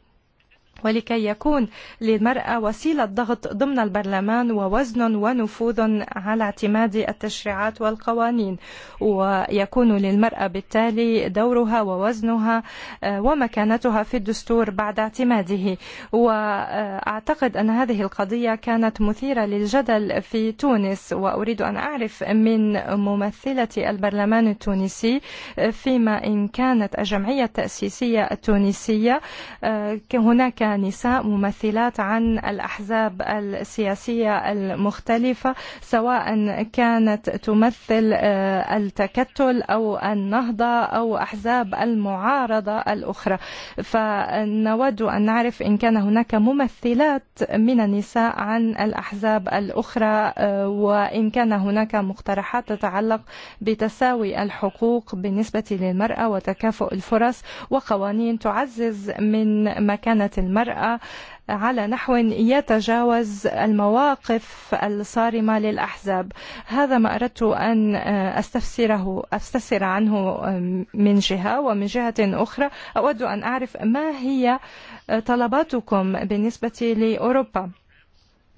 ولكي يكون للمرأة وسيلة ضغط ضمن البرلمان ووزن ونفوذ على اعتماد التشريعات والقوانين ويكون للمرأة بالتالي دورها ووزنها ومكانتها في الدستور بعد اعتماده وأعتقد أن هذه القضية كانت مثيرة للجدل في تونس وأريد أن أعرف من ممثلة البرلمان التونسي فيما إن كانت الجمعية التأسيسية التونسية هناك نساء ممثلات عن الأحزاب السياسية المختلفة سواء كانت تمثل التكتل أو النهضة أو أحزاب المعارضة الأخرى فنود أن نعرف إن كان هناك ممثلات من النساء عن الأحزاب الأخرى وإن كان هناك مقترحات تتعلق بتساوي الحقوق بالنسبة للمرأة وتكافؤ الفرص وقوانين تعزز من مكانة المرأة المرأة على نحو يتجاوز المواقف الصارمة للأحزاب هذا ما أردت أن أستفسره أستفسر عنه من جهة ومن جهة أخرى أود أن أعرف ما هي طلباتكم بالنسبة لأوروبا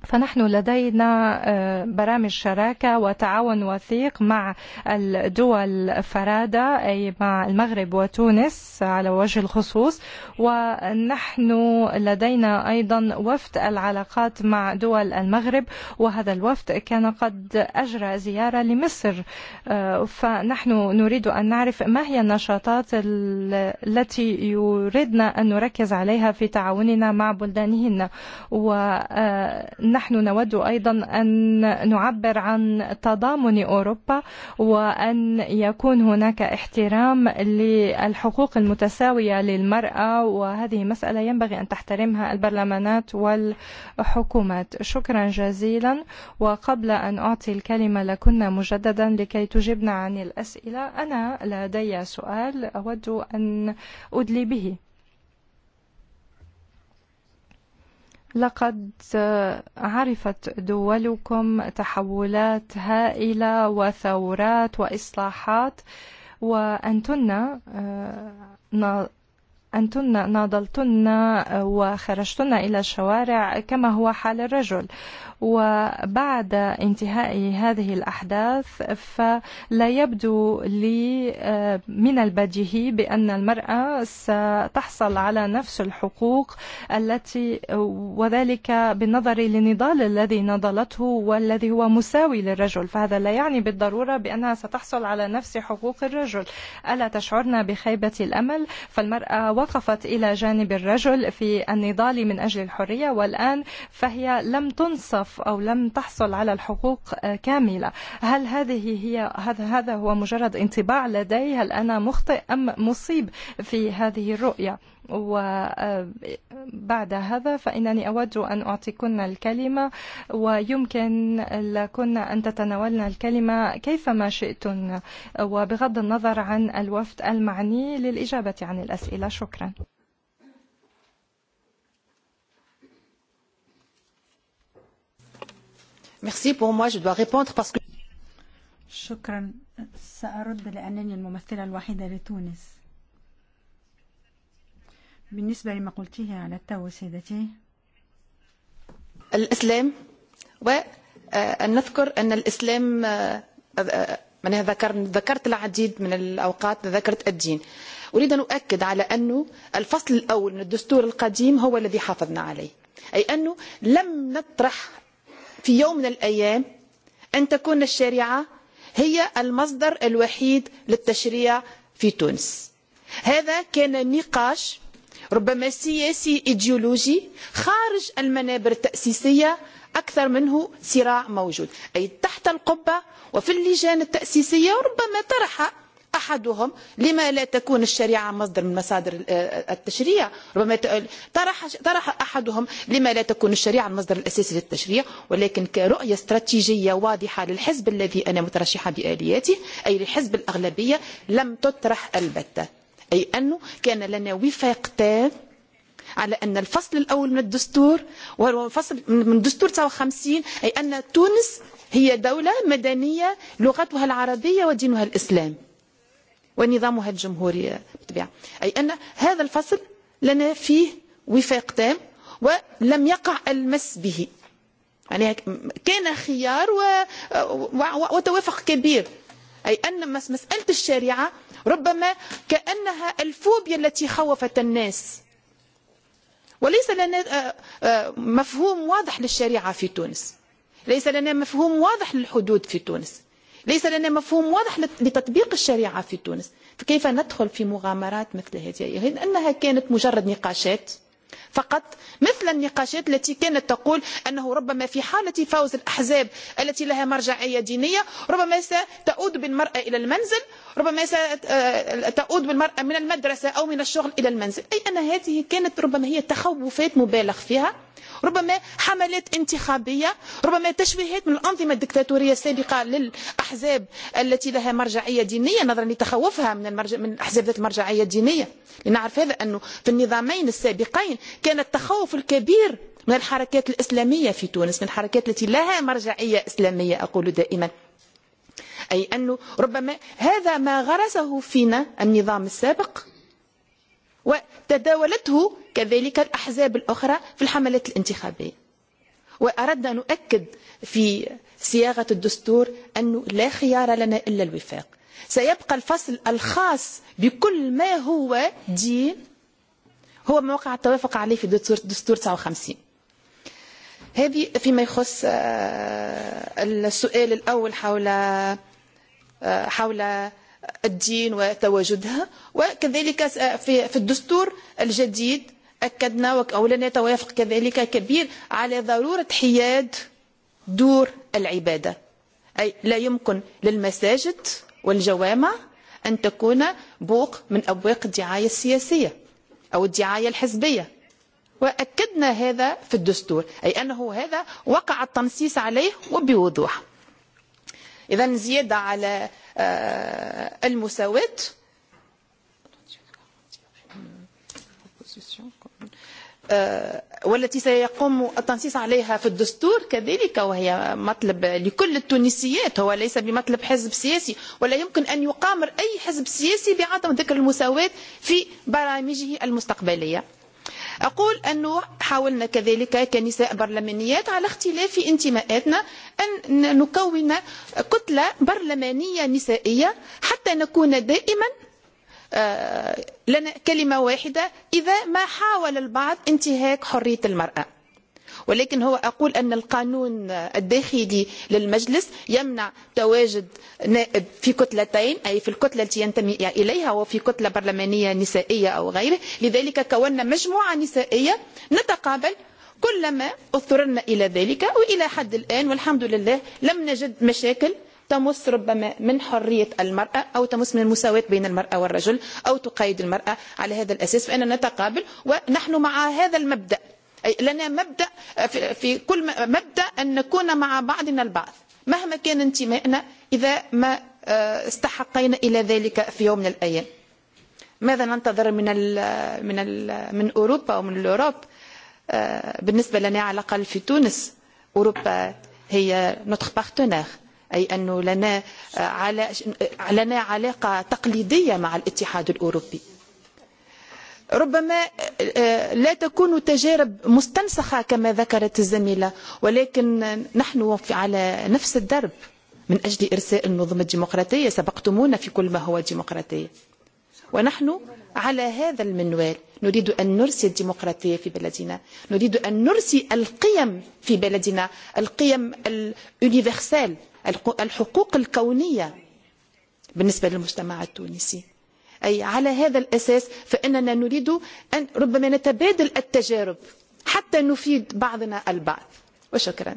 فنحن لدينا برامج شراكة وتعاون وثيق مع الدول فرادة أي مع المغرب وتونس على وجه الخصوص ونحن لدينا أيضا وفد العلاقات مع دول المغرب وهذا الوفد كان قد أجرى زيارة لمصر فنحن نريد أن نعرف ما هي النشاطات التي يريدنا أن نركز عليها في تعاوننا مع بلدانهن ونحن نحن نود أيضا أن نعبر عن تضامن أوروبا وأن يكون هناك احترام للحقوق المتساوية للمرأة وهذه مسألة ينبغي أن تحترمها البرلمانات والحكومات شكرا جزيلا وقبل أن أعطي الكلمة لكنا مجددا لكي تجبنا عن الأسئلة أنا لدي سؤال أود أن أدلي به لقد عرفت دولكم تحولات هائلة وثورات وإصلاحات وأنتن أنتن ناضلتن وخرجتن إلى الشوارع كما هو حال الرجل وبعد انتهاء هذه الأحداث فلا يبدو لي من البديهي بأن المرأة ستحصل على نفس الحقوق التي وذلك بالنظر للنضال الذي نضلته والذي هو مساوي للرجل فهذا لا يعني بالضرورة بأنها ستحصل على نفس حقوق الرجل ألا تشعرنا بخيبة الأمل فالمرأة وقفت إلى جانب الرجل في النضال من أجل الحرية والآن فهي لم تنصف تضعف أو لم تحصل على الحقوق كاملة هل هذه هي هذا هذا هو مجرد انطباع لدي هل أنا مخطئ أم مصيب في هذه الرؤية وبعد هذا فإنني أود أن أعطيكن الكلمة ويمكن لكن أن تتناولن الكلمة كيفما شئتن وبغض النظر عن الوفد المعني للإجابة عن الأسئلة شكرا Merci pour moi, je dois répondre parce que... شكرا سأرد لأنني الممثلة الوحيدة لتونس بالنسبة لما قلته على التو سيدتي الإسلام وأن نذكر أن الإسلام من ذكر ذكرت العديد من الأوقات ذكرت الدين أريد أن أؤكد على أنه الفصل الأول من الدستور القديم هو الذي حافظنا عليه أي أنه لم نطرح في يوم من الأيام أن تكون الشريعة هي المصدر الوحيد للتشريع في تونس هذا كان نقاش ربما سياسي ايديولوجي خارج المنابر التأسيسية أكثر منه صراع موجود أي تحت القبة وفي اللجان التأسيسية وربما طرح أحدهم لما لا تكون الشريعة مصدر من مصادر التشريع ربما طرح, طرح أحدهم لما لا تكون الشريعة المصدر الأساسي للتشريع ولكن كرؤية استراتيجية واضحة للحزب الذي أنا مترشحة بآلياته أي للحزب الأغلبية لم تطرح البتة أي أنه كان لنا وفاقتان على أن الفصل الأول من الدستور وهو الفصل من دستور 59 أي أن تونس هي دولة مدنية لغتها العربية ودينها الإسلام ونظامها الجمهوري بالطبيعة أي أن هذا الفصل لنا فيه وفاق تام ولم يقع المس به يعني كان خيار و... و... و... وتوافق كبير أي أن مسألة الشريعة ربما كأنها الفوبيا التي خوفت الناس وليس لنا مفهوم واضح للشريعة في تونس ليس لنا مفهوم واضح للحدود في تونس ليس لنا مفهوم واضح لتطبيق الشريعة في تونس فكيف ندخل في مغامرات مثل هذه أنها كانت مجرد نقاشات فقط مثل النقاشات التي كانت تقول أنه ربما في حالة فوز الأحزاب التي لها مرجعية دينية ربما ستؤود بالمرأة إلى المنزل ربما ستؤود بالمرأة من المدرسة أو من الشغل إلى المنزل أي أن هذه كانت ربما هي تخوفات مبالغ فيها ربما حملات انتخابية ربما تشويهات من الأنظمة الدكتاتورية السابقة للأحزاب التي لها مرجعية دينية نظرا لتخوفها من, المرج... من الأحزاب ذات المرجعية الدينية لنعرف هذا أنه في النظامين السابقين كان التخوف الكبير من الحركات الإسلامية في تونس من الحركات التي لها مرجعية إسلامية أقول دائما أي أنه ربما هذا ما غرسه فينا النظام السابق وتداولته كذلك الأحزاب الأخرى في الحملات الانتخابية وأردنا نؤكد في صياغة الدستور أنه لا خيار لنا إلا الوفاق سيبقى الفصل الخاص بكل ما هو دين هو موقع التوافق عليه في دستور 59 هذه فيما يخص السؤال الأول حول حول الدين وتواجدها وكذلك في الدستور الجديد أكدنا أو لن يتوافق كذلك كبير على ضرورة حياد دور العبادة أي لا يمكن للمساجد والجوامع أن تكون بوق من أبواق الدعاية السياسية أو الدعاية الحزبية وأكدنا هذا في الدستور أي أنه هذا وقع التنصيص عليه وبوضوح إذا زيادة على المساواة والتي سيقوم التنصيص عليها في الدستور كذلك وهي مطلب لكل التونسيات هو ليس بمطلب حزب سياسي ولا يمكن أن يقامر أي حزب سياسي بعدم ذكر المساواة في برامجه المستقبلية أقول أنه حاولنا كذلك كنساء برلمانيات على اختلاف انتماءاتنا أن نكون كتلة برلمانية نسائية حتى نكون دائماً لنا كلمة واحدة إذا ما حاول البعض انتهاك حرية المرأة ولكن هو أقول أن القانون الداخلي للمجلس يمنع تواجد نائب في كتلتين أي في الكتلة التي ينتمي إليها وفي كتلة برلمانية نسائية أو غيره لذلك كوننا مجموعة نسائية نتقابل كلما اضطررنا إلى ذلك وإلى حد الآن والحمد لله لم نجد مشاكل تمس ربما من حرية المرأة أو تمس من المساواة بين المرأة والرجل أو تقايد المرأة على هذا الأساس فإننا نتقابل ونحن مع هذا المبدأ أي لنا مبدأ في كل مبدأ أن نكون مع بعضنا البعض مهما كان انتمائنا إذا ما استحقينا إلى ذلك في يوم من الأيام ماذا ننتظر من الـ من الـ من أوروبا ومن الأوروب بالنسبة لنا على الأقل في تونس أوروبا هي نوتخ بارتنير أي أنه لنا لنا علاقة تقليدية مع الاتحاد الأوروبي ربما لا تكون تجارب مستنسخة كما ذكرت الزميلة ولكن نحن على نفس الدرب من أجل إرساء النظم الديمقراطية سبقتمونا في كل ما هو ديمقراطية ونحن على هذا المنوال نريد أن نرسي الديمقراطية في بلدنا نريد أن نرسي القيم في بلدنا القيم اليونيفرسال الحقوق الكونية بالنسبة للمجتمع التونسي أي على هذا الأساس فإننا نريد أن ربما نتبادل التجارب حتى نفيد بعضنا البعض وشكرا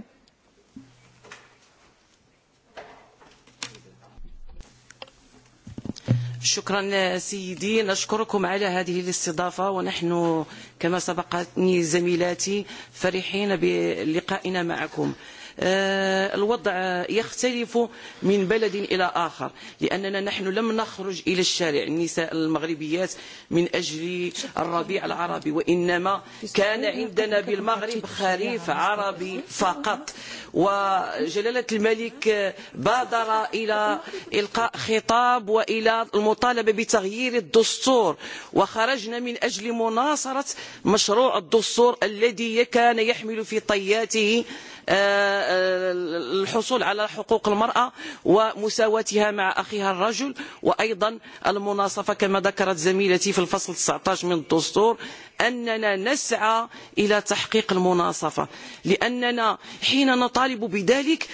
شكرا سيدي نشكركم على هذه الاستضافة ونحن كما سبقتني زميلاتي فرحين بلقائنا معكم الوضع يختلف من بلد إلى آخر لأننا نحن لم نخرج إلى الشارع النساء المغربيات من أجل الربيع العربي وإنما كان عندنا بالمغرب خريف عربي فقط وجلالة الملك بادر إلى إلقاء خطاب وإلى المطالبة بتغيير الدستور وخرجنا من أجل مناصرة مشروع الدستور الذي كان يحمل في طياته الحصول على حقوق المرأة ومساواتها مع أخيها الرجل وأيضا المناصفة كما ذكرت زميلتي في الفصل 19 من الدستور أننا نسعى إلى تحقيق المناصفة لأننا حين نطالب بذلك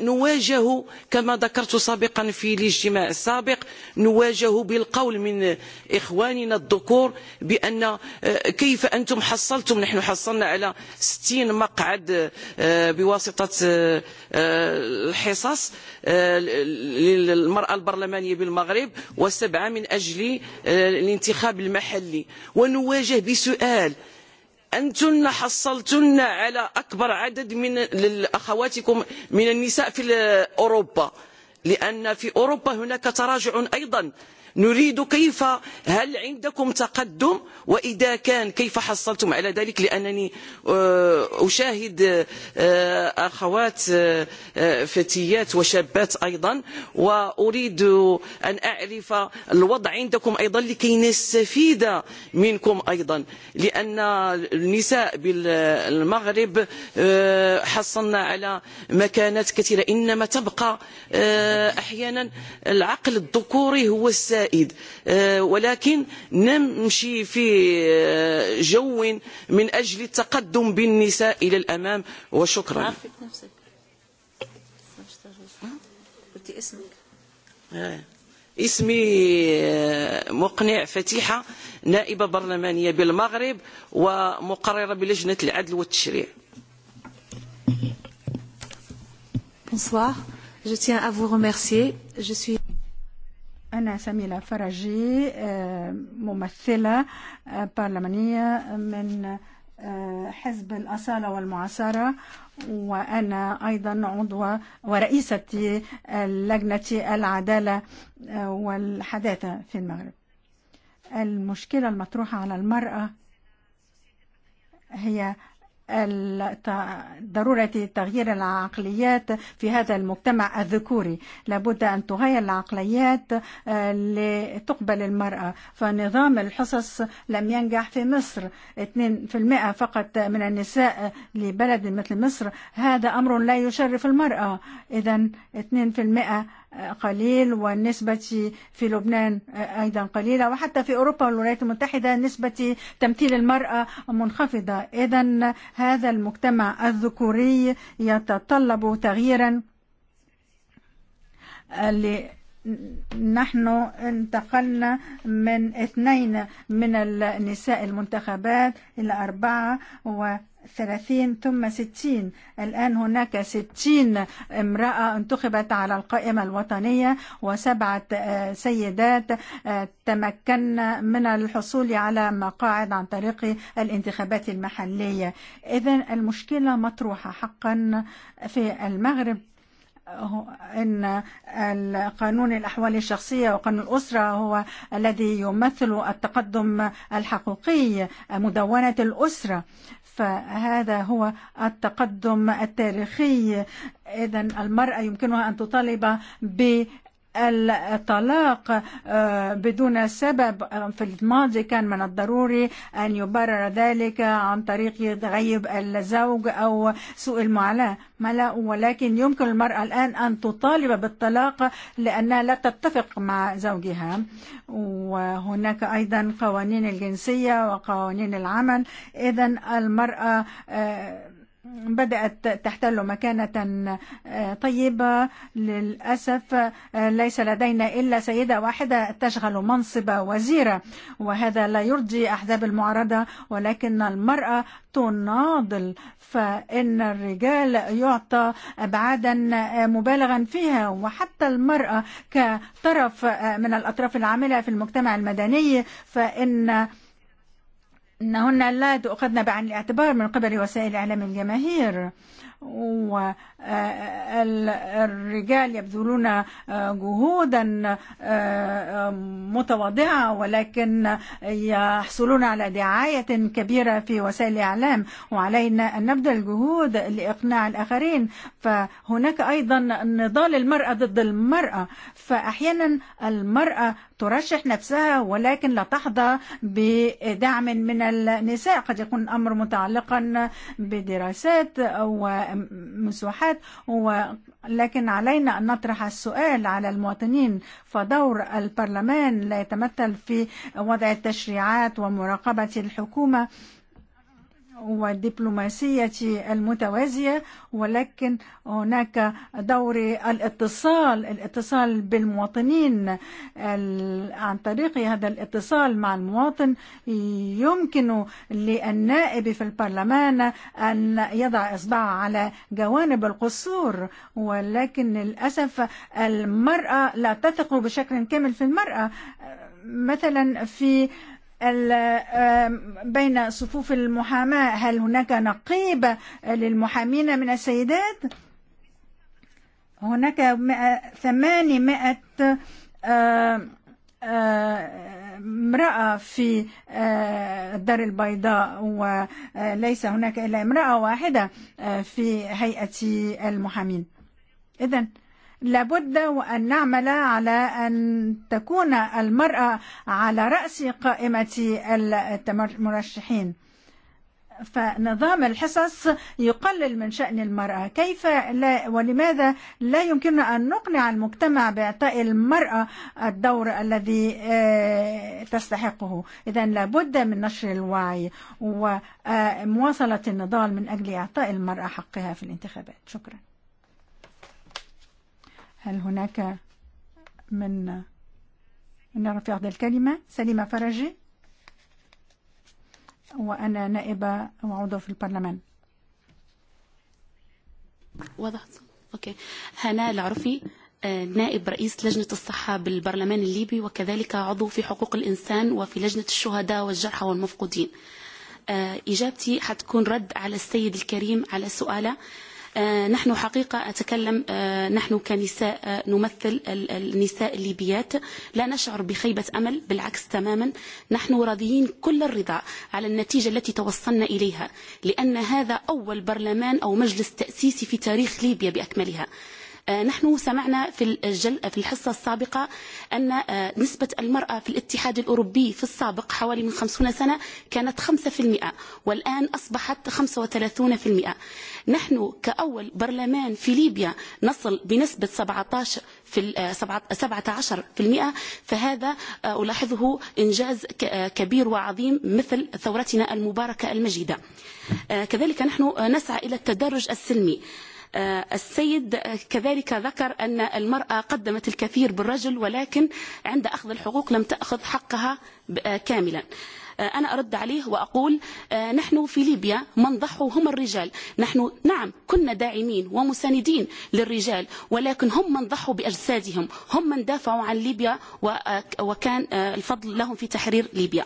نواجه كما ذكرت سابقا في الاجتماع السابق نواجه بالقول من إخواننا الذكور بأن كيف أنتم حصلتم نحن حصلنا على 60 مقعد بواسطة الحصص للمرأة البرلمانية بالمغرب وسبعة من أجل الانتخاب المحلي ونواجه بسؤال أنتن حصلتن على أكبر عدد من أخواتكم من النساء في أوروبا لأن في أوروبا هناك تراجع أيضا نريد كيف هل عندكم تقدم وإذا كان كيف حصلتم على ذلك لأنني أشاهد أخوات فتيات وشابات أيضا وأريد أن أعرف الوضع عندكم أيضا لكي نستفيد منكم أيضا لأن النساء بالمغرب حصلنا على مكانات كثيرة إنما تبقى أحيانا العقل الذكوري هو السائل الفوائد ولكن نمشي في جو من أجل التقدم بالنساء إلى الأمام وشكرا اسمي مقنع فتيحة نائبة برلمانية بالمغرب ومقررة بلجنة العدل والتشريع Bonsoir, je tiens à vous remercier. Je suis أنا سميلة فرجي ممثلة برلمانية من حزب الأصالة والمعاصرة وأنا أيضا عضوة ورئيسة لجنة العدالة والحداثة في المغرب المشكلة المطروحة على المرأة هي ضرورة تغيير العقليات في هذا المجتمع الذكوري لابد أن تغير العقليات لتقبل المرأة فنظام الحصص لم ينجح في مصر 2% فقط من النساء لبلد مثل مصر هذا أمر لا يشرف المرأة إذا 2% قليل والنسبة في لبنان أيضا قليلة وحتى في أوروبا والولايات المتحدة نسبة تمثيل المرأة منخفضة إذا هذا المجتمع الذكوري يتطلب تغييرا نحن انتقلنا من اثنين من النساء المنتخبات إلى أربعة و 30 ثم 60 الآن هناك 60 امرأة انتخبت على القائمة الوطنية وسبعة سيدات تمكن من الحصول على مقاعد عن طريق الانتخابات المحلية إذا المشكلة مطروحة حقا في المغرب أن قانون الأحوال الشخصية وقانون الأسرة هو الذي يمثل التقدم الحقيقي مدونة الأسرة فهذا هو التقدم التاريخي إذا المرأة يمكنها أن تطالب ب الطلاق بدون سبب في الماضي كان من الضروري أن يبرر ذلك عن طريق تغيب الزوج أو سوء المعاملة ولكن يمكن المرأة الآن أن تطالب بالطلاق لأنها لا تتفق مع زوجها وهناك أيضا قوانين الجنسية وقوانين العمل إذا المرأة بدأت تحتل مكانة طيبة للأسف ليس لدينا إلا سيدة واحدة تشغل منصب وزيرة وهذا لا يرضي أحزاب المعارضة ولكن المرأة تناضل فإن الرجال يعطى أبعادا مبالغا فيها وحتى المرأة كطرف من الأطراف العاملة في المجتمع المدني فإن أنهن لا تؤخذن بعين الاعتبار من قبل وسائل إعلام الجماهير والرجال يبذلون جهودا متواضعة ولكن يحصلون على دعاية كبيرة في وسائل الإعلام وعلينا أن نبذل جهود لإقناع الآخرين فهناك أيضا نضال المرأة ضد المرأة فأحيانا المرأة ترشح نفسها ولكن لا تحظى بدعم من النساء قد يكون الأمر متعلقا بدراسات أو مسوحات لكن علينا أن نطرح السؤال على المواطنين فدور البرلمان لا يتمثل في وضع التشريعات ومراقبة الحكومة والدبلوماسية المتوازية ولكن هناك دور الاتصال الاتصال بالمواطنين عن طريق هذا الاتصال مع المواطن يمكن للنائب في البرلمان أن يضع إصبعه على جوانب القصور ولكن للأسف المرأة لا تثق بشكل كامل في المرأة مثلا في بين صفوف المحاماة هل هناك نقيب للمحامين من السيدات؟ هناك ثمانمائة امرأة في الدار البيضاء وليس هناك إلا امرأة واحدة في هيئة المحامين إذن لابد وأن نعمل على أن تكون المرأة على رأس قائمة المرشحين فنظام الحصص يقلل من شأن المرأة كيف لا ولماذا لا يمكننا أن نقنع المجتمع بإعطاء المرأة الدور الذي تستحقه إذا لابد من نشر الوعي ومواصلة النضال من أجل إعطاء المرأة حقها في الانتخابات شكرا هل هناك من من يعرف هذه الكلمة سليمة فرجي وأنا نائبة وعضو في البرلمان وضحت أوكي هنا العرفي نائب رئيس لجنة الصحة بالبرلمان الليبي وكذلك عضو في حقوق الإنسان وفي لجنة الشهداء والجرحى والمفقودين إجابتي حتكون رد على السيد الكريم على سؤاله نحن حقيقة أتكلم نحن كنساء نمثل النساء الليبيات لا نشعر بخيبة أمل بالعكس تماما نحن راضيين كل الرضا على النتيجة التي توصلنا إليها لأن هذا أول برلمان أو مجلس تأسيسي في تاريخ ليبيا بأكملها نحن سمعنا في الجل في الحصة السابقة أن نسبة المرأة في الاتحاد الأوروبي في السابق حوالي من 50 سنة كانت 5% والآن أصبحت 35% نحن كأول برلمان في ليبيا نصل بنسبة 17 في 17% فهذا ألاحظه إنجاز كبير وعظيم مثل ثورتنا المباركة المجيدة كذلك نحن نسعى إلى التدرج السلمي السيد كذلك ذكر أن المرأة قدمت الكثير بالرجل ولكن عند أخذ الحقوق لم تأخذ حقها كاملا أنا أرد عليه وأقول نحن في ليبيا من ضحوا هم الرجال نحن نعم كنا داعمين ومساندين للرجال ولكن هم من ضحوا بأجسادهم هم من دافعوا عن ليبيا وكان الفضل لهم في تحرير ليبيا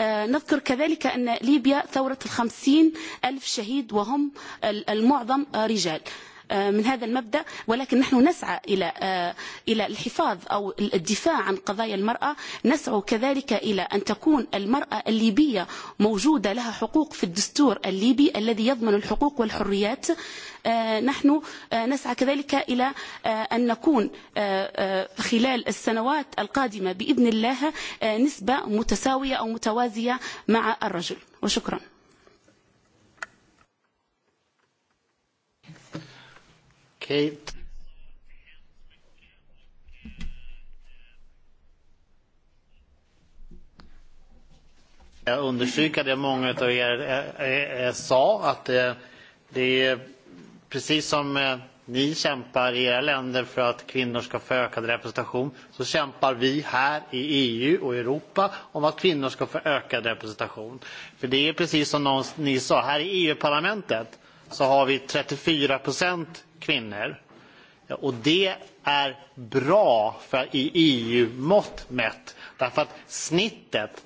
نذكر كذلك أن ليبيا ثورة الخمسين ألف شهيد وهم المعظم رجال من هذا المبدا ولكن نحن نسعى الى الى الحفاظ او الدفاع عن قضايا المراه نسعى كذلك الى ان تكون المراه الليبيه موجوده لها حقوق في الدستور الليبي الذي يضمن الحقوق والحريات نحن نسعى كذلك الى ان نكون خلال السنوات القادمه باذن الله نسبه متساويه او متوازيه مع الرجل وشكرا Okay. Jag understryker det många av er sa att det är precis som ni kämpar i era länder för att kvinnor ska få ökad representation så kämpar vi här i EU och Europa om att kvinnor ska få ökad representation. För det är precis som ni sa, här i EU-parlamentet så har vi 34 procent kvinnor. Och det är bra för i EU-mått mätt. Därför att snittet...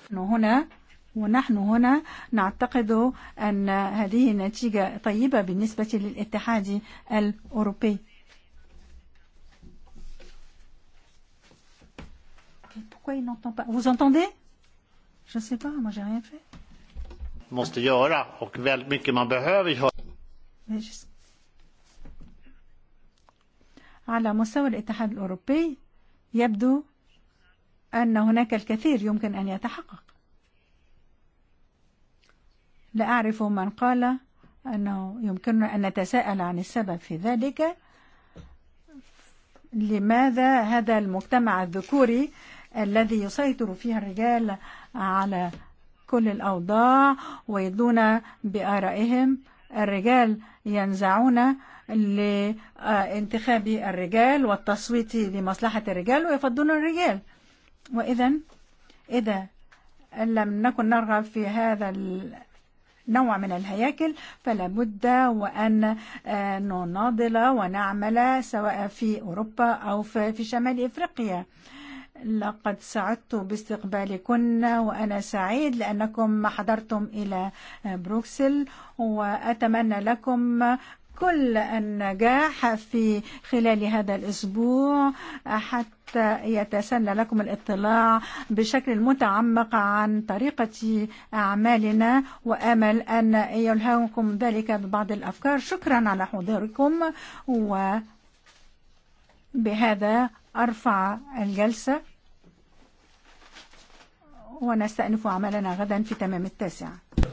ونحن هنا نعتقد أن هذه نتيجة طيبة بالنسبة للاتحاد الأوروبي Pourquoi il n'entend pas Vous entendez Je ne sais pas, moi j'ai rien fait. Måste göra och väldigt mycket man behöver göra. على مستوى الاتحاد الأوروبي يبدو أن هناك الكثير يمكن أن يتحقق لا أعرف من قال أنه يمكننا أن نتساءل عن السبب في ذلك لماذا هذا المجتمع الذكوري الذي يسيطر فيه الرجال على كل الأوضاع ويدون بآرائهم الرجال ينزعون لانتخاب الرجال والتصويت لمصلحة الرجال ويفضلون الرجال وإذا إذا لم نكن نرغب في هذا نوع من الهياكل فلا بد وأن نناضل ونعمل سواء في أوروبا أو في شمال إفريقيا لقد سعدت باستقبالكن وأنا سعيد لأنكم حضرتم إلى بروكسل وأتمنى لكم كل النجاح في خلال هذا الأسبوع حتى يتسنى لكم الاطلاع بشكل متعمق عن طريقة أعمالنا وأمل أن يلهمكم ذلك ببعض الأفكار شكرا على حضوركم وبهذا أرفع الجلسة ونستأنف عملنا غدا في تمام التاسعة